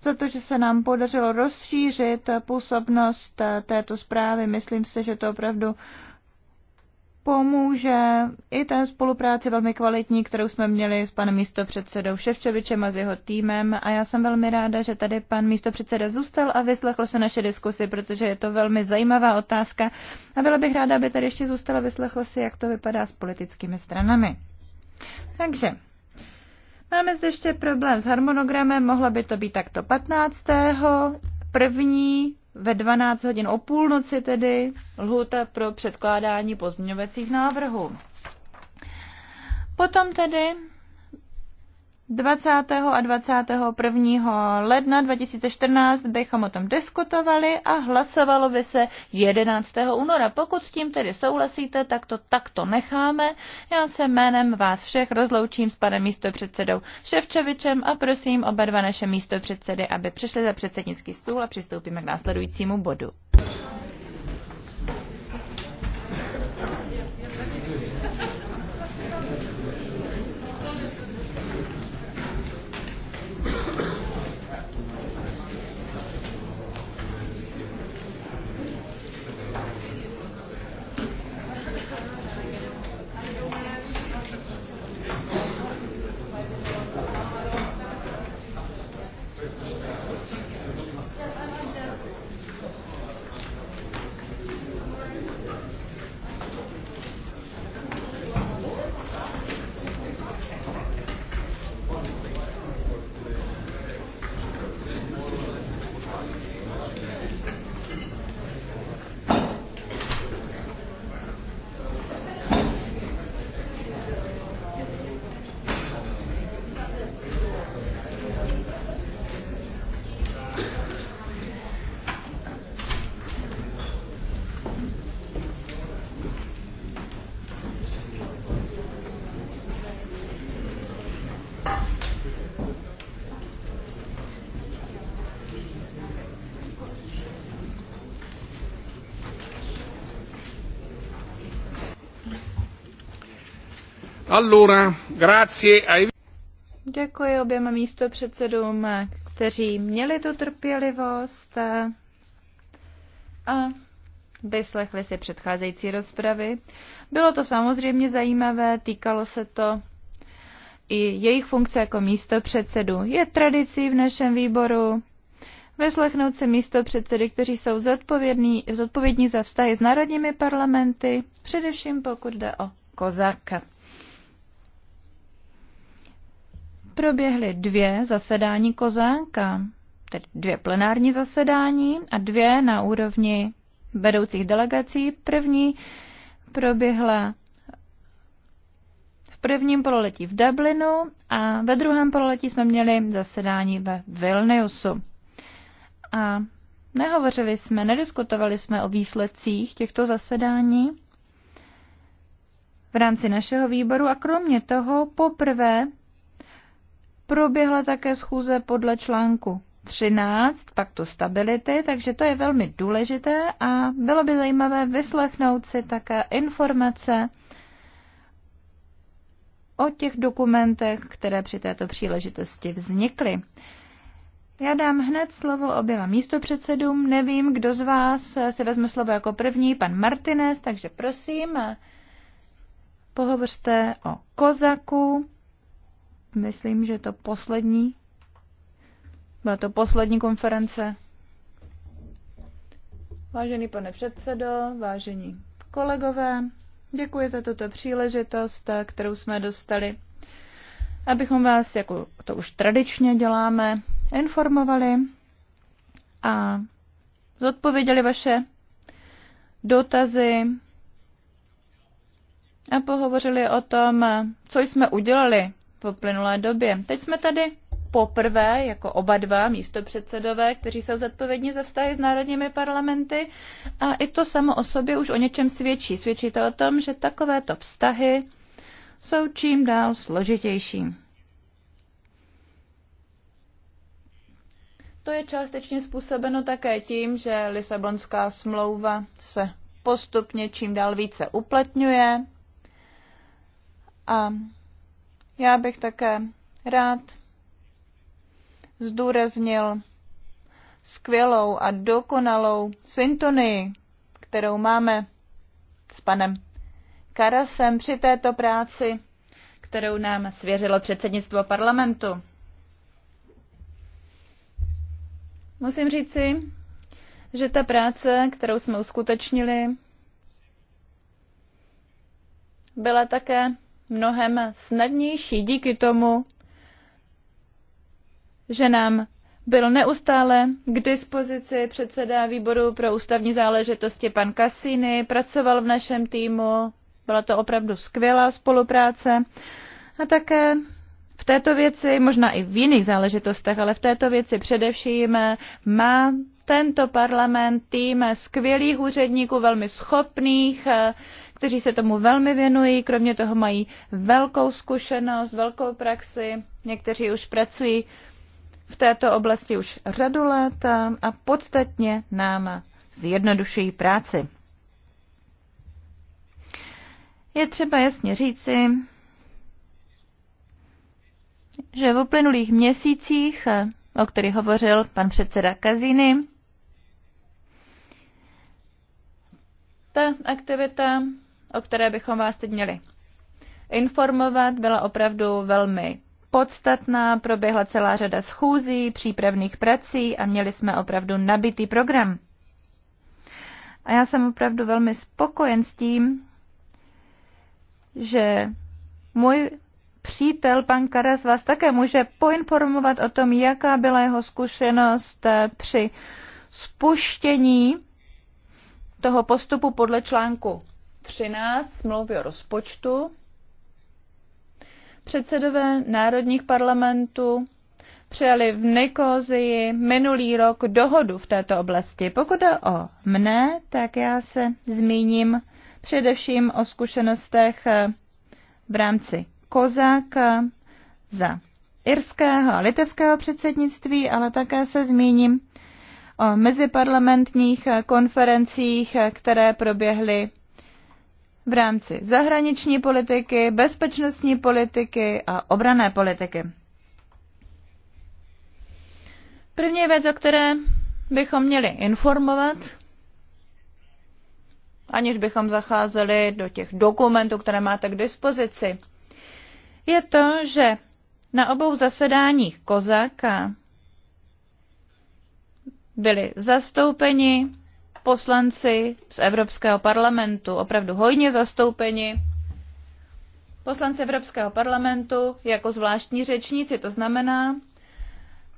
za to, že se nám podařilo rozšířit působnost této zprávy. Myslím si, že to opravdu pomůže i té spolupráci velmi kvalitní, kterou jsme měli s panem místopředsedou Ševčevičem a s jeho týmem. A já jsem velmi ráda, že tady pan místopředseda zůstal a vyslechl se naše diskusy, protože je to velmi zajímavá otázka. A byla bych ráda, aby tady ještě zůstal a vyslechl si, jak to vypadá s politickými stranami. Takže Máme zde ještě problém s harmonogramem, mohla by to být takto 15. první ve 12 hodin o půlnoci tedy lhůta pro předkládání pozměňovacích návrhů. Potom tedy 20. a 21. ledna 2014 bychom o tom diskutovali a hlasovalo by se 11. února. Pokud s tím tedy souhlasíte, tak to takto necháme. Já se jménem vás všech rozloučím s panem místopředsedou Ševčevičem a prosím oba dva naše místopředsedy, aby přišli za předsednický stůl a přistoupíme k následujícímu bodu. Allora, grazie ai... Děkuji oběma místopředsedům, kteří měli tu trpělivost a vyslechli si předcházející rozpravy. Bylo to samozřejmě zajímavé, týkalo se to i jejich funkce jako místopředsedu. Je tradicí v našem výboru vyslechnout si místopředsedy, kteří jsou zodpovědní, zodpovědní za vztahy s národními parlamenty, především pokud jde o Kozaka. proběhly dvě zasedání kozánka, tedy dvě plenární zasedání a dvě na úrovni vedoucích delegací. První proběhla v prvním pololetí v Dublinu a ve druhém pololetí jsme měli zasedání ve Vilniusu. A nehovořili jsme, nediskutovali jsme o výsledcích těchto zasedání v rámci našeho výboru a kromě toho poprvé Proběhla také schůze podle článku 13 paktu stability, takže to je velmi důležité a bylo by zajímavé vyslechnout si také informace o těch dokumentech, které při této příležitosti vznikly. Já dám hned slovo oběma místopředsedům. Nevím, kdo z vás si vezme slovo jako první, pan Martinez, takže prosím, pohovořte o Kozaku Myslím, že to poslední. Byla to poslední konference. Vážený pane předsedo, vážení kolegové, děkuji za tuto příležitost, kterou jsme dostali, abychom vás, jako to už tradičně děláme, informovali a zodpověděli vaše dotazy a pohovořili o tom, co jsme udělali v plynulé době. Teď jsme tady poprvé, jako oba dva místopředsedové, kteří jsou zodpovědní za vztahy s národními parlamenty. A i to samo o sobě už o něčem svědčí. Svědčí to o tom, že takovéto vztahy jsou čím dál složitější. To je částečně způsobeno také tím, že Lisabonská smlouva se postupně čím dál více uplatňuje a já bych také rád zdůraznil skvělou a dokonalou syntonii, kterou máme s panem Karasem při této práci, kterou nám svěřilo předsednictvo parlamentu. Musím říci, že ta práce, kterou jsme uskutečnili, byla také mnohem snadnější díky tomu, že nám byl neustále k dispozici předseda výboru pro ústavní záležitosti pan Cassini, pracoval v našem týmu, byla to opravdu skvělá spolupráce. A také v této věci, možná i v jiných záležitostech, ale v této věci především má tento parlament tým skvělých úředníků, velmi schopných, eh, kteří se tomu velmi věnují, kromě toho mají velkou zkušenost, velkou praxi, někteří už pracují v této oblasti už řadu let eh, a podstatně nám zjednodušují práci. Je třeba jasně říci, že v uplynulých měsících, eh, o kterých hovořil pan předseda Kaziny, ta aktivita, o které bychom vás teď měli informovat, byla opravdu velmi podstatná, proběhla celá řada schůzí, přípravných prací a měli jsme opravdu nabitý program. A já jsem opravdu velmi spokojen s tím, že můj přítel, pan Karas, vás také může poinformovat o tom, jaká byla jeho zkušenost při spuštění toho postupu podle článku 13 smlouvy o rozpočtu. Předsedové národních parlamentů přijali v Nikozii minulý rok dohodu v této oblasti. Pokud jde o mne, tak já se zmíním především o zkušenostech eh, v rámci Kozáka eh, za irského a litevského předsednictví, ale také se zmíním o meziparlamentních eh, konferencích, eh, které proběhly v rámci zahraniční politiky, bezpečnostní politiky a obrané politiky. První věc, o které bychom měli informovat, aniž bychom zacházeli do těch dokumentů, které máte k dispozici, je to, že na obou zasedáních a byli zastoupeni poslanci z Evropského parlamentu, opravdu hojně zastoupeni. Poslanci Evropského parlamentu jako zvláštní řečníci, to znamená,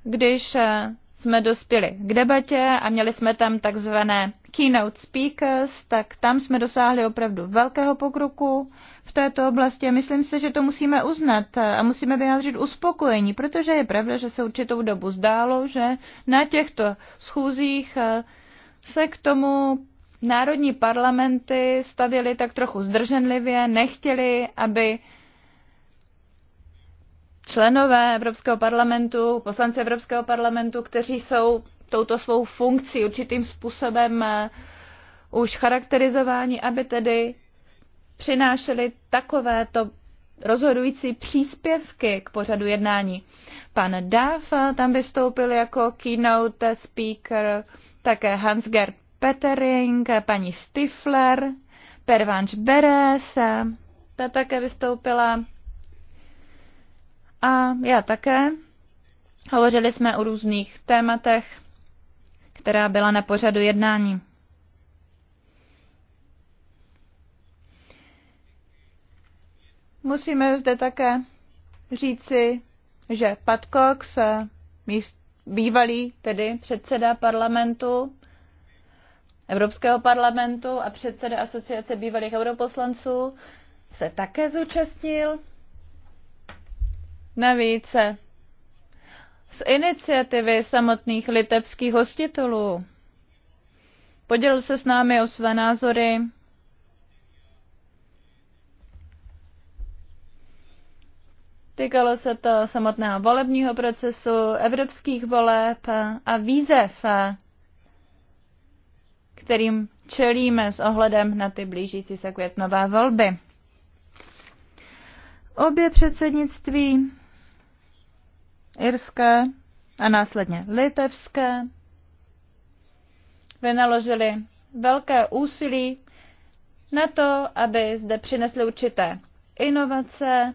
když eh, jsme dospěli k debatě a měli jsme tam takzvané keynote speakers, tak tam jsme dosáhli opravdu velkého pokroku v této oblasti a myslím si, že to musíme uznat a musíme vyjádřit uspokojení, protože je pravda, že se určitou dobu zdálo, že na těchto schůzích eh, se k tomu národní parlamenty stavěly tak trochu zdrženlivě, nechtěli, aby členové Evropského parlamentu, poslanci Evropského parlamentu, kteří jsou touto svou funkcí určitým způsobem eh, už charakterizováni, aby tedy přinášeli takovéto rozhodující příspěvky k pořadu jednání. Pan Dav tam vystoupil jako keynote speaker, také Hans-Gerd Petering, paní Stifler, Pervanč Beres, ta také vystoupila. A já také. Hovořili jsme o různých tématech, která byla na pořadu jednání. Musíme zde také říci, že Pat Cox, eh, míst, bývalý tedy předseda parlamentu, Evropského parlamentu a předseda asociace bývalých europoslanců, se také zúčastnil. Navíc eh, z iniciativy samotných litevských hostitelů. Podělil se s námi o své názory Týkalo se to samotného volebního procesu, evropských voleb a výzev, kterým čelíme s ohledem na ty blížící se květnové volby. Obě předsednictví, irské a následně litevské, vynaložili velké úsilí na to, aby zde přinesly určité inovace,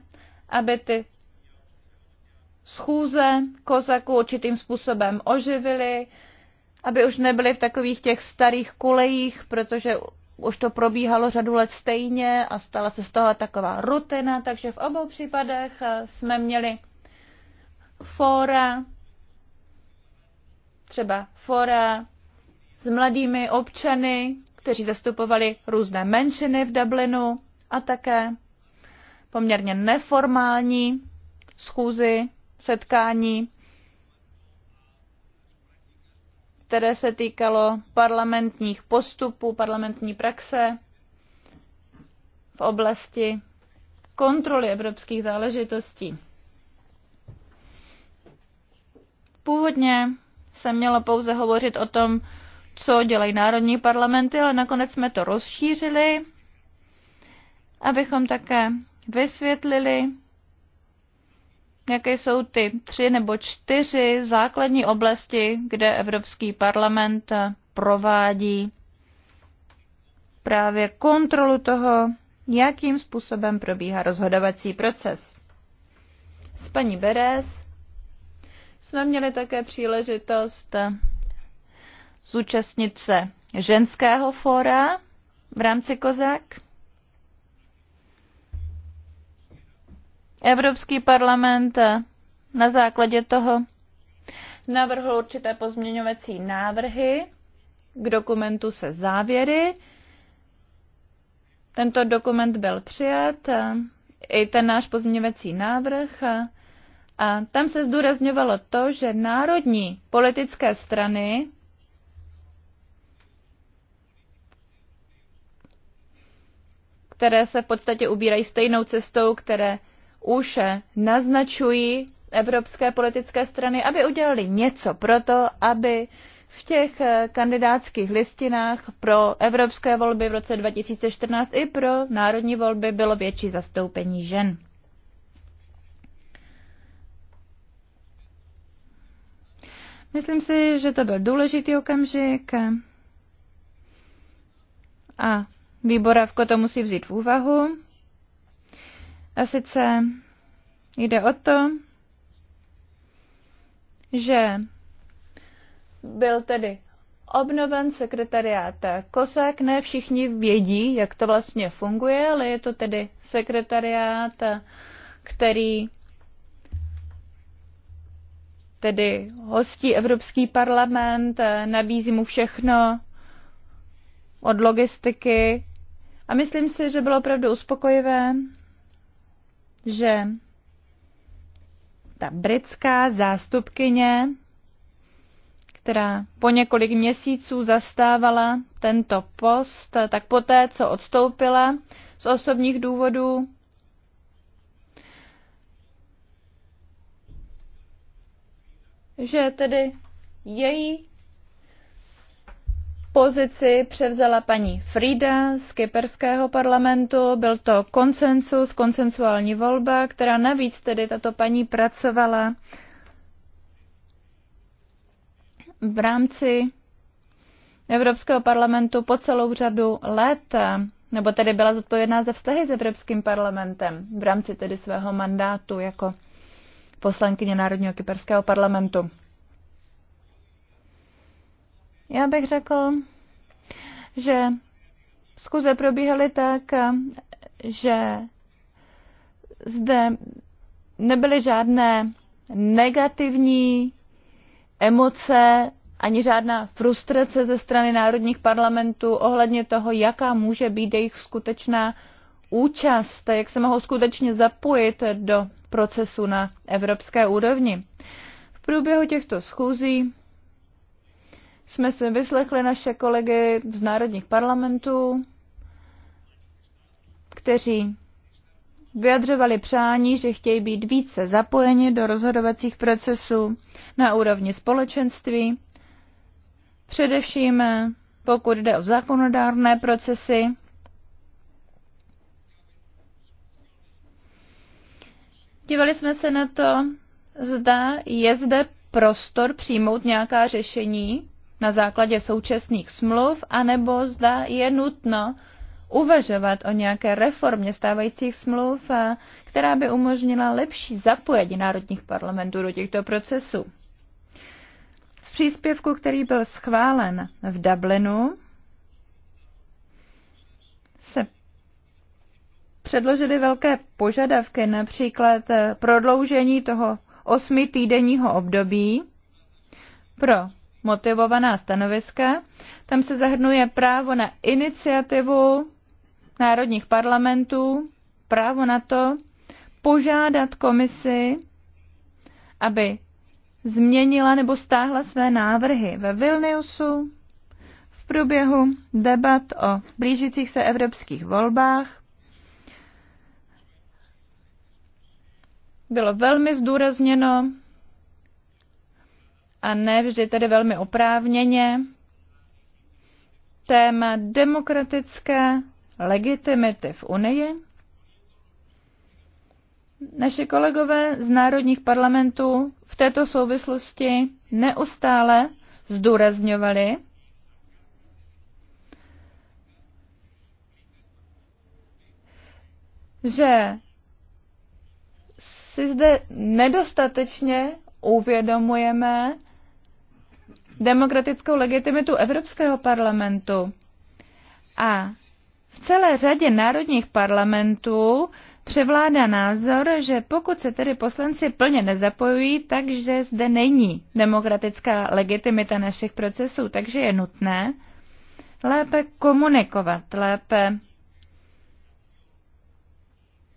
aby ty schůze kozaku určitým způsobem oživily, aby už nebyly v takových těch starých kolejích, protože už to probíhalo řadu let stejně a stala se z toho taková rutina, takže v obou případech eh, jsme měli fóra, třeba fóra s mladými občany, kteří zastupovali různé menšiny v Dublinu a také poměrně neformální schůzy setkání, které se týkalo parlamentních postupů, parlamentní praxe v oblasti kontroly evropských záležitostí. Původně se mělo pouze hovořit o tom, co dělají národní parlamenty, ale nakonec jsme to rozšířili, abychom také vysvětlili jaké jsou ty tři nebo čtyři základní oblasti, kde Evropský parlament provádí právě kontrolu toho, jakým způsobem probíhá rozhodovací proces. S paní Beres jsme měli také příležitost zúčastnit se ženského fóra v rámci Kozák. Evropský parlament na základě toho navrhl určité pozměňovací návrhy, k dokumentu se závěry. Tento dokument byl přijat, i ten náš pozměňovací návrh. A tam se zdůrazňovalo to, že národní politické strany které se v podstatě ubírají stejnou cestou, které už naznačují evropské politické strany, aby udělali něco pro to, aby v těch eh, kandidátských listinách pro evropské volby v roce 2014 i pro národní volby bylo větší zastoupení žen. Myslím si, že to byl důležitý okamžik a výboravko to musí vzít v úvahu. A sice jde o to, že byl tedy obnoven sekretariát Kosek Ne všichni vědí, jak to vlastně funguje, ale je to tedy sekretariát, který tedy hostí Evropský parlament, nabízí mu všechno od logistiky. A myslím si, že bylo opravdu uspokojivé, že ta britská zástupkyně, která po několik měsíců zastávala tento post, tak poté, co odstoupila z osobních důvodů, že tedy její pozici převzala paní Frida z kyperského parlamentu. Byl to konsensus, konsensuální volba, která navíc tedy tato paní pracovala v rámci Evropského parlamentu po celou řadu let, nebo tedy byla zodpovědná za vztahy s Evropským parlamentem v rámci tedy svého mandátu jako poslankyně Národního kyperského parlamentu. Já bych řekl, že zkuze probíhaly tak, že zde nebyly žádné negativní emoce ani žádná frustrace ze strany národních parlamentů ohledně toho, jaká může být jejich skutečná účast, jak se mohou skutečně zapojit do procesu na evropské úrovni. V průběhu těchto schůzí jsme si vyslechli naše kolegy z národních parlamentů, kteří vyjadřovali přání, že chtějí být více zapojeni do rozhodovacích procesů na úrovni společenství, především pokud jde o zákonodárné procesy. Dívali jsme se na to, zda je zde prostor přijmout nějaká řešení na základě současných smluv, anebo zda je nutno uvažovat o nějaké reformě stávajících smluv, která by umožnila lepší zapojení národních parlamentů do těchto procesů. V příspěvku, který byl schválen v Dublinu, se předložily velké požadavky, například e, prodloužení toho osmi týdenního období pro motivovaná stanoviska. Tam se zahrnuje právo na iniciativu národních parlamentů, právo na to požádat komisi, aby změnila nebo stáhla své návrhy ve Vilniusu v průběhu debat o blížících se evropských volbách. Bylo velmi zdůrazněno, a ne vždy tedy velmi oprávněně téma demokratické legitimity v Unii. Naši kolegové z národních parlamentů v této souvislosti neustále zdůrazňovali, že si zde nedostatečně uvědomujeme demokratickou legitimitu Evropského parlamentu. A v celé řadě národních parlamentů převládá názor, že pokud se tedy poslanci plně nezapojují, takže zde není demokratická legitimita našich procesů, takže je nutné lépe komunikovat, lépe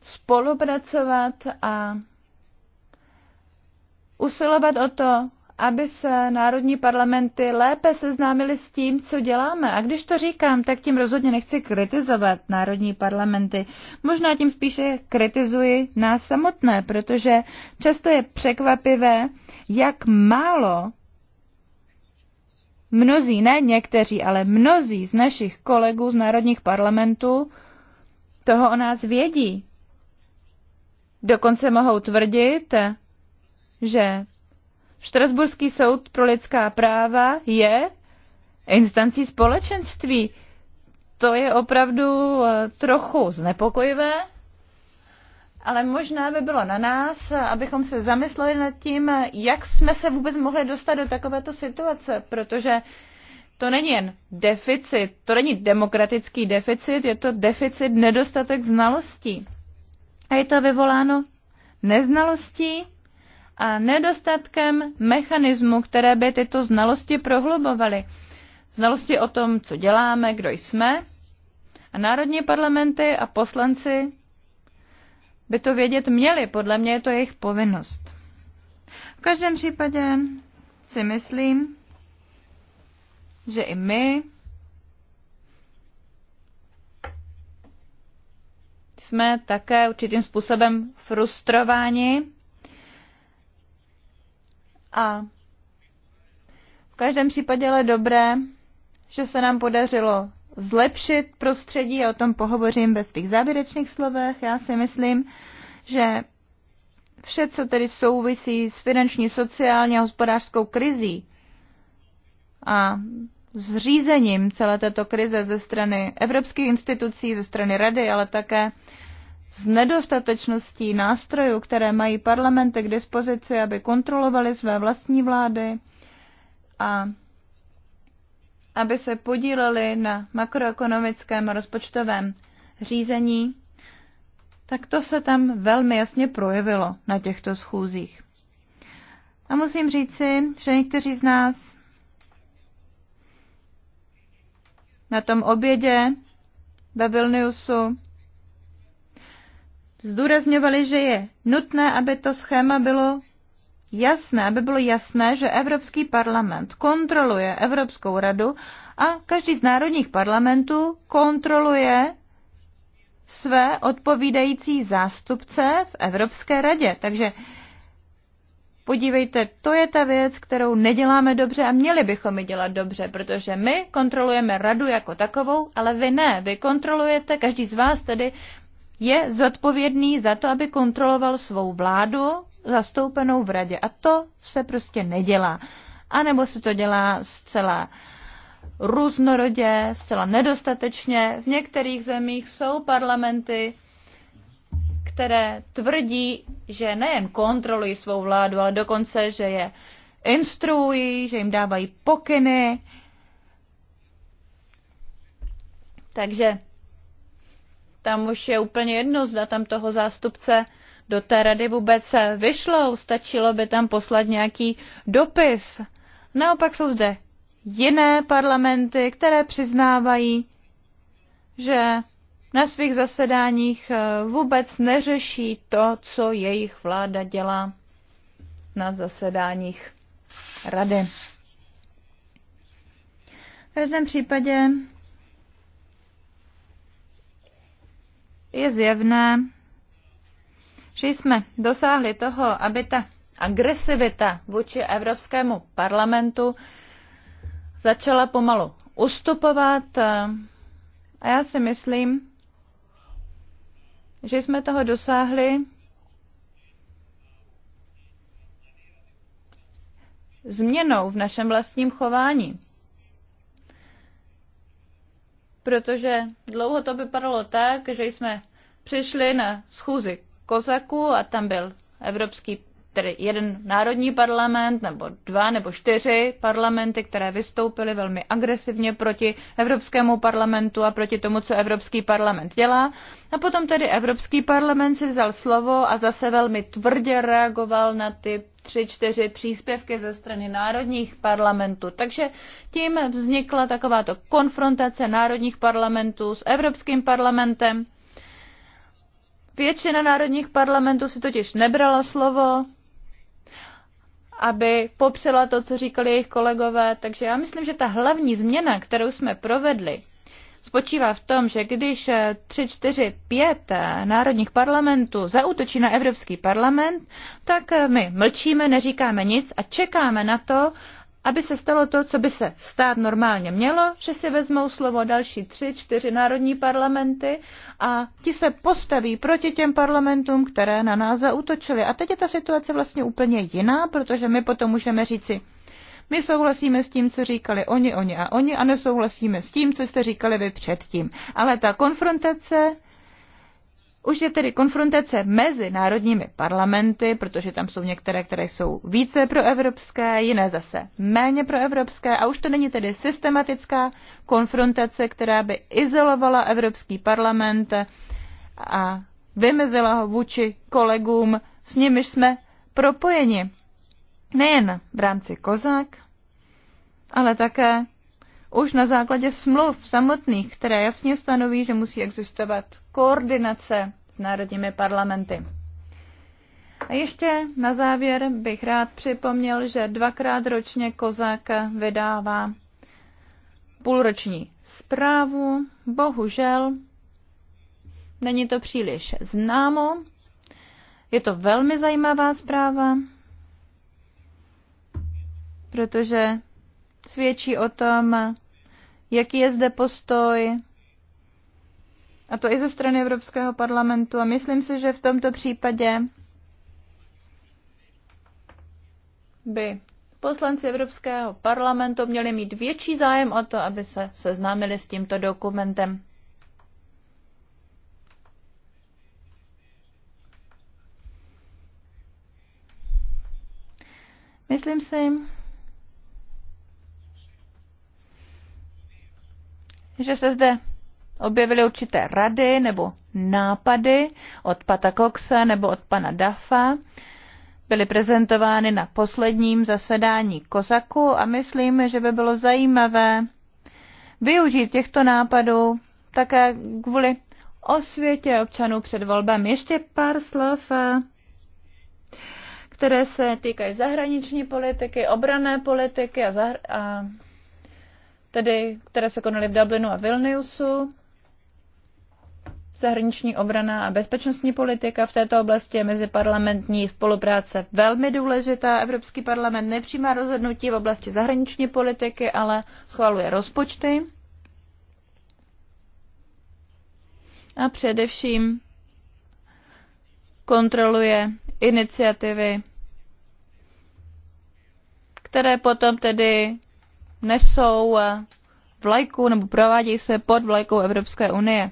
spolupracovat a usilovat o to aby se národní parlamenty lépe seznámily s tím, co děláme. A když to říkám, tak tím rozhodně nechci kritizovat národní parlamenty. Možná tím spíše kritizuji nás samotné, protože často je překvapivé, jak málo mnozí, ne někteří, ale mnozí z našich kolegů z národních parlamentů toho o nás vědí. Dokonce mohou tvrdit, že Štrasburský soud pro lidská práva je instancí společenství. To je opravdu eh, trochu znepokojivé, ale možná by bylo na nás, abychom se zamysleli nad tím, jak jsme se vůbec mohli dostat do takovéto situace, protože to není jen deficit, to není demokratický deficit, je to deficit nedostatek znalostí. A je to vyvoláno neznalostí a nedostatkem mechanismu, které by tyto znalosti prohlubovaly. Znalosti o tom, co děláme, kdo jsme. A národní parlamenty a poslanci by to vědět měli. Podle mě je to jejich povinnost. V každém případě si myslím, že i my jsme také určitým způsobem frustrováni a v každém případě ale dobré, že se nám podařilo zlepšit prostředí, a o tom pohovořím ve svých závěrečných slovech. Já si myslím, že vše, co tedy souvisí s finanční, sociální a hospodářskou krizí a zřízením celé této krize ze strany evropských institucí, ze strany rady, ale také s nedostatečností nástrojů, které mají parlamenty k dispozici, aby kontrolovali své vlastní vlády a aby se podíleli na makroekonomickém a rozpočtovém řízení, tak to se tam velmi jasně projevilo na těchto schůzích. A musím říci, že někteří z nás na tom obědě ve Vilniusu zdůrazňovali, že je nutné, aby to schéma bylo jasné, aby bylo jasné, že Evropský parlament kontroluje Evropskou radu a každý z národních parlamentů kontroluje své odpovídající zástupce v Evropské radě. Takže podívejte, to je ta věc, kterou neděláme dobře a měli bychom ji dělat dobře, protože my kontrolujeme radu jako takovou, ale vy ne. Vy kontrolujete, každý z vás tedy je zodpovědný za to, aby kontroloval svou vládu zastoupenou v radě. A to se prostě nedělá. A nebo se to dělá zcela různorodě, zcela nedostatečně. V některých zemích jsou parlamenty, které tvrdí, že nejen kontrolují svou vládu, ale dokonce, že je instruují, že jim dávají pokyny. Takže tam už je úplně jedno, zda tam toho zástupce do té rady vůbec vyšlo, stačilo by tam poslat nějaký dopis. Naopak jsou zde jiné parlamenty, které přiznávají, že na svých zasedáních eh, vůbec neřeší to, co jejich vláda dělá na zasedáních rady. V každém případě je zjevné, že jsme dosáhli toho, aby ta agresivita vůči Evropskému parlamentu začala pomalu ustupovat. A já si myslím, že jsme toho dosáhli změnou v našem vlastním chování. Protože dlouho to vypadalo tak, že jsme přišli na schůzi Kozaku a tam byl evropský, tedy jeden národní parlament, nebo dva nebo čtyři parlamenty, které vystoupily velmi agresivně proti Evropskému parlamentu a proti tomu, co Evropský parlament dělá. A potom tedy Evropský parlament si vzal slovo a zase velmi tvrdě reagoval na ty tři, čtyři příspěvky ze strany národních parlamentů. Takže tím vznikla takováto konfrontace národních parlamentů s Evropským parlamentem. Většina národních parlamentů si totiž nebrala slovo, aby popřela to, co říkali jejich kolegové. Takže já myslím, že ta hlavní změna, kterou jsme provedli, spočívá v tom, že když 3, 4, 5 národních parlamentů zautočí na Evropský parlament, tak my mlčíme, neříkáme nic a čekáme na to, aby se stalo to, co by se stát normálně mělo, že si vezmou slovo další tři, čtyři národní parlamenty a ti se postaví proti těm parlamentům, které na nás zautočily. A teď je ta situace vlastně úplně jiná, protože my potom můžeme říci, my souhlasíme s tím, co říkali oni, oni a oni a nesouhlasíme s tím, co jste říkali vy předtím. Ale ta konfrontace už je tedy konfrontace mezi národními parlamenty, protože tam jsou některé, které jsou více proevropské, jiné zase méně proevropské a už to není tedy systematická konfrontace, která by izolovala Evropský parlament a vymezila ho vůči kolegům, s nimiž jsme propojeni. Nejen v rámci kozák, ale také už na základě smluv samotných, které jasně stanoví, že musí existovat koordinace s národními parlamenty. A ještě na závěr bych rád připomněl, že dvakrát ročně Kozák vydává půlroční zprávu. Bohužel není to příliš známo. Je to velmi zajímavá zpráva, protože svědčí o tom, jaký je zde postoj a to i ze strany Evropského parlamentu. A myslím si, že v tomto případě by poslanci Evropského parlamentu měli mít větší zájem o to, aby se seznámili s tímto dokumentem. Myslím si, že se zde objevily určité rady nebo nápady od Pata Coxa nebo od pana Dafa. Byly prezentovány na posledním zasedání Kozaku a myslím, že by bylo zajímavé využít těchto nápadů také kvůli osvětě občanů před volbami. Ještě pár slov, eh, které se týkají zahraniční politiky, obrané politiky a, zahr- a tedy, které se konaly v Dublinu a Vilniusu. Zahraniční obrana a bezpečnostní politika v této oblasti je meziparlamentní spolupráce velmi důležitá. Evropský parlament nepřijímá rozhodnutí v oblasti zahraniční politiky, ale schvaluje rozpočty. A především kontroluje iniciativy, které potom tedy nesou eh, vlajku nebo provádějí se pod vlajkou Evropské unie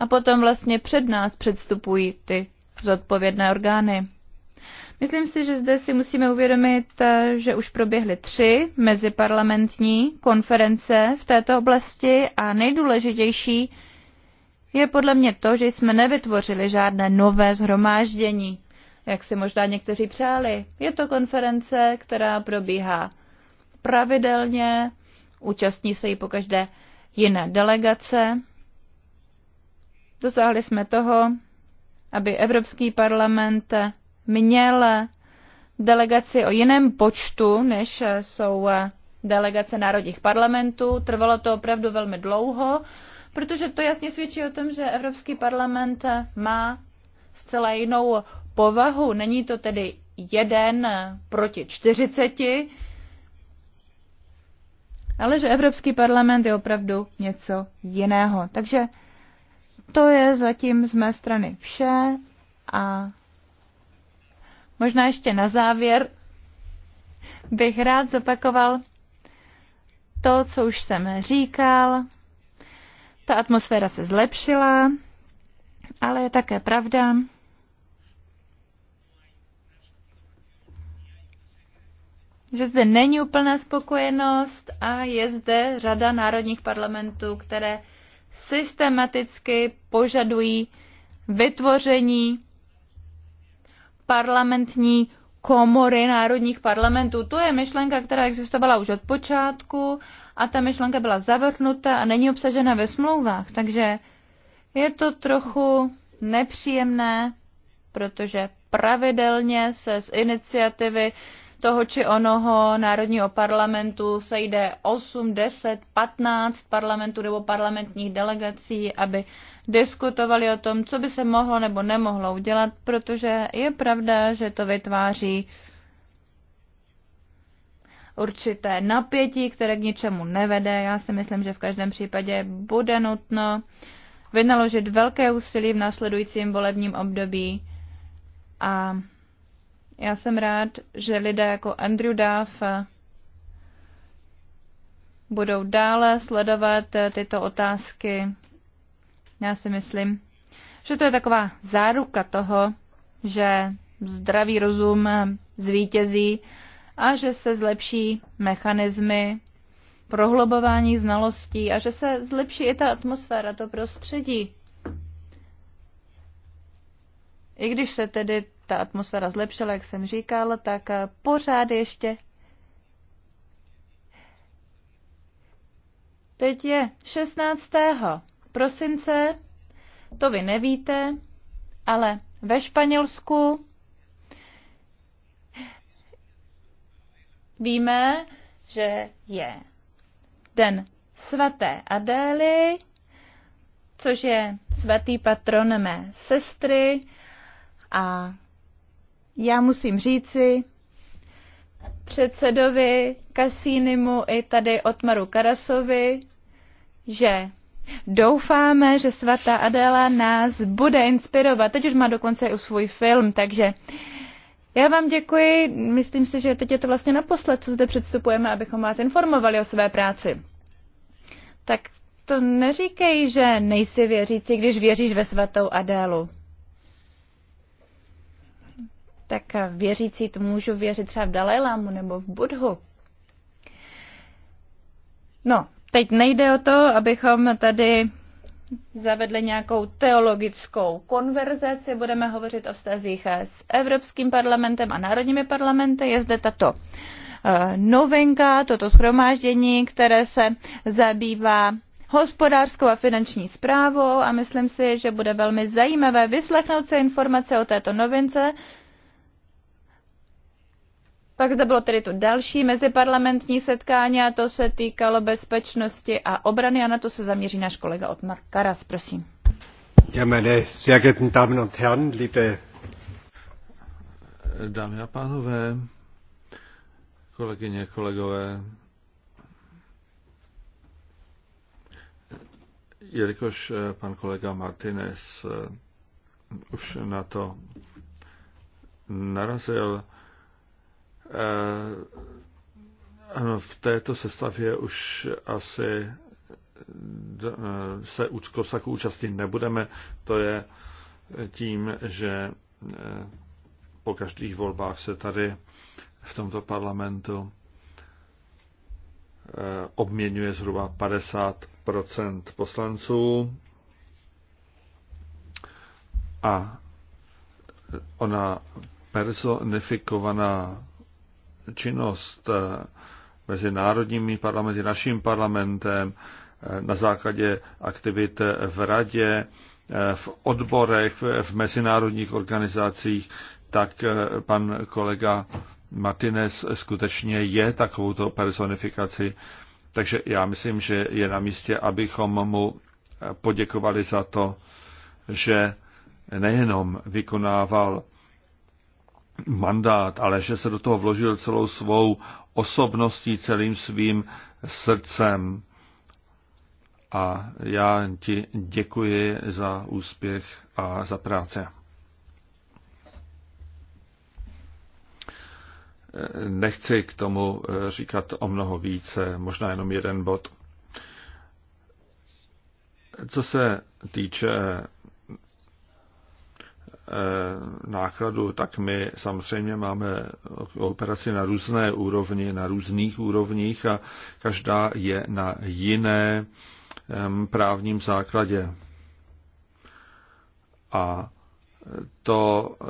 a potom vlastně před nás předstupují ty zodpovědné orgány. Myslím si, že zde si musíme uvědomit, eh, že už proběhly tři meziparlamentní konference v této oblasti a nejdůležitější je podle mě to, že jsme nevytvořili žádné nové zhromáždění, jak si možná někteří přáli. Je to konference, která probíhá pravidelně, účastní se ji pokaždé jiné delegace Dosáhli jsme toho, aby Evropský parlament měl delegaci o jiném počtu, než jsou delegace národních parlamentů. Trvalo to opravdu velmi dlouho, protože to jasně svědčí o tom, že Evropský parlament má zcela jinou povahu. Není to tedy jeden proti čtyřiceti, ale že Evropský parlament je opravdu něco jiného. Takže to je zatím z mé strany vše a možná ještě na závěr bych rád zopakoval to, co už jsem říkal. Ta atmosféra se zlepšila, ale je také pravda, že zde není úplná spokojenost a je zde řada národních parlamentů, které systematicky požadují vytvoření parlamentní komory národních parlamentů. To je myšlenka, která existovala už od počátku a ta myšlenka byla zavrhnuta a není obsažena ve smlouvách. Takže je to trochu nepříjemné, protože pravidelně se z iniciativy toho či onoho národního parlamentu sejde 8, 10, 15 parlamentů nebo parlamentních delegací, aby diskutovali o tom, co by se mohlo nebo nemohlo udělat, protože je pravda, že to vytváří určité napětí, které k ničemu nevede. Já si myslím, že v každém případě bude nutno vynaložit velké úsilí v následujícím volebním období a já jsem rád, že lidé jako Andrew Duff eh, budou dále sledovat eh, tyto otázky. Já si myslím, že to je taková záruka toho, že zdravý rozum eh, zvítězí a že se zlepší mechanismy prohlubování znalostí a že se zlepší i ta atmosféra, to prostředí. I když se tedy ta atmosféra zlepšila, jak jsem říkal, tak eh, pořád ještě Teď je 16. prosince, to vy nevíte, ale ve Španělsku víme, že je den svaté Adély, což je svatý patron mé sestry a já musím říci předsedovi Kasínimu i tady Otmaru Karasovi, že doufáme, že svatá Adela nás bude inspirovat. Teď už má dokonce i svůj film, takže já vám děkuji. Myslím si, že teď je to vlastně naposled, co zde předstupujeme, abychom vás informovali o své práci. Tak to neříkej, že nejsi věřící, když věříš ve svatou Adélu tak věřící to můžu věřit třeba v Dalajlámu nebo v Budhu. No, teď nejde o to, abychom tady zavedli nějakou teologickou konverzaci, budeme hovořit o vztazích s Evropským parlamentem a národními parlamenty. Je zde tato eh, novinka, toto schromáždění, které se zabývá hospodářskou a finanční zprávou a myslím si, že bude velmi zajímavé vyslechnout se informace o této novince pak zde bylo tedy to další meziparlamentní setkání a to se týkalo bezpečnosti a obrany a na to se zaměří náš kolega Otmar Karas. Prosím. Ja, meine sehr geehrten Damen und Herren, liebe Dámy a pánové, kolegyně, kolegové, jelikož eh, pan kolega Martinez eh, už na to narazil, Eh, ano, v této sestavě už asi eh, se Kosaku účastnit nebudeme. To je tím, že eh, po každých volbách se tady v tomto parlamentu obměňuje zhruba 50 poslanců a ona personifikovaná činnost eh, mezi národními parlamenty, naším parlamentem, eh, na základě aktivit v radě, eh, v odborech, v mezinárodních organizacích, tak pan kolega Martinez skutečně je takovou personifikaci. Takže já myslím, že je na místě, abychom mu poděkovali za to, že nejenom vykonával mandát, ale že se do toho vložil celou svou osobností, celým svým srdcem. A já ti děkuji za úspěch a za práce. Nechci k tomu eh, říkat o mnoho více, možná jenom jeden bod. Co se týče Eh, nákladu, tak my samozřejmě máme operaci na různé úrovni, na různých úrovních a každá je na jiné právním základě. A to eh,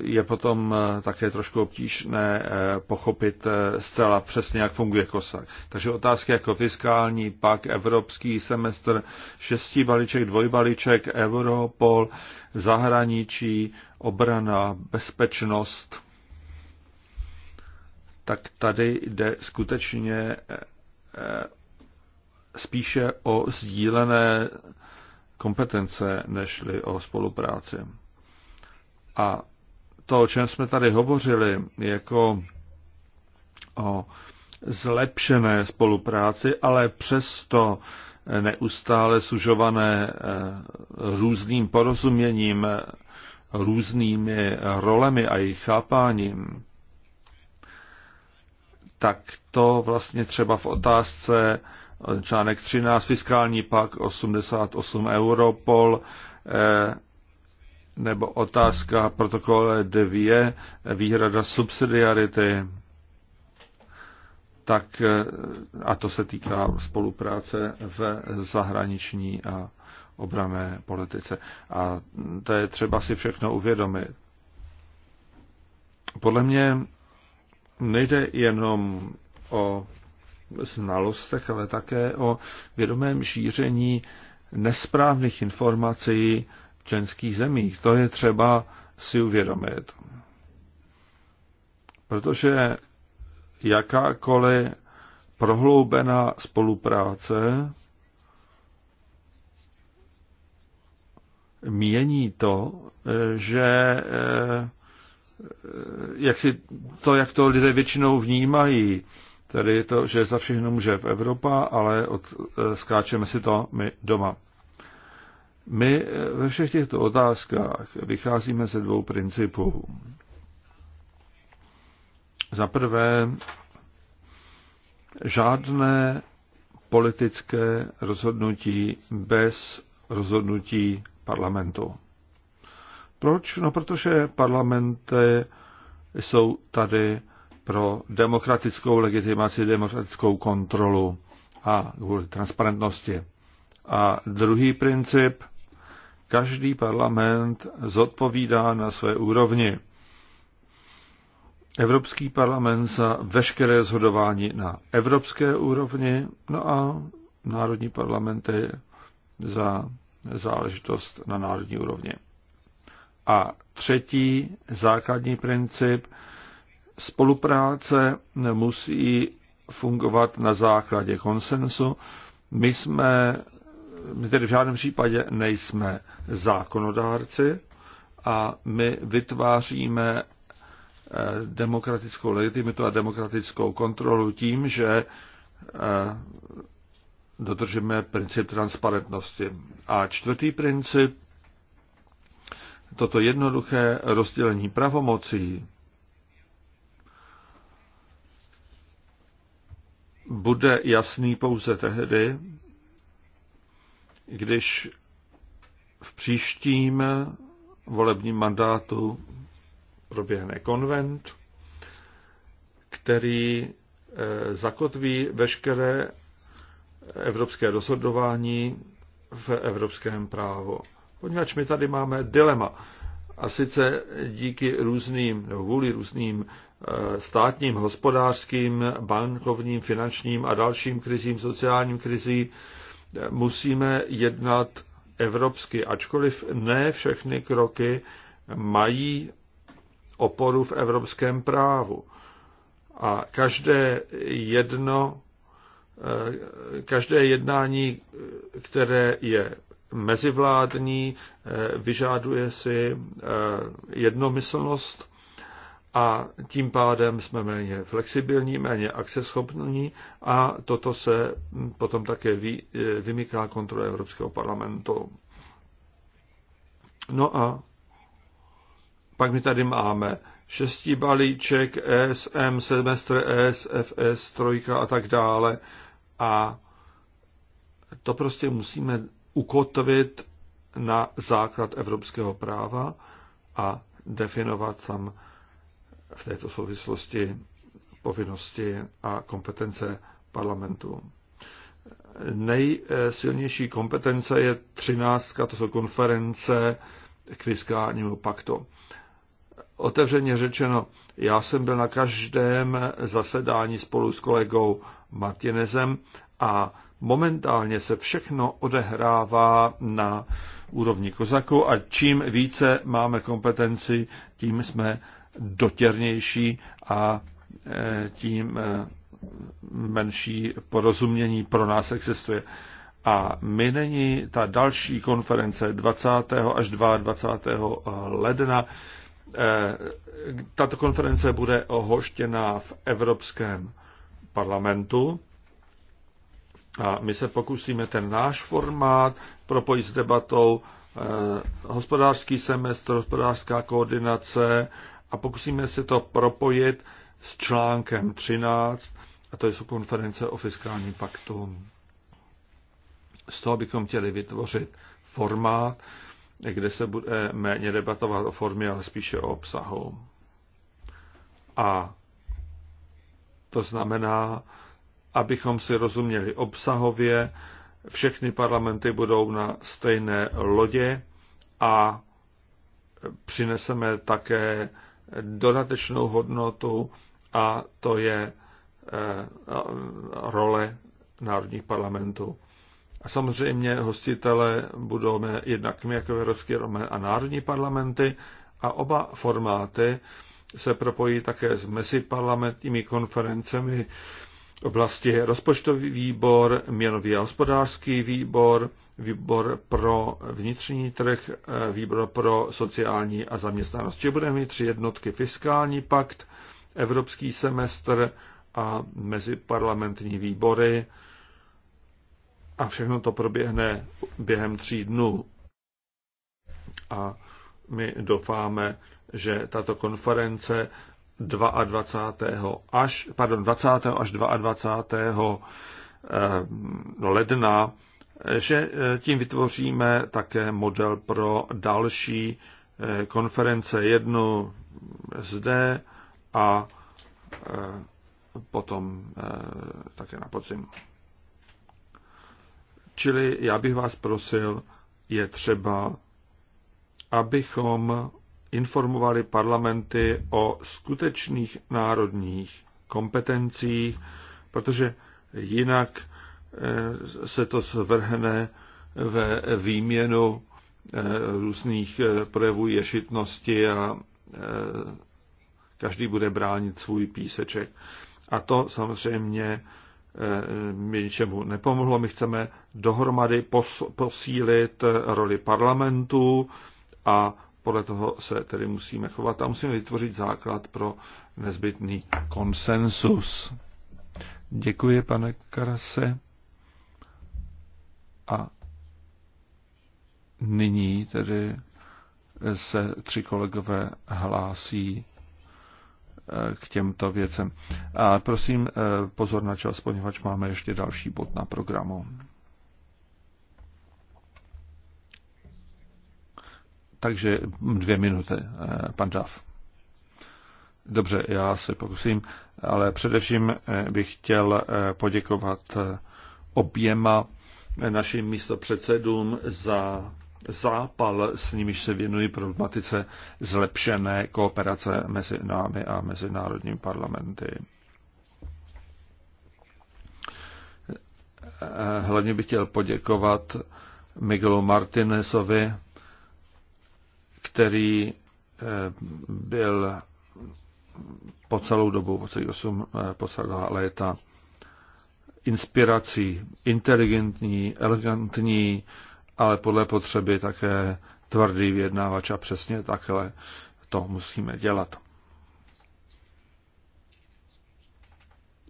je potom eh, také trošku obtížné eh, pochopit zcela přesně, jak funguje kosa. Takže otázky jako fiskální, pak evropský semestr, šestí balíček, dvojbalíček, Europol, zahraničí, obrana, bezpečnost. Tak tady jde skutečně spíše o sdílené kompetence, nežli o spolupráci. A to, o čem jsme tady hovořili, jako o zlepšené spolupráci, ale přesto neustále sužované eh, různým porozuměním, různými rolemi a jejich chápáním, tak to vlastně třeba v otázce eh, článek 13, fiskální pak 88 Europol, eh, nebo otázka protokole 2, výhrada subsidiarity, tak, e, a to se týká spolupráce v zahraniční a obrané politice. A to je třeba si všechno uvědomit. Podle mě nejde jenom o znalostech, ale také o vědomém šíření nesprávných informací členských zemích. To je třeba si uvědomit. Protože jakákoliv prohloubená spolupráce mění to, že eh, jak si to, jak to lidé většinou vnímají, tedy to, že za všechno může v Evropa, ale od, eh, skáčeme si to my doma. My eh, ve všech těchto otázkách vycházíme ze dvou principů. Za prvé, žádné politické rozhodnutí bez rozhodnutí parlamentu. Proč? No, protože parlamenty jsou tady pro demokratickou legitimaci, demokratickou kontrolu a kvůli transparentnosti. A druhý princip, každý parlament zodpovídá na své úrovni. Evropský parlament za veškeré zhodování na evropské úrovni, no a národní parlamenty za záležitost na národní úrovni. A třetí základní princip, spolupráce musí fungovat na základě konsensu. My jsme my tedy v žádném případě nejsme zákonodárci a my vytváříme eh, demokratickou legitimitu a demokratickou kontrolu tím, že eh, dodržíme princip transparentnosti. A čtvrtý princip, toto jednoduché rozdělení pravomocí, bude jasný pouze tehdy, když v příštím volebním mandátu proběhne konvent, který eh, zakotví veškeré evropské rozhodování v evropském právu. Poněvadž my tady máme dilema. A sice díky různým, nebo vůli různým eh, státním, hospodářským, bankovním, finančním a dalším krizím, sociálním krizím, musíme jednat evropsky, ačkoliv ne všechny kroky mají oporu v evropském právu. A každé jedno, eh, každé jednání, které je mezivládní, eh, vyžáduje si eh, jednomyslnost a tím pádem jsme méně flexibilní, méně akceschopní a toto se potom také vy, e, vymyká kontrole Evropského parlamentu. No a pak my tady máme šestí balíček, ESM, semestr ES, FS, trojka a tak dále. A to prostě musíme ukotvit na základ evropského práva a definovat tam v této souvislosti povinnosti a kompetence parlamentu. Nejsilnější kompetence je 13. to jsou konference k fiskálnímu paktu. Otevřeně řečeno, já jsem byl na každém zasedání spolu s kolegou Martinezem a momentálně se všechno odehrává na úrovni kozaku a čím více máme kompetenci, tím jsme dotěrnější a e, tím e, menší porozumění pro nás existuje. A my není ta další konference 20. až 22. ledna. E, tato konference bude ohoštěná v Evropském parlamentu. A my se pokusíme ten náš formát propojit s debatou hospodářský semestr, hospodářská koordinace a pokusíme se to propojit s článkem 13, a to je konference o fiskálním paktu. Z toho bychom chtěli vytvořit formát, kde se bude méně debatovat o formě, ale spíše o obsahu. A to znamená, abychom si rozuměli obsahově, všechny parlamenty budou na stejné lodě a přineseme také dodatečnou hodnotu a to je eh, role národních parlamentů. A samozřejmě hostitele budou jednak my jako Evropský Romen a národní parlamenty a oba formáty se propojí také s meziparlamentními konferencemi oblasti rozpočtový výbor, měnový a hospodářský výbor, výbor pro vnitřní trh, eh, výbor pro sociální a zaměstnanost. Či budeme mít tři jednotky fiskální pakt, evropský semestr a meziparlamentní výbory. A všechno to proběhne během tří dnů. A my doufáme, že tato konference 22. až, pardon, 20. až 22. Eh, ledna že eh, tím vytvoříme také model pro další eh, konference, jednu zde a eh, potom také na podzim. Čili já bych vás prosil, je třeba, abychom informovali parlamenty o skutečných národních kompetencích, protože jinak Eh, se to zvrhne ve výměnu eh, různých eh, projevů ješitnosti a každý bude bránit svůj píseček. A to samozřejmě mi ničemu nepomohlo. My chceme dohromady posílit roli parlamentu a podle toho se tedy musíme chovat a musíme vytvořit základ pro nezbytný konsensus. Děkuji, pane Karase. A nyní tedy se tři kolegové hlásí eh, k těmto věcem. A prosím eh, pozor na čas, poněvadž máme ještě další bod na programu. Takže dvě minuty, eh, pan Dav. Dobře, já se pokusím, ale především bych chtěl poděkovat oběma našim místopředsedům za zápal, s nimiž se věnují problematice zlepšené kooperace mezi námi a mezinárodním parlamenty. Hlavně bych chtěl poděkovat Miguelu Martinezovi, který eh, byl po celou dobu, po celých 8 eh, po celá léta inspirací, inteligentní, elegantní, ale podle potřeby také tvrdý vyjednávač a přesně takhle to musíme dělat.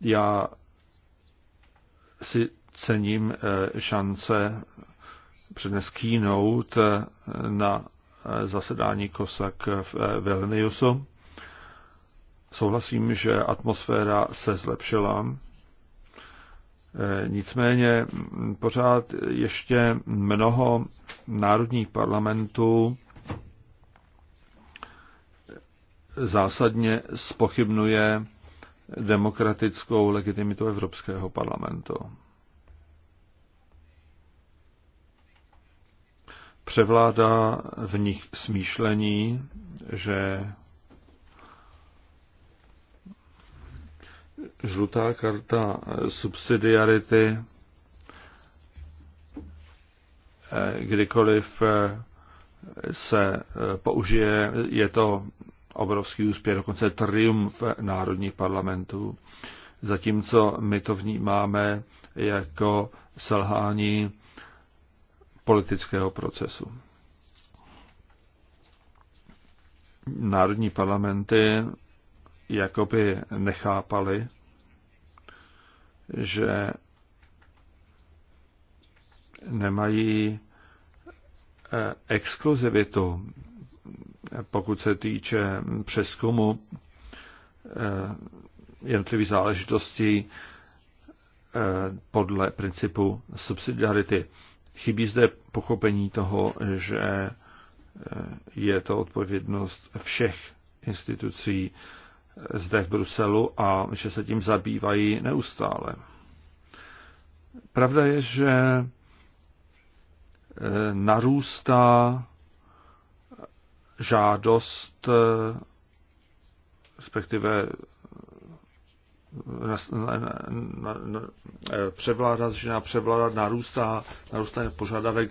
Já si cením eh, šance přednes keynote eh, na eh, zasedání Kosak v Vilniusu. Souhlasím, že atmosféra se zlepšila Eh, nicméně mm, pořád ještě mnoho národních parlamentů zásadně spochybnuje demokratickou legitimitu Evropského parlamentu. Převládá v nich smýšlení, že žlutá karta subsidiarity, eh, kdykoliv eh, se eh, použije, je to obrovský úspěch, dokonce triumf národních parlamentů, zatímco my to vnímáme jako selhání politického procesu. Národní parlamenty jakoby nechápali, že nemají eh, exkluzivitu, pokud se týče přeskumu eh, jednotlivých záležitostí eh, podle principu subsidiarity. Chybí zde pochopení toho, že je to odpovědnost všech institucí, zde v Bruselu a že se tím zabývají neustále. Pravda je, že eh, narůstá eh, žádost, eh, respektive na, na, na, převládat, převládat, narůstá, narůstá požadavek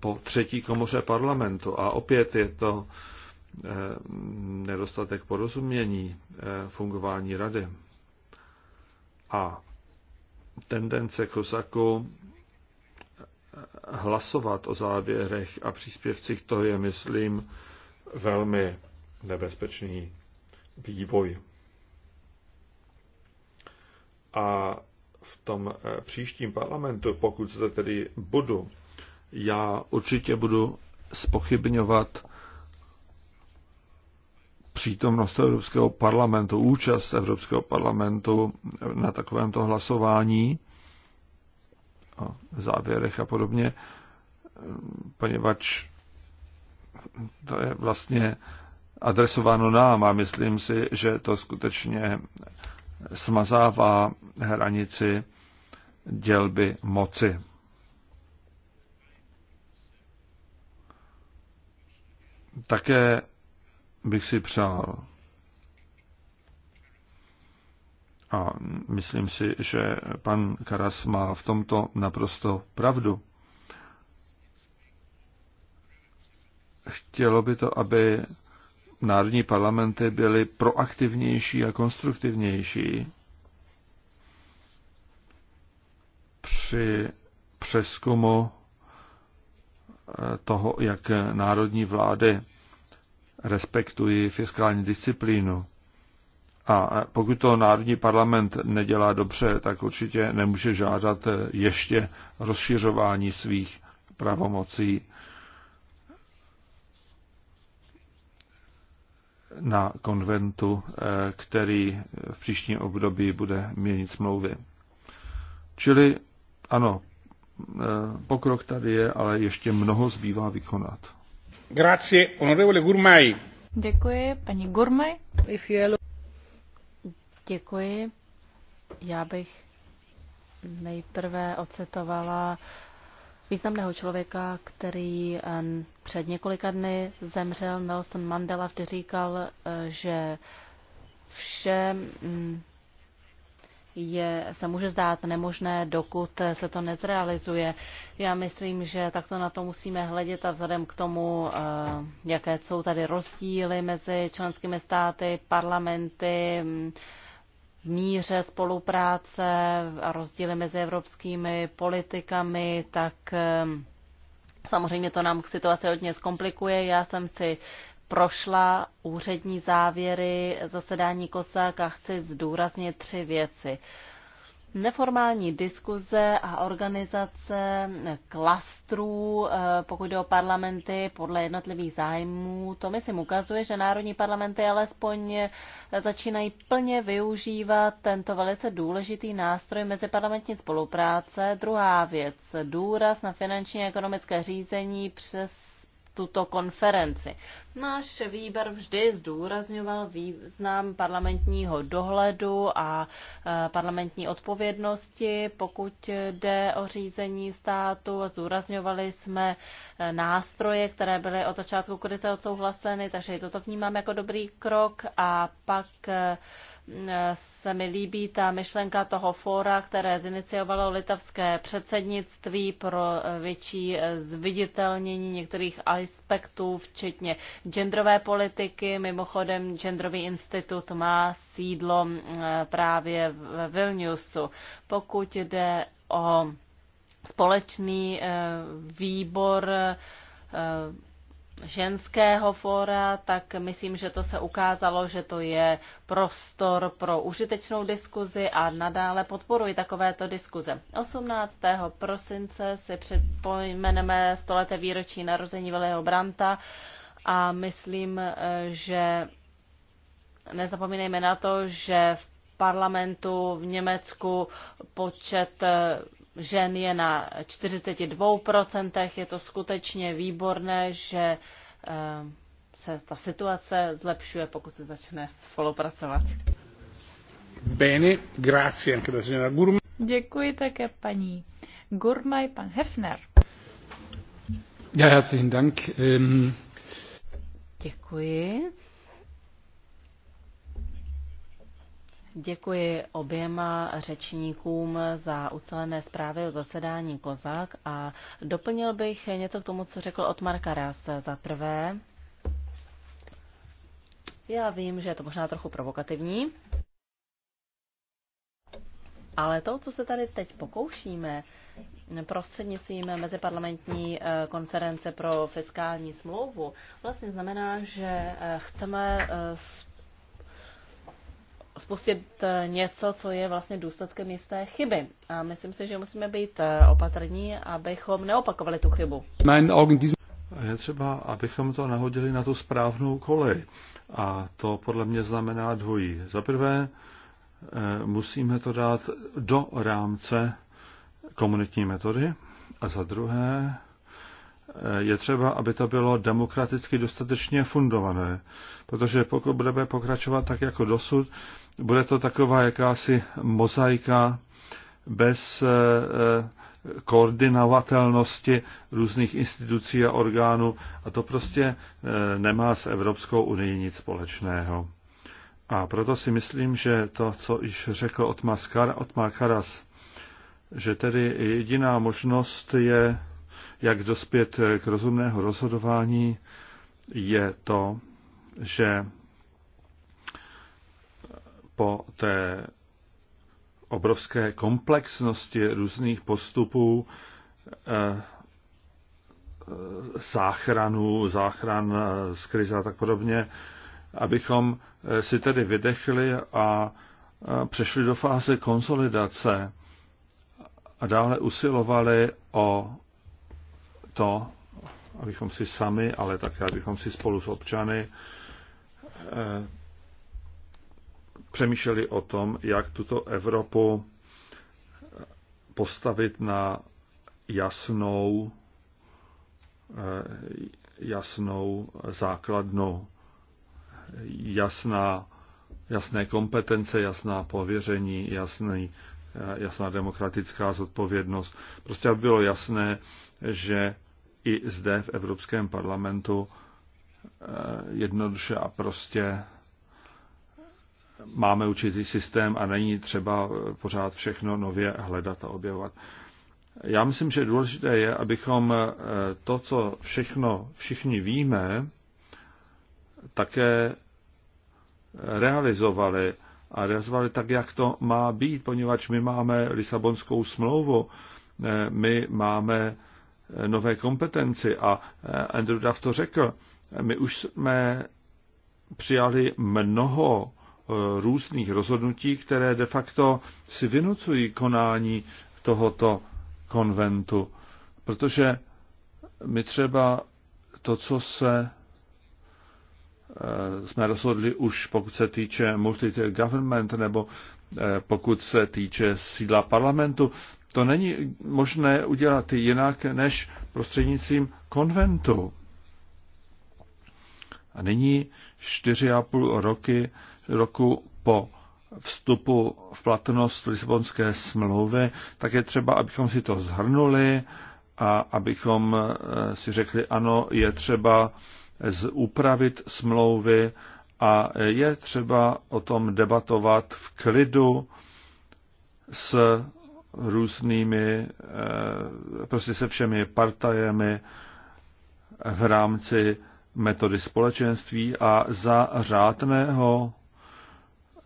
po třetí komoře parlamentu. A opět je to Eh, nedostatek porozumění eh, fungování rady a tendence Kosaku eh, hlasovat o závěrech a příspěvcích, to je, myslím, velmi nebezpečný vývoj. A v tom příštím parlamentu, pokud se tedy budu, já určitě budu spochybňovat přítomnost Evropského parlamentu, účast Evropského parlamentu na takovémto hlasování o závěrech a podobně, poněvadž to je vlastně adresováno nám a myslím si, že to skutečně smazává hranici dělby moci. Také bych si přál. A myslím si, že pan Karas má v tomto naprosto pravdu. Chtělo by to, aby národní parlamenty byly proaktivnější a konstruktivnější při přeskumu eh, toho, jak národní vlády respektuji fiskální disciplínu. A pokud to Národní parlament nedělá dobře, tak určitě nemůže žádat ještě rozšiřování svých pravomocí na konventu, eh, který v příštím období bude měnit smlouvy. Čili ano, eh, pokrok tady je, ale ještě mnoho zbývá vykonat. Děkuji, paní Gurmaj. Děkuji. Já bych nejprve ocitovala významného člověka, který před několika dny zemřel. Nelson Mandela vždy říkal, eh, že vše mm, je, se může zdát nemožné, dokud se to nezrealizuje. Já myslím, že takto na to musíme hledět a vzhledem k tomu, eh, jaké jsou tady rozdíly mezi členskými státy, parlamenty, v míře spolupráce a rozdíly mezi evropskými politikami, tak eh, samozřejmě to nám k situaci hodně zkomplikuje. Já jsem si prošla úřední závěry zasedání Kosák a chci zdůraznit tři věci. Neformální diskuze a organizace klastrů, eh, pokud jde o parlamenty, podle jednotlivých zájmů, to myslím ukazuje, že národní parlamenty alespoň začínají plně využívat tento velice důležitý nástroj meziparlamentní spolupráce. Druhá věc, důraz na finanční a ekonomické řízení přes tuto konferenci. Náš výbor vždy zdůrazňoval význam parlamentního dohledu a e, parlamentní odpovědnosti, pokud jde o řízení státu. Zdůrazňovali jsme e, nástroje, které byly od začátku krize odsouhlaseny, takže toto vnímám jako dobrý krok a pak e, se mi líbí ta myšlenka toho fóra, které ziniciovalo litavské předsednictví pro větší zviditelnění některých aspektů, včetně genderové politiky. Mimochodem, Genderový institut má sídlo eh, právě v Vilniusu. Pokud jde o společný eh, výbor eh, ženského fóra, tak myslím, že to se ukázalo, že to je prostor pro užitečnou diskuzi a nadále podporuji takovéto diskuze. 18. prosince si připojmeneme stoleté výročí narození Vilého Branta a myslím, že nezapomínejme na to, že v parlamentu v Německu počet žen je na 42%. Je to skutečně výborné, že eh, se ta situace zlepšuje, pokud se začne spolupracovat. Bene, grazie anche da signora Gurmai. Děkuji také paní Gurmai, pan Hefner. Ja, herzlichen Dank. Ähm... Děkuji. Děkuji oběma řečníkům za ucelené zprávy o zasedání Kozák a doplnil bych něco k tomu, co řekl od Marka Ras. Za prvé, já vím, že je to možná trochu provokativní, ale to, co se tady teď pokoušíme, prostřednictvím meziparlamentní eh, konference pro fiskální smlouvu, vlastně znamená, že eh, chceme eh, spustit eh, něco, co je vlastně důsledkem jisté chyby. A myslím si, že musíme být eh, opatrní, abychom neopakovali tu chybu. Je třeba, abychom to nahodili na tu správnou kolej. A to podle mě znamená dvojí. Za prvé, eh, musíme to dát do rámce komunitní metody. A za druhé, je třeba, aby to bylo demokraticky dostatečně fundované, protože pokud budeme pokračovat tak jako dosud, bude to taková jakási mozaika bez eh, eh, koordinovatelnosti různých institucí a orgánů a to prostě eh, nemá s Evropskou unii nic společného. A proto si myslím, že to, co již řekl Otmar Karas, že tedy jediná možnost je jak dospět k rozumného rozhodování, je to, že po té obrovské komplexnosti různých postupů eh, záchranu, záchran eh, z krize a tak podobně, abychom eh, si tedy vydechli a přešli do fáze konsolidace a dále usilovali o to, abychom si sami, ale také abychom si spolu s občany eh, přemýšleli o tom, jak tuto Evropu eh, postavit na jasnou, eh, jasnou základnu, jasná, jasné kompetence, jasná pověření, jasný, jasná demokratická zodpovědnost. Prostě aby bylo jasné, že i zde v Evropském parlamentu eh, jednoduše a prostě máme určitý systém a není třeba eh, pořád všechno nově hledat a objevovat. Já myslím, že důležité je, abychom eh, to, co všechno všichni víme, také realizovali a realizovali tak, jak to má být, poněvadž my máme Lisabonskou smlouvu, my máme nové kompetenci a eh, Andrew Duff to řekl, my už jsme přijali mnoho eh, různých rozhodnutí, které de facto si vynucují konání tohoto konventu. Protože my třeba to, co se eh, jsme rozhodli už, pokud se týče multi government nebo pokud se týče sídla parlamentu, to není možné udělat jinak než prostřednictvím konventu. A nyní půl roky, roku po vstupu v platnost Lisabonské smlouvy, tak je třeba, abychom si to zhrnuli a abychom eh, si řekli, ano, je třeba upravit smlouvy a je třeba o tom debatovat v klidu s různými, eh, prostě se všemi partajemi v rámci metody společenství a za řádného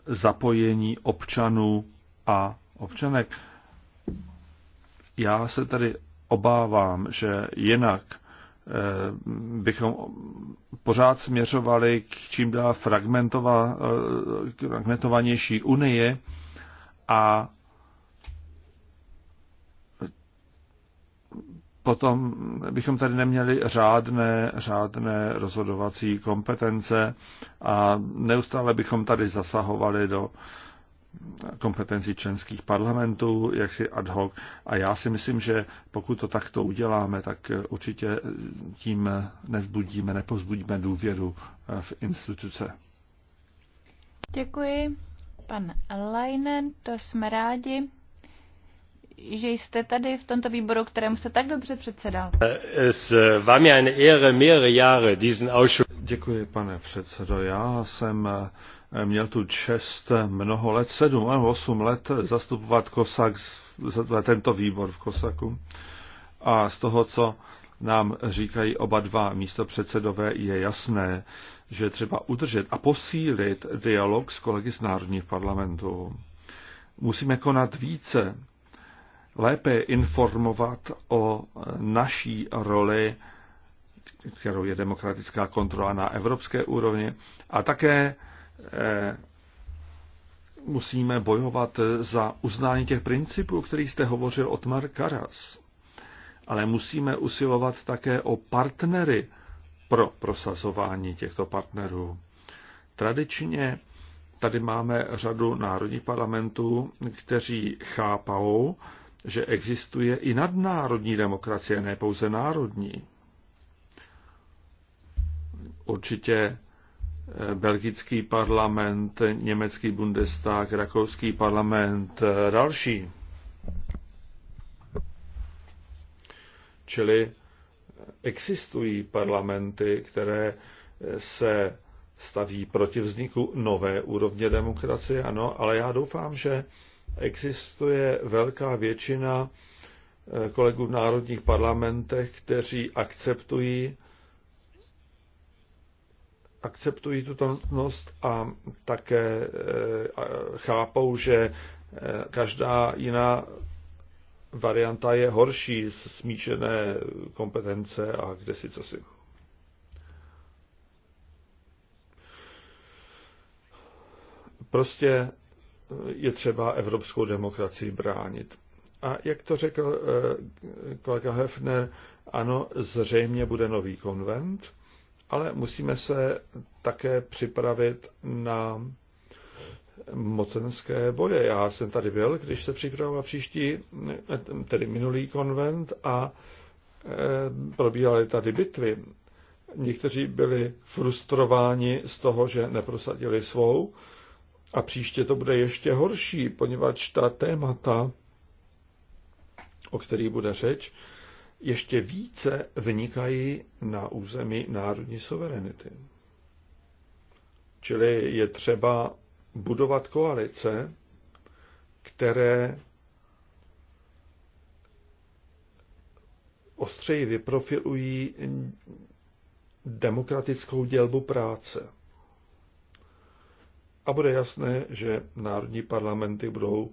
zapojení občanů a občanek. Já se tady obávám, že jinak eh, bychom pořád směřovali k čím dál eh, fragmentovanější unii a potom bychom tady neměli řádné, řádné rozhodovací kompetence a neustále bychom tady zasahovali do kompetencí členských parlamentů, jak si ad hoc. A já si myslím, že pokud to takto uděláme, tak určitě tím nevzbudíme, nepozbudíme důvěru v instituce. Děkuji. Pan Leinen, to jsme rádi že jste tady v tomto výboru, kterému jste tak dobře předsedal. Děkuji, pane předsedo. Já jsem eh, měl tu čest eh, mnoho let, sedm nebo eh, osm let, zastupovat Kosak, tento výbor v Kosaku. A z toho, co nám říkají oba dva místopředsedové, je jasné, že třeba udržet a posílit dialog s kolegy z národních parlamentů. Musíme konat více, lépe informovat o naší roli, kterou je demokratická kontrola na evropské úrovni, a také eh, musíme bojovat za uznání těch principů, o kterých jste hovořil od Karas. Ale musíme usilovat také o partnery pro prosazování těchto partnerů. Tradičně tady máme řadu národních parlamentů, kteří chápou, že existuje i nadnárodní demokracie, ne pouze národní. Určitě eh, belgický parlament, německý Bundestag, rakouský parlament, eh, další. Čili eh, existují parlamenty, které se staví proti vzniku nové úrovně demokracie, ano, ale já doufám, že existuje velká většina eh, kolegů v národních parlamentech, kteří akceptují akceptují tuto nutnost a také eh, chápou, že eh, každá jiná varianta je horší, z smíšené kompetence a kde si co si. Prostě je třeba evropskou demokracii bránit. A jak to řekl eh, kolega Hefner, ano, zřejmě bude nový konvent, ale musíme se také připravit na mocenské boje. Já jsem tady byl, když se připravoval příští, tedy minulý konvent a eh, probíhaly tady bitvy. Někteří byli frustrováni z toho, že neprosadili svou a příště to bude ještě horší, poněvadž ta témata, o kterých bude řeč, ještě více vnikají na území národní suverenity. Čili je třeba budovat koalice, které ostřeji vyprofilují demokratickou dělbu práce a bude jasné, že národní parlamenty budou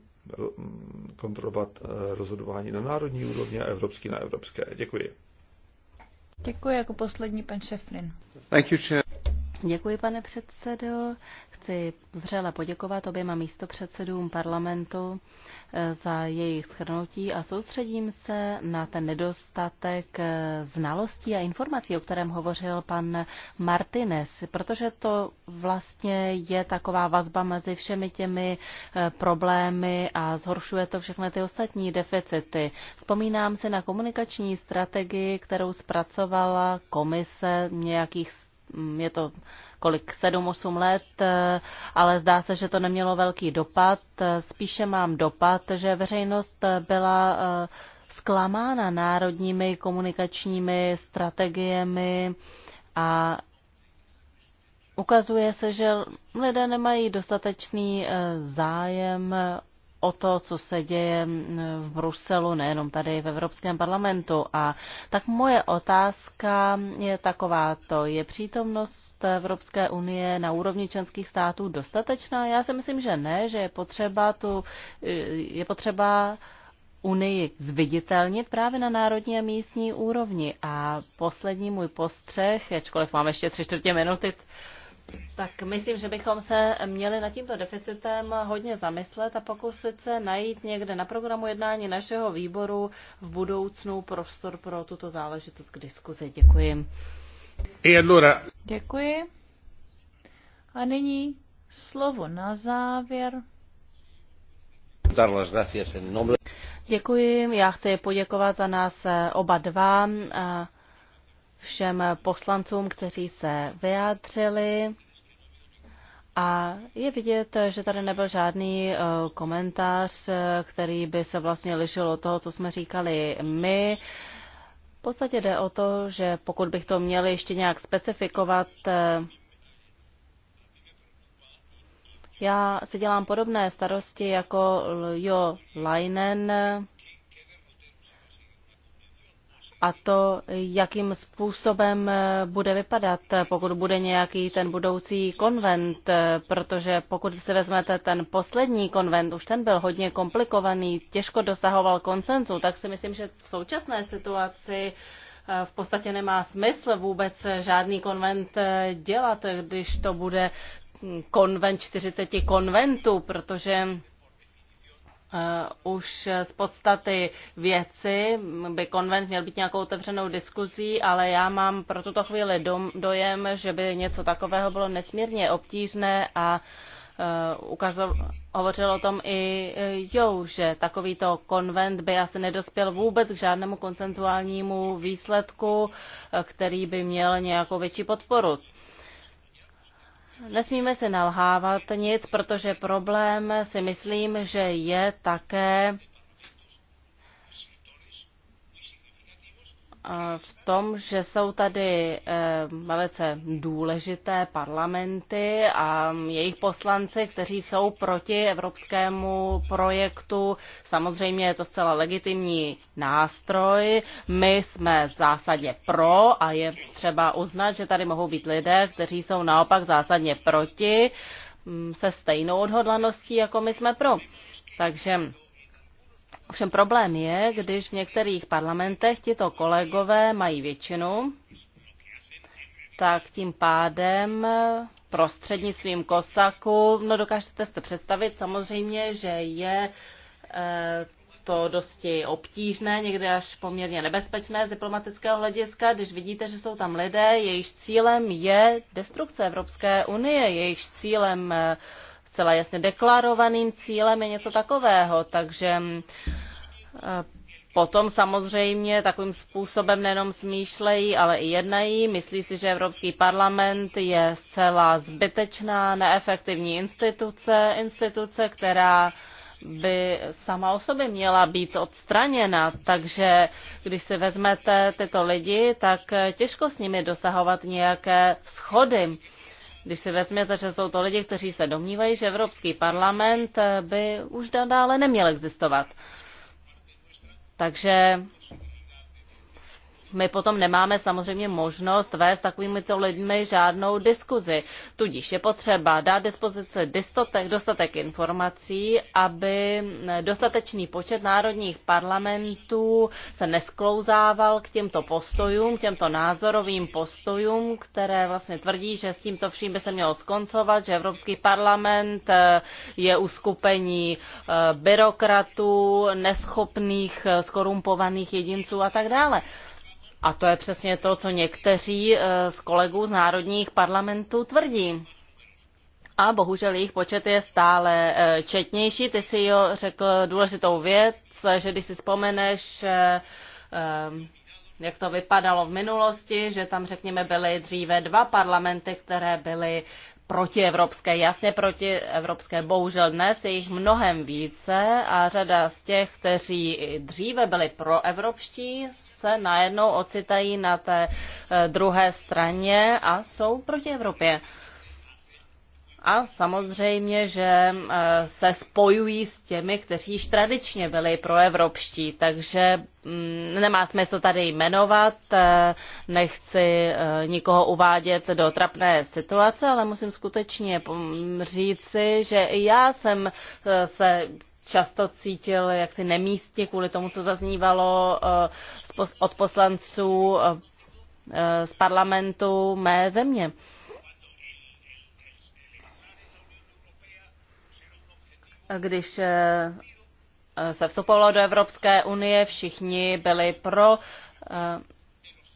mm, kontrolovat eh, rozhodování na národní úrovni a evropský na evropské. Děkuji. Děkuji jako poslední pan Šeflin. Thank you, Děkuji, pane předsedo. Chci vřele poděkovat oběma místopředsedům parlamentu eh, za jejich shrnutí a soustředím se na ten nedostatek eh, znalostí a informací, o kterém hovořil pan Martinez, protože to vlastně je taková vazba mezi všemi těmi eh, problémy a zhoršuje to všechny ty ostatní deficity. Vzpomínám si na komunikační strategii, kterou zpracovala komise nějakých Mm, je to kolik, 7-8 let, eh, ale zdá se, že to nemělo velký dopad. Eh, spíše mám dopad, že veřejnost eh, byla zklamána národními komunikačními strategiemi a ukazuje se, že lidé nemají dostatečný zájem o to, co se děje v Bruselu, nejenom tady v Evropském parlamentu. A tak moje otázka je taková, to Je přítomnost Evropské unie na úrovni členských států dostatečná? Já si myslím, že ne, že je potřeba tu, je potřeba Unii zviditelnit právě na národní a místní úrovni. A poslední můj postřeh, ačkoliv mám ještě tři čtvrtě minuty, tak myslím, že bychom se měli nad tímto deficitem hodně zamyslet a pokusit se najít někde na programu jednání našeho výboru v budoucnu prostor pro tuto záležitost k diskuzi. Děkuji. Děkuji. A nyní slovo na závěr. Děkuji, já chci poděkovat za nás eh, oba dva. Eh, všem poslancům, kteří se vyjádřili. A je vidět, že tady nebyl žádný eh, komentář, eh, který by se vlastně lišil od toho, co jsme říkali my. V podstatě jde o to, že pokud bych to měl ještě nějak specifikovat, eh, já si dělám podobné starosti jako Jo Leinen, a to, jakým způsobem eh, bude vypadat, eh, pokud bude nějaký ten budoucí konvent, eh, protože pokud si vezmete ten poslední konvent, už ten byl hodně komplikovaný, těžko dosahoval konsenzu, tak si myslím, že v současné situaci v podstatě nemá smysl vůbec žádný konvent dělat, když to bude hm, konvent 40 konventů, protože Eh, už z podstaty věci by konvent měl být nějakou otevřenou diskuzí, ale já mám pro tuto chvíli dom, dojem, že by něco takového bylo nesmírně obtížné a eh, ukazo, hovořil o tom i eh, Jo, že takovýto konvent by asi nedospěl vůbec k žádnému konsenzuálnímu výsledku, který by měl nějakou větší podporu. Nesmíme se nalhávat nic, protože problém si myslím, že je také v tom, že jsou tady eh, velice důležité parlamenty a jejich poslanci, kteří jsou proti evropskému projektu. Samozřejmě je to zcela legitimní nástroj. My jsme v zásadě pro a je třeba uznat, že tady mohou být lidé, kteří jsou naopak zásadně proti mm, se stejnou odhodlaností, jako my jsme pro. Takže Ovšem problém je, když v některých parlamentech tito kolegové mají většinu, tak tím pádem prostřednictvím kosaku, no dokážete si představit samozřejmě, že je eh, to dosti obtížné, někdy až poměrně nebezpečné z diplomatického hlediska, když vidíte, že jsou tam lidé, jejichž cílem je destrukce Evropské unie, jejichž cílem eh, zcela jasně deklarovaným cílem je něco takového. Takže eh, potom samozřejmě takovým způsobem nejenom smýšlejí, ale i jednají. Myslí si, že Evropský parlament je zcela zbytečná, neefektivní instituce, instituce, která by sama o sobě měla být odstraněna. Takže když si vezmete tyto lidi, tak těžko s nimi dosahovat nějaké schody. Když si vezměte, že jsou to lidi, kteří se domnívají, že Evropský parlament by už dále neměl existovat. Takže my potom nemáme samozřejmě možnost vést takovýmito lidmi žádnou diskuzi. Tudíž je potřeba dát dispozici dostatek, dostatek informací, aby dostatečný počet národních parlamentů se nesklouzával k těmto postojům, k těmto názorovým postojům, které vlastně tvrdí, že s tímto vším by se mělo skoncovat, že Evropský parlament eh, je uskupení eh, byrokratů, neschopných, eh, skorumpovaných jedinců a tak dále. A to je přesně to, co někteří eh, z kolegů z národních parlamentů tvrdí. A bohužel jejich počet je stále eh, četnější. Ty si jo řekl důležitou věc, že když si vzpomeneš, eh, jak to vypadalo v minulosti, že tam, řekněme, byly dříve dva parlamenty, které byly protievropské, jasně protievropské. Bohužel dnes je jich mnohem více a řada z těch, kteří dříve byli proevropští, se najednou ocitají na té eh, druhé straně a jsou proti Evropě. A samozřejmě, že eh, se spojují s těmi, kteří již tradičně byli proevropští, takže mm, nemá smysl tady jmenovat, eh, nechci nikoho uvádět do trapné situace, ale musím skutečně mm, říci, že i já jsem se často cítil jaksi nemístě kvůli tomu, co zaznívalo eh, od poslanců eh, eh, z parlamentu mé země. Když se vstupovalo do Evropské unie, všichni byli pro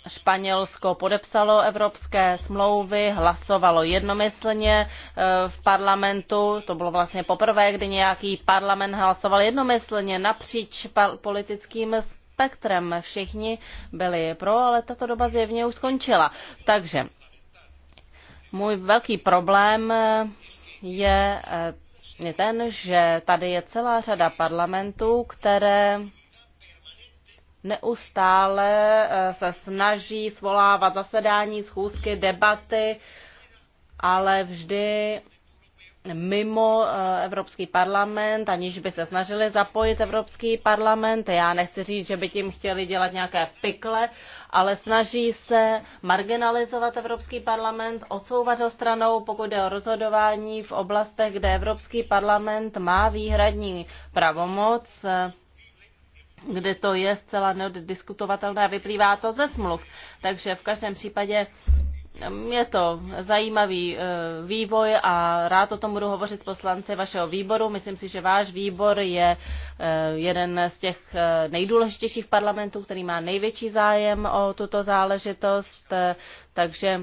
Španělsko podepsalo evropské smlouvy, hlasovalo jednomyslně eh, v parlamentu. To bylo vlastně poprvé, kdy nějaký parlament hlasoval jednomyslně napříč politickým spektrem. Všichni byli pro, ale tato doba zjevně už skončila. Takže můj velký problém eh, eh, je ten, že tady je celá řada parlamentů, které neustále eh, se snaží svolávat zasedání, schůzky, debaty, ale vždy mimo eh, Evropský parlament, aniž by se snažili zapojit Evropský parlament. Já nechci říct, že by tím chtěli dělat nějaké pikle, ale snaží se marginalizovat Evropský parlament, odsouvat ho stranou, pokud jde o rozhodování v oblastech, kde Evropský parlament má výhradní pravomoc. Eh, kde to je zcela neoddiskutovatelné a vyplývá to ze smluv. Takže v každém případě mm, je to zajímavý e, vývoj a rád o tom budu hovořit s poslanci vašeho výboru. Myslím si, že váš výbor je e, jeden z těch e, nejdůležitějších parlamentů, který má největší zájem o tuto záležitost, takže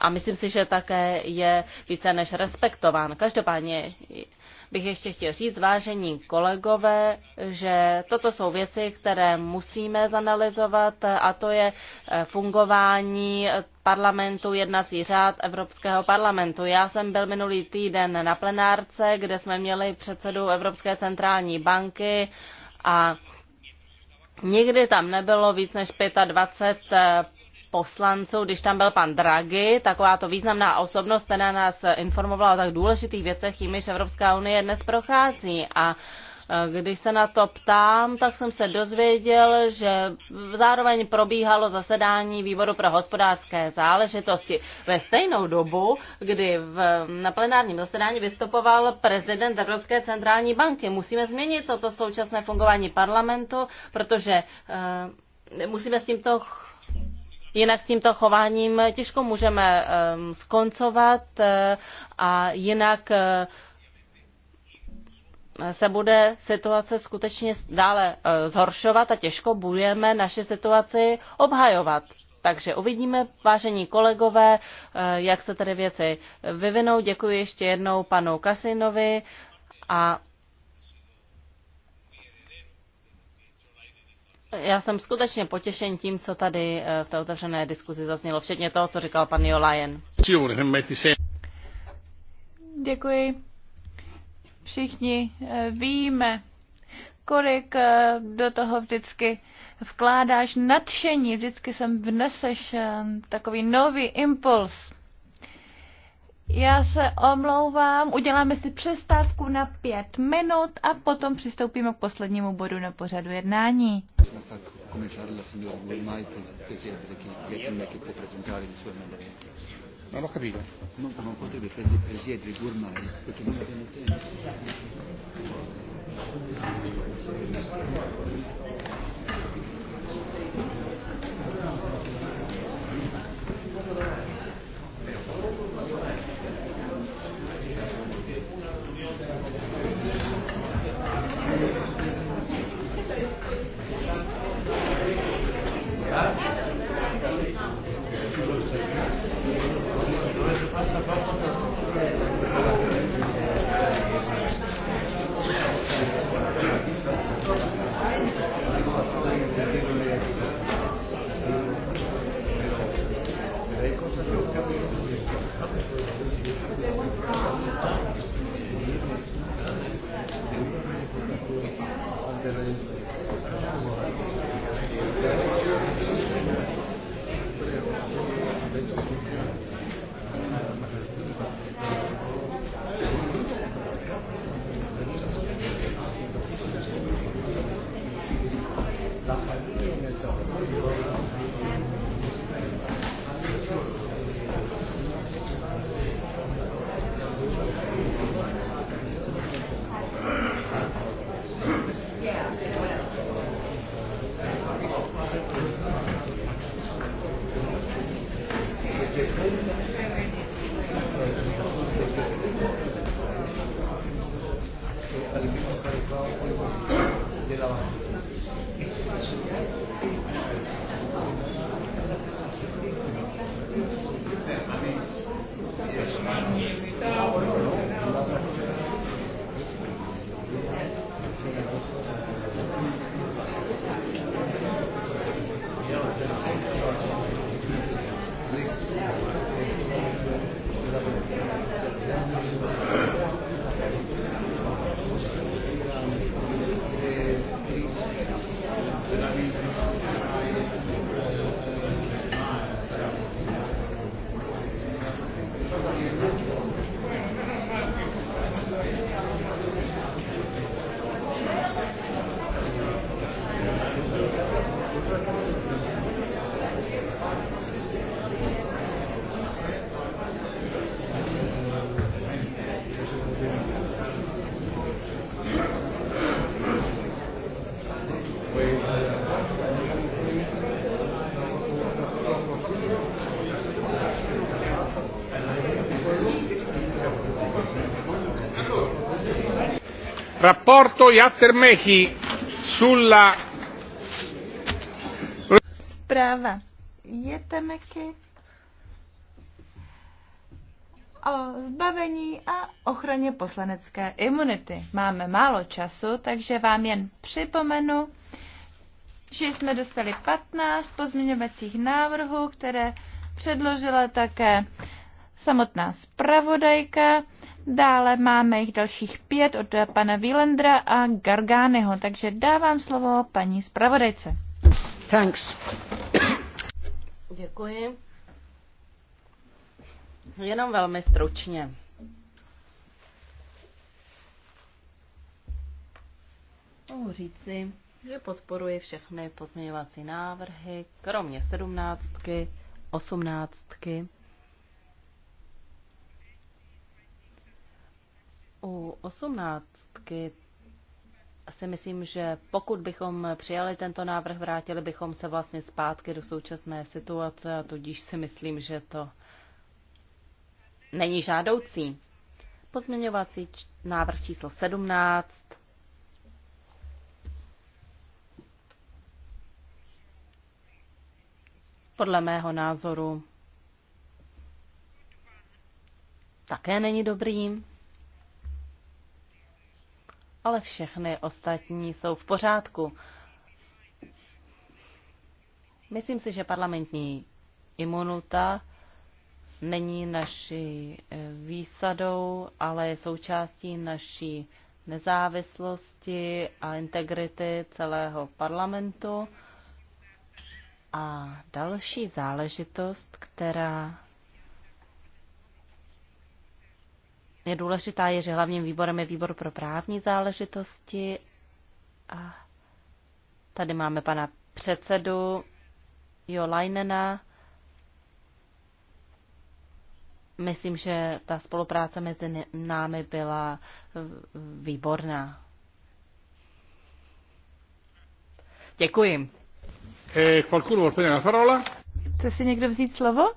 a myslím si, že také je více než respektován. Každopádně bych ještě chtěl říct, vážení kolegové, že toto jsou věci, které musíme zanalizovat a to je eh, fungování parlamentu, jednací řád Evropského parlamentu. Já jsem byl minulý týden na plenárce, kde jsme měli předsedu Evropské centrální banky a Nikdy tam nebylo víc než 25 poslanců, když tam byl pan Draghi, takováto významná osobnost, která nás informovala o tak důležitých věcech, jimiž Evropská unie dnes prochází. A eh, když se na to ptám, tak jsem se dozvěděl, že zároveň probíhalo zasedání výboru pro hospodářské záležitosti. Ve stejnou dobu, kdy v, na plenárním zasedání vystupoval prezident Evropské centrální banky. Musíme změnit toto současné fungování parlamentu, protože e, musíme s tímto Jinak s tímto chováním těžko můžeme ehm, skoncovat eh, a jinak eh, se bude situace skutečně dále eh, zhoršovat a těžko budeme naše situaci obhajovat. Takže uvidíme, vážení kolegové, jak se tady věci vyvinou. Děkuji ještě jednou panu Kasinovi a Já jsem skutečně potěšen tím, co tady eh, v té otevřené diskuzi zaznělo, včetně toho, co říkal pan Jolajen. Děkuji. Všichni eh, víme, kolik eh, do toho vždycky vkládáš nadšení, vždycky sem vneseš takový nový impuls. Já se omlouvám, uděláme si přestávku na pět minut a potom přistoupíme k poslednímu bodu na pořadu jednání. Non ho capito. Non, non potrebbe presiedere perché non abbiamo tempo. rapporto Iattermechi sulla... Zpráva Iattermechi o zbavení a ochraně poslanecké imunity. Máme málo času, takže vám jen připomenu, že jsme dostali 15 pozměňovacích návrhů, které předložila také samotná zpravodajka. Dále máme jich dalších pět od pana Vilendra a Garganeho, takže dávám slovo paní zpravodajce. Thanks. Děkuji. Jenom velmi stručně. Mohu říci, že podporuji všechny pozměňovací návrhy, kromě sedmnáctky, osmnáctky U osmnáctky si myslím, že pokud bychom přijali tento návrh, vrátili bychom se vlastně zpátky do současné situace a tudíž si myslím, že to není žádoucí. Pozměňovací návrh číslo 17. Podle mého názoru také není dobrý ale všechny ostatní jsou v pořádku. Myslím si, že parlamentní imunita není naší eh, výsadou, ale je součástí naší nezávislosti a integrity celého parlamentu. A další záležitost, která je důležitá, je, že hlavním výborem je výbor pro právní záležitosti. A tady máme pana předsedu Jo Leinena. Myslím, že ta spolupráce mezi námi byla výborná. Děkuji. Eh, qualcuno vuol prendere la parola? Chce si někdo vzít slovo?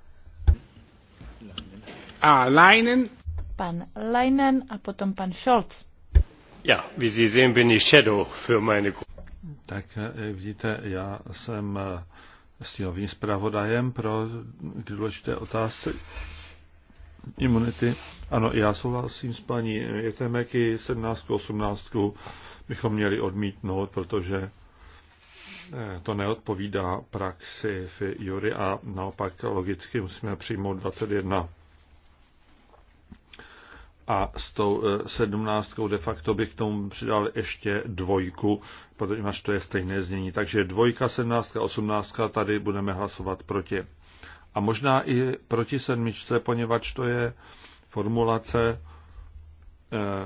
A ah, Leinen pan Leinen a potom pan Scholz. Ja, wie Sie sehen, bin ich Shadow für meine Tak eh, vidíte, já jsem eh, stínovým zpravodajem pro důležité otázky imunity. Ano, já souhlasím s paní Jetemeky, 17. 18. bychom měli odmítnout, protože eh, to neodpovídá praxi v Jury a naopak logicky musíme přijmout 21 a s tou e, sedmnáctkou de facto bych k tomu přidal ještě dvojku, protože máš, to je stejné znění. Takže dvojka, sedmnáctka, osmnáctka, tady budeme hlasovat proti. A možná i proti sedmičce, poněvadž to je formulace, e,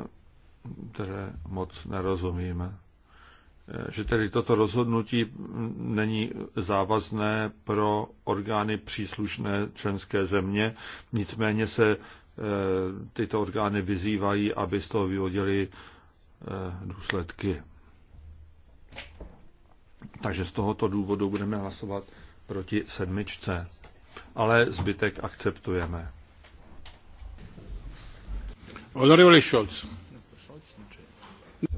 které moc nerozumíme. E, že tedy toto rozhodnutí není závazné pro orgány příslušné členské země, nicméně se Eh, tyto orgány vyzývají, aby z toho vyvodili eh, důsledky. Takže z tohoto důvodu budeme hlasovat proti sedmičce, ale zbytek akceptujeme. Honorable Scholz.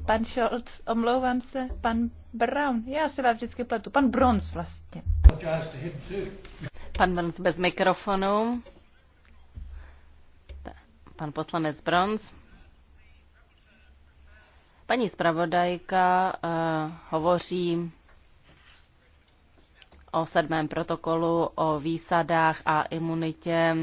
Pan Scholz, omlouvám se, pan Brown. Já se vám vždycky pletu. Pan Bronz vlastně. Pan Bronz bez mikrofonu. Pan poslanec Brons. Paní zpravodajka uh, hovoří o sedmém protokolu o výsadách a imunitě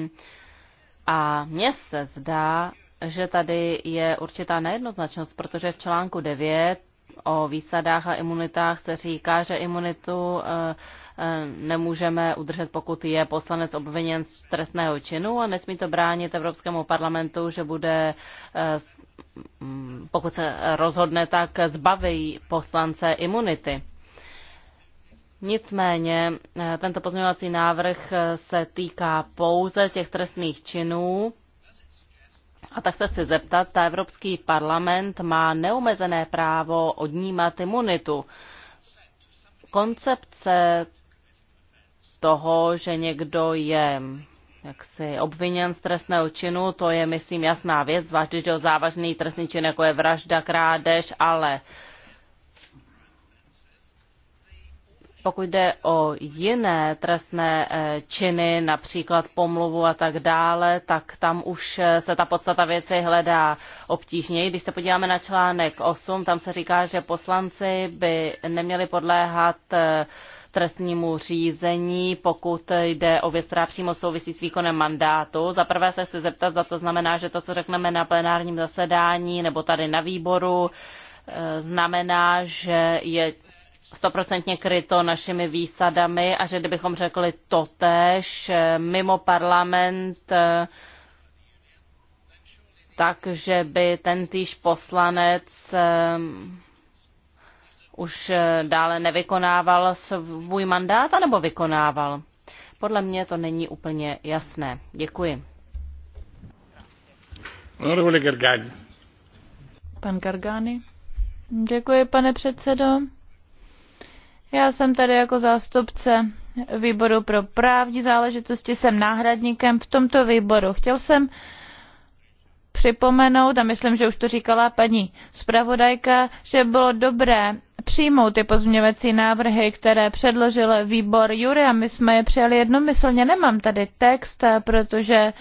a mně se zdá, že tady je určitá nejednoznačnost, protože v článku 9 o výsadách a imunitách se říká, že imunitu eh, eh, nemůžeme udržet, pokud je poslanec obviněn z trestného činu a nesmí to bránit Evropskému parlamentu, že bude, eh, mm, pokud se rozhodne, tak zbaví poslance imunity. Nicméně tento pozměňovací návrh se týká pouze těch trestných činů, a tak se chci zeptat, ta Evropský parlament má neomezené právo odnímat imunitu. Koncepce toho, že někdo je jaksi obviněn z trestného činu, to je, myslím, jasná věc, zvlášť, že je o závažný trestný čin, jako je vražda, krádež, ale Pokud jde o jiné trestné eh, činy, například pomluvu a tak dále, tak tam už eh, se ta podstata věci hledá obtížněji. Když se podíváme na článek 8, tam se říká, že poslanci by neměli podléhat eh, trestnímu řízení, pokud jde o věc, která přímo souvisí s výkonem mandátu. Za prvé se chci zeptat, za to znamená, že to, co řekneme na plenárním zasedání nebo tady na výboru, znamená, že je stoprocentně kryto našimi výsadami a že kdybychom řekli totéž eh, mimo parlament, eh, takže by ten týž poslanec eh, už dále nevykonával svůj mandát, anebo vykonával? Podle mě to není úplně jasné. Děkuji. Pan Gargani. Děkuji, pane předsedo. Já jsem tady jako zástupce výboru pro právní záležitosti, jsem náhradníkem v tomto výboru. Chtěl jsem připomenout, a myslím, že už to říkala paní zpravodajka, že bylo dobré přijmout ty pozměňovací návrhy, které předložil výbor Jury a my jsme je přijali jednomyslně. Nemám tady text, protože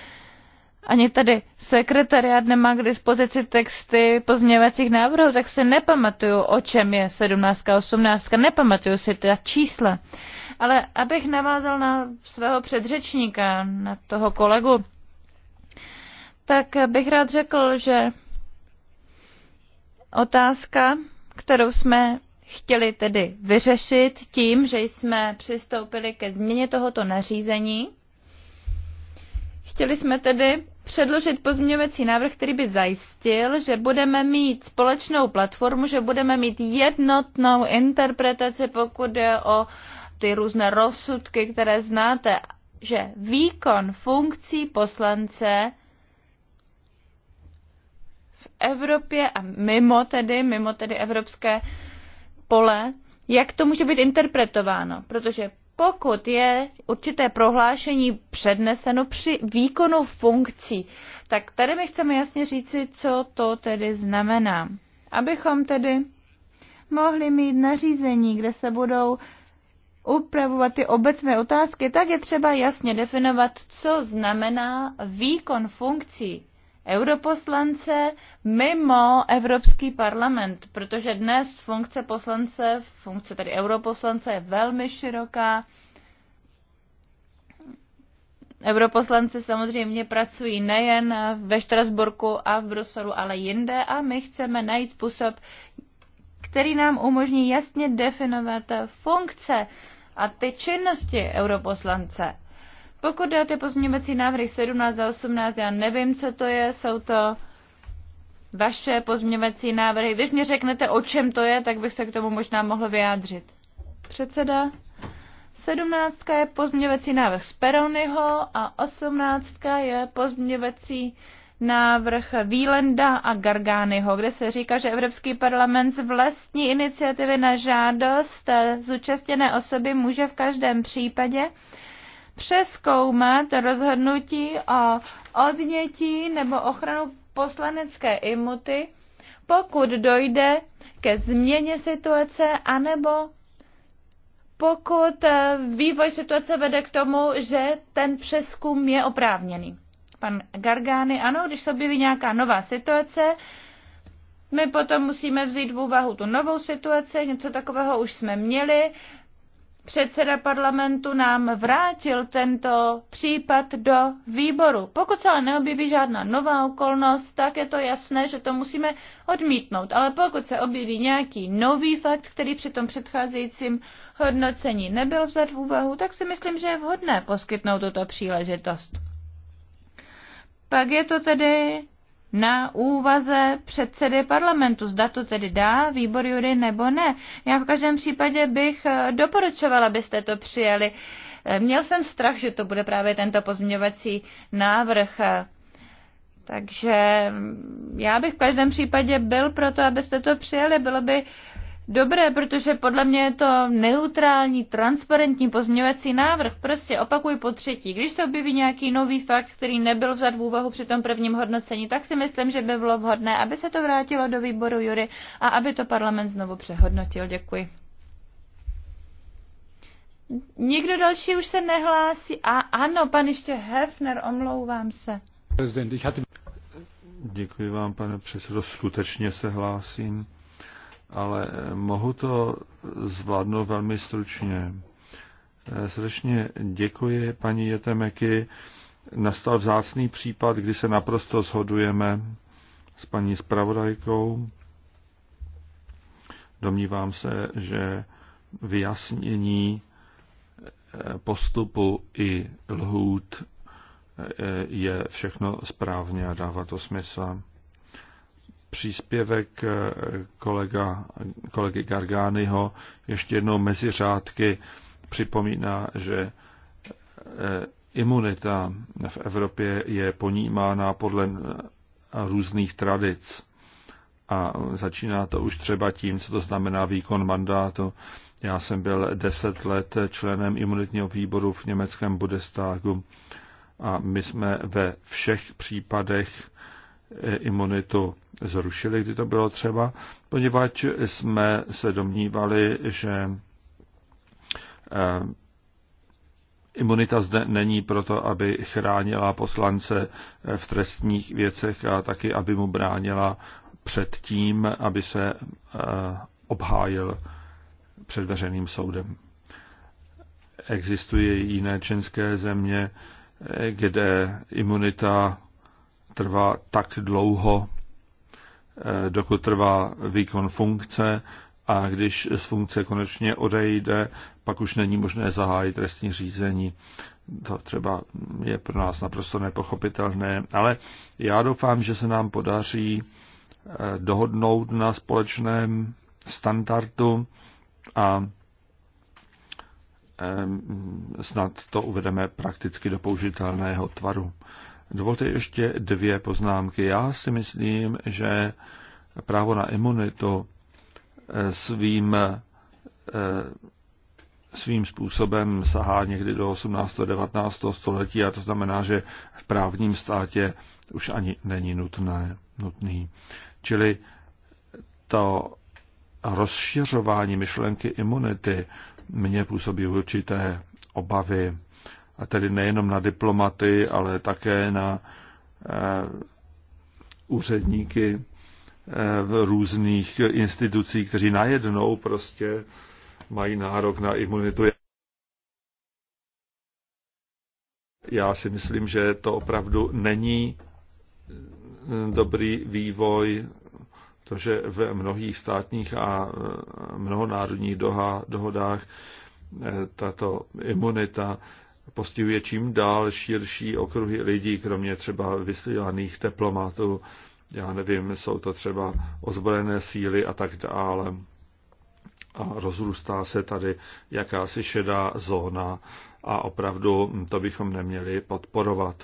ani tady sekretariat nemá k dispozici texty pozměňovacích návrhů, tak si nepamatuju, o čem je 17. a 18. Nepamatuju si ta čísla. Ale abych navázal na svého předřečníka, na toho kolegu, tak bych rád řekl, že otázka, kterou jsme chtěli tedy vyřešit tím, že jsme přistoupili ke změně tohoto nařízení, Chtěli jsme tedy, předložit pozměňovací návrh, který by zajistil, že budeme mít společnou platformu, že budeme mít jednotnou interpretaci, pokud je o ty různé rozsudky, které znáte, že výkon funkcí poslance v Evropě a mimo tedy, mimo tedy evropské pole, jak to může být interpretováno? Protože pokud je určité prohlášení předneseno při výkonu funkcí, tak tady my chceme jasně říci, co to tedy znamená. Abychom tedy mohli mít nařízení, kde se budou upravovat ty obecné otázky, tak je třeba jasně definovat, co znamená výkon funkcí europoslance mimo Evropský parlament, protože dnes funkce poslance, funkce tedy europoslance je velmi široká. Europoslanci samozřejmě pracují nejen ve Štrasburku a v Bruselu, ale jinde a my chceme najít způsob, který nám umožní jasně definovat funkce a ty činnosti europoslance. Pokud jde o ty pozměňovací návrhy 17 a 18, já nevím, co to je, jsou to vaše pozměňovací návrhy. Když mě řeknete, o čem to je, tak bych se k tomu možná mohl vyjádřit. Předseda. 17 je pozměňovací návrh z Peronyho a 18 je pozměňovací návrh Vílenda a Gargányho, kde se říká, že Evropský parlament z vlastní iniciativy na žádost zúčastněné osoby může v každém případě přeskoumat rozhodnutí o odnětí nebo ochranu poslanecké imuty, pokud dojde ke změně situace anebo pokud eh, vývoj situace vede k tomu, že ten přeskum je oprávněný. Pan Gargány, ano, když se objeví nějaká nová situace, my potom musíme vzít v úvahu tu novou situaci, něco takového už jsme měli, Předseda parlamentu nám vrátil tento případ do výboru. Pokud se ale neobjeví žádná nová okolnost, tak je to jasné, že to musíme odmítnout. Ale pokud se objeví nějaký nový fakt, který při tom předcházejícím hodnocení nebyl vzat v úvahu, tak si myslím, že je vhodné poskytnout tuto příležitost. Pak je to tedy na úvaze předsedy parlamentu. Zda to tedy dá výbor jury nebo ne. Já v každém případě bych eh, doporučovala, abyste to přijeli. Eh, měl jsem strach, že to bude právě tento pozměňovací návrh. Eh, takže mm, já bych v každém případě byl pro to, abyste to přijeli. Bylo by dobré, protože podle mě je to neutrální, transparentní pozměňovací návrh. Prostě opakuj po třetí. Když se objeví nějaký nový fakt, který nebyl vzat v úvahu při tom prvním hodnocení, tak si myslím, že by bylo vhodné, aby se to vrátilo do výboru Jury a aby to parlament znovu přehodnotil. Děkuji. Nikdo další už se nehlásí. A ano, pan ještě Hefner, omlouvám se. Děkuji vám, pane předsedo, skutečně se hlásím ale eh, mohu to zvládnout velmi stručně. Eh, srdečně děkuji paní Jetemeky. Nastal vzácný případ, kdy se naprosto shodujeme s paní spravodajkou. Domnívám se, že vyjasnění eh, postupu i lhůt je všechno správně a dává to smysl příspěvek eh, kolega, kolegy Gargányho ještě jednou mezi řádky připomíná, že eh, imunita v Evropě je ponímána podle eh, různých tradic. A začíná to už třeba tím, co to znamená výkon mandátu. Já jsem byl deset let členem imunitního výboru v německém Bundestagu a my jsme ve všech případech imunitu zrušili, kdy to bylo třeba, poněvadž jsme se domnívali, že eh, imunita zde není proto, aby chránila poslance eh, v trestních věcech a taky, aby mu bránila před tím, aby se eh, obhájil před veřejným soudem. Existují jiné členské země, kde imunita trvá tak dlouho, eh, dokud trvá výkon funkce a když z funkce konečně odejde, pak už není možné zahájit trestní řízení. To třeba je pro nás naprosto nepochopitelné, ale já doufám, že se nám podaří eh, dohodnout na společném standardu a eh, snad to uvedeme prakticky do použitelného tvaru. Dovolte ještě dvě poznámky. Já si myslím, že právo na imunitu eh, svým, eh, svým způsobem sahá někdy do 18. 19. století a to znamená, že v právním státě už ani není nutné, nutný. Čili to rozšiřování myšlenky imunity mě působí určité obavy a tedy nejenom na diplomaty, ale také na eh, úředníky eh, v různých institucích, kteří najednou prostě mají nárok na imunitu. Já si myslím, že to opravdu není eh, dobrý vývoj, protože v mnohých státních a mnohonárodních dohodách tato imunita postihuje čím dál širší okruhy lidí, kromě třeba vysílaných diplomatů, já nevím, jsou to třeba ozbrojené síly a tak dále. A rozrůstá se tady jakási šedá zóna a opravdu to bychom neměli podporovat.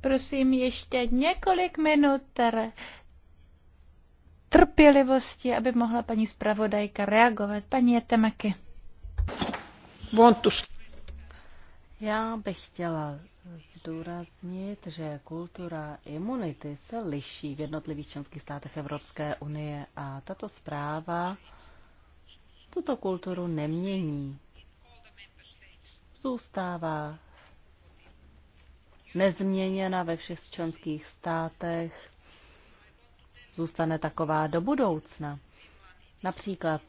Prosím ještě několik minut trpělivosti, aby mohla paní zpravodajka reagovat. Paní Jetemaky. Já bych chtěla zdůraznit, že kultura imunity se liší v jednotlivých členských státech Evropské unie a tato zpráva tuto kulturu nemění. Zůstává nezměněna ve všech členských státech zůstane taková do budoucna. Například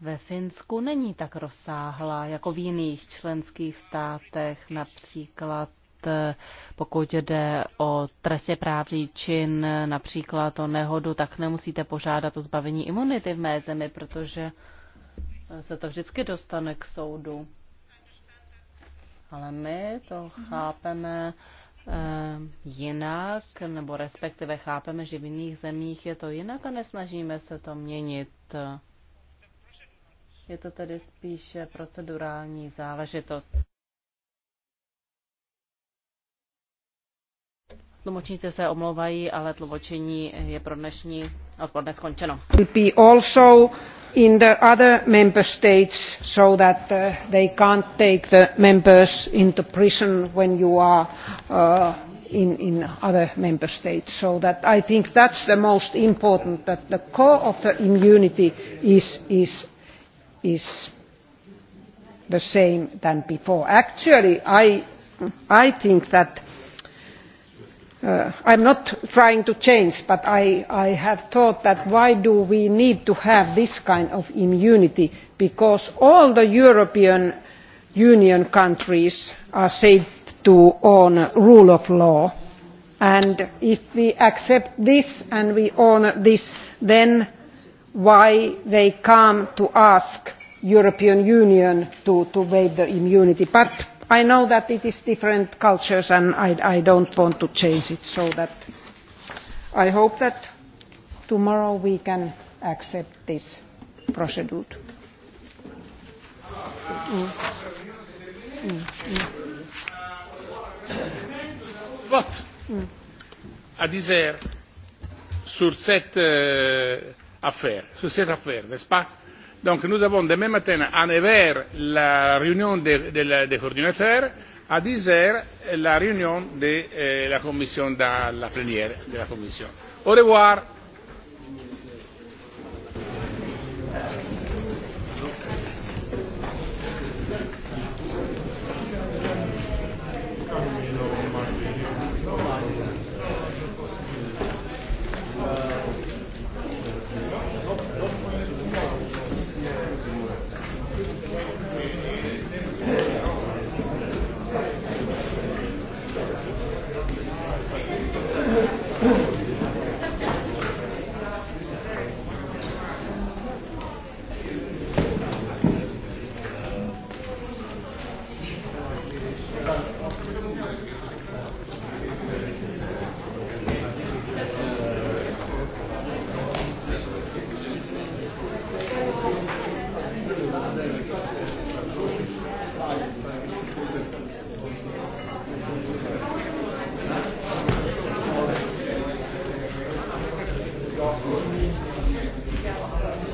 ve Finsku není tak rozsáhlá jako v jiných členských státech, například eh, pokud jde o trestě právní čin, například o nehodu, tak nemusíte požádat o zbavení imunity v mé zemi, protože se to vždycky dostane k soudu. Ale my to mhm. chápeme Eh, jinak, nebo respektive chápeme, že v jiných zemích je to jinak a nesnažíme se to měnit. Je to tedy spíše procedurální záležitost. Tlumočníci se omlouvají, ale tlumočení je pro dnešní odpoledne skončeno. Also in the other member states so that uh, they can't take the members into prison when you are uh, in, in other member states. So that I think that's the most important, that the core of the immunity is, is, is the same than before. Actually, I, I think that Uh, i am not trying to change but I, have thought that why do we need to have this kind of immunity because all the european union countries are said to honour the rule of law and if we accept this and we honour this then why do they come to ask the european union to waive the immunity but i know that it is different cultures and i, do not want to change it so i hope that tomorrow we can accept this procedure. Mm. Mm. sur cette eh, affaire, sur cette affaire, n'est-ce pas Donc nous avons demain matin à 9h la réunion des de, de coordinateurs, à 10h la réunion de euh, la commission dans la plénière de la commission. Au revoir.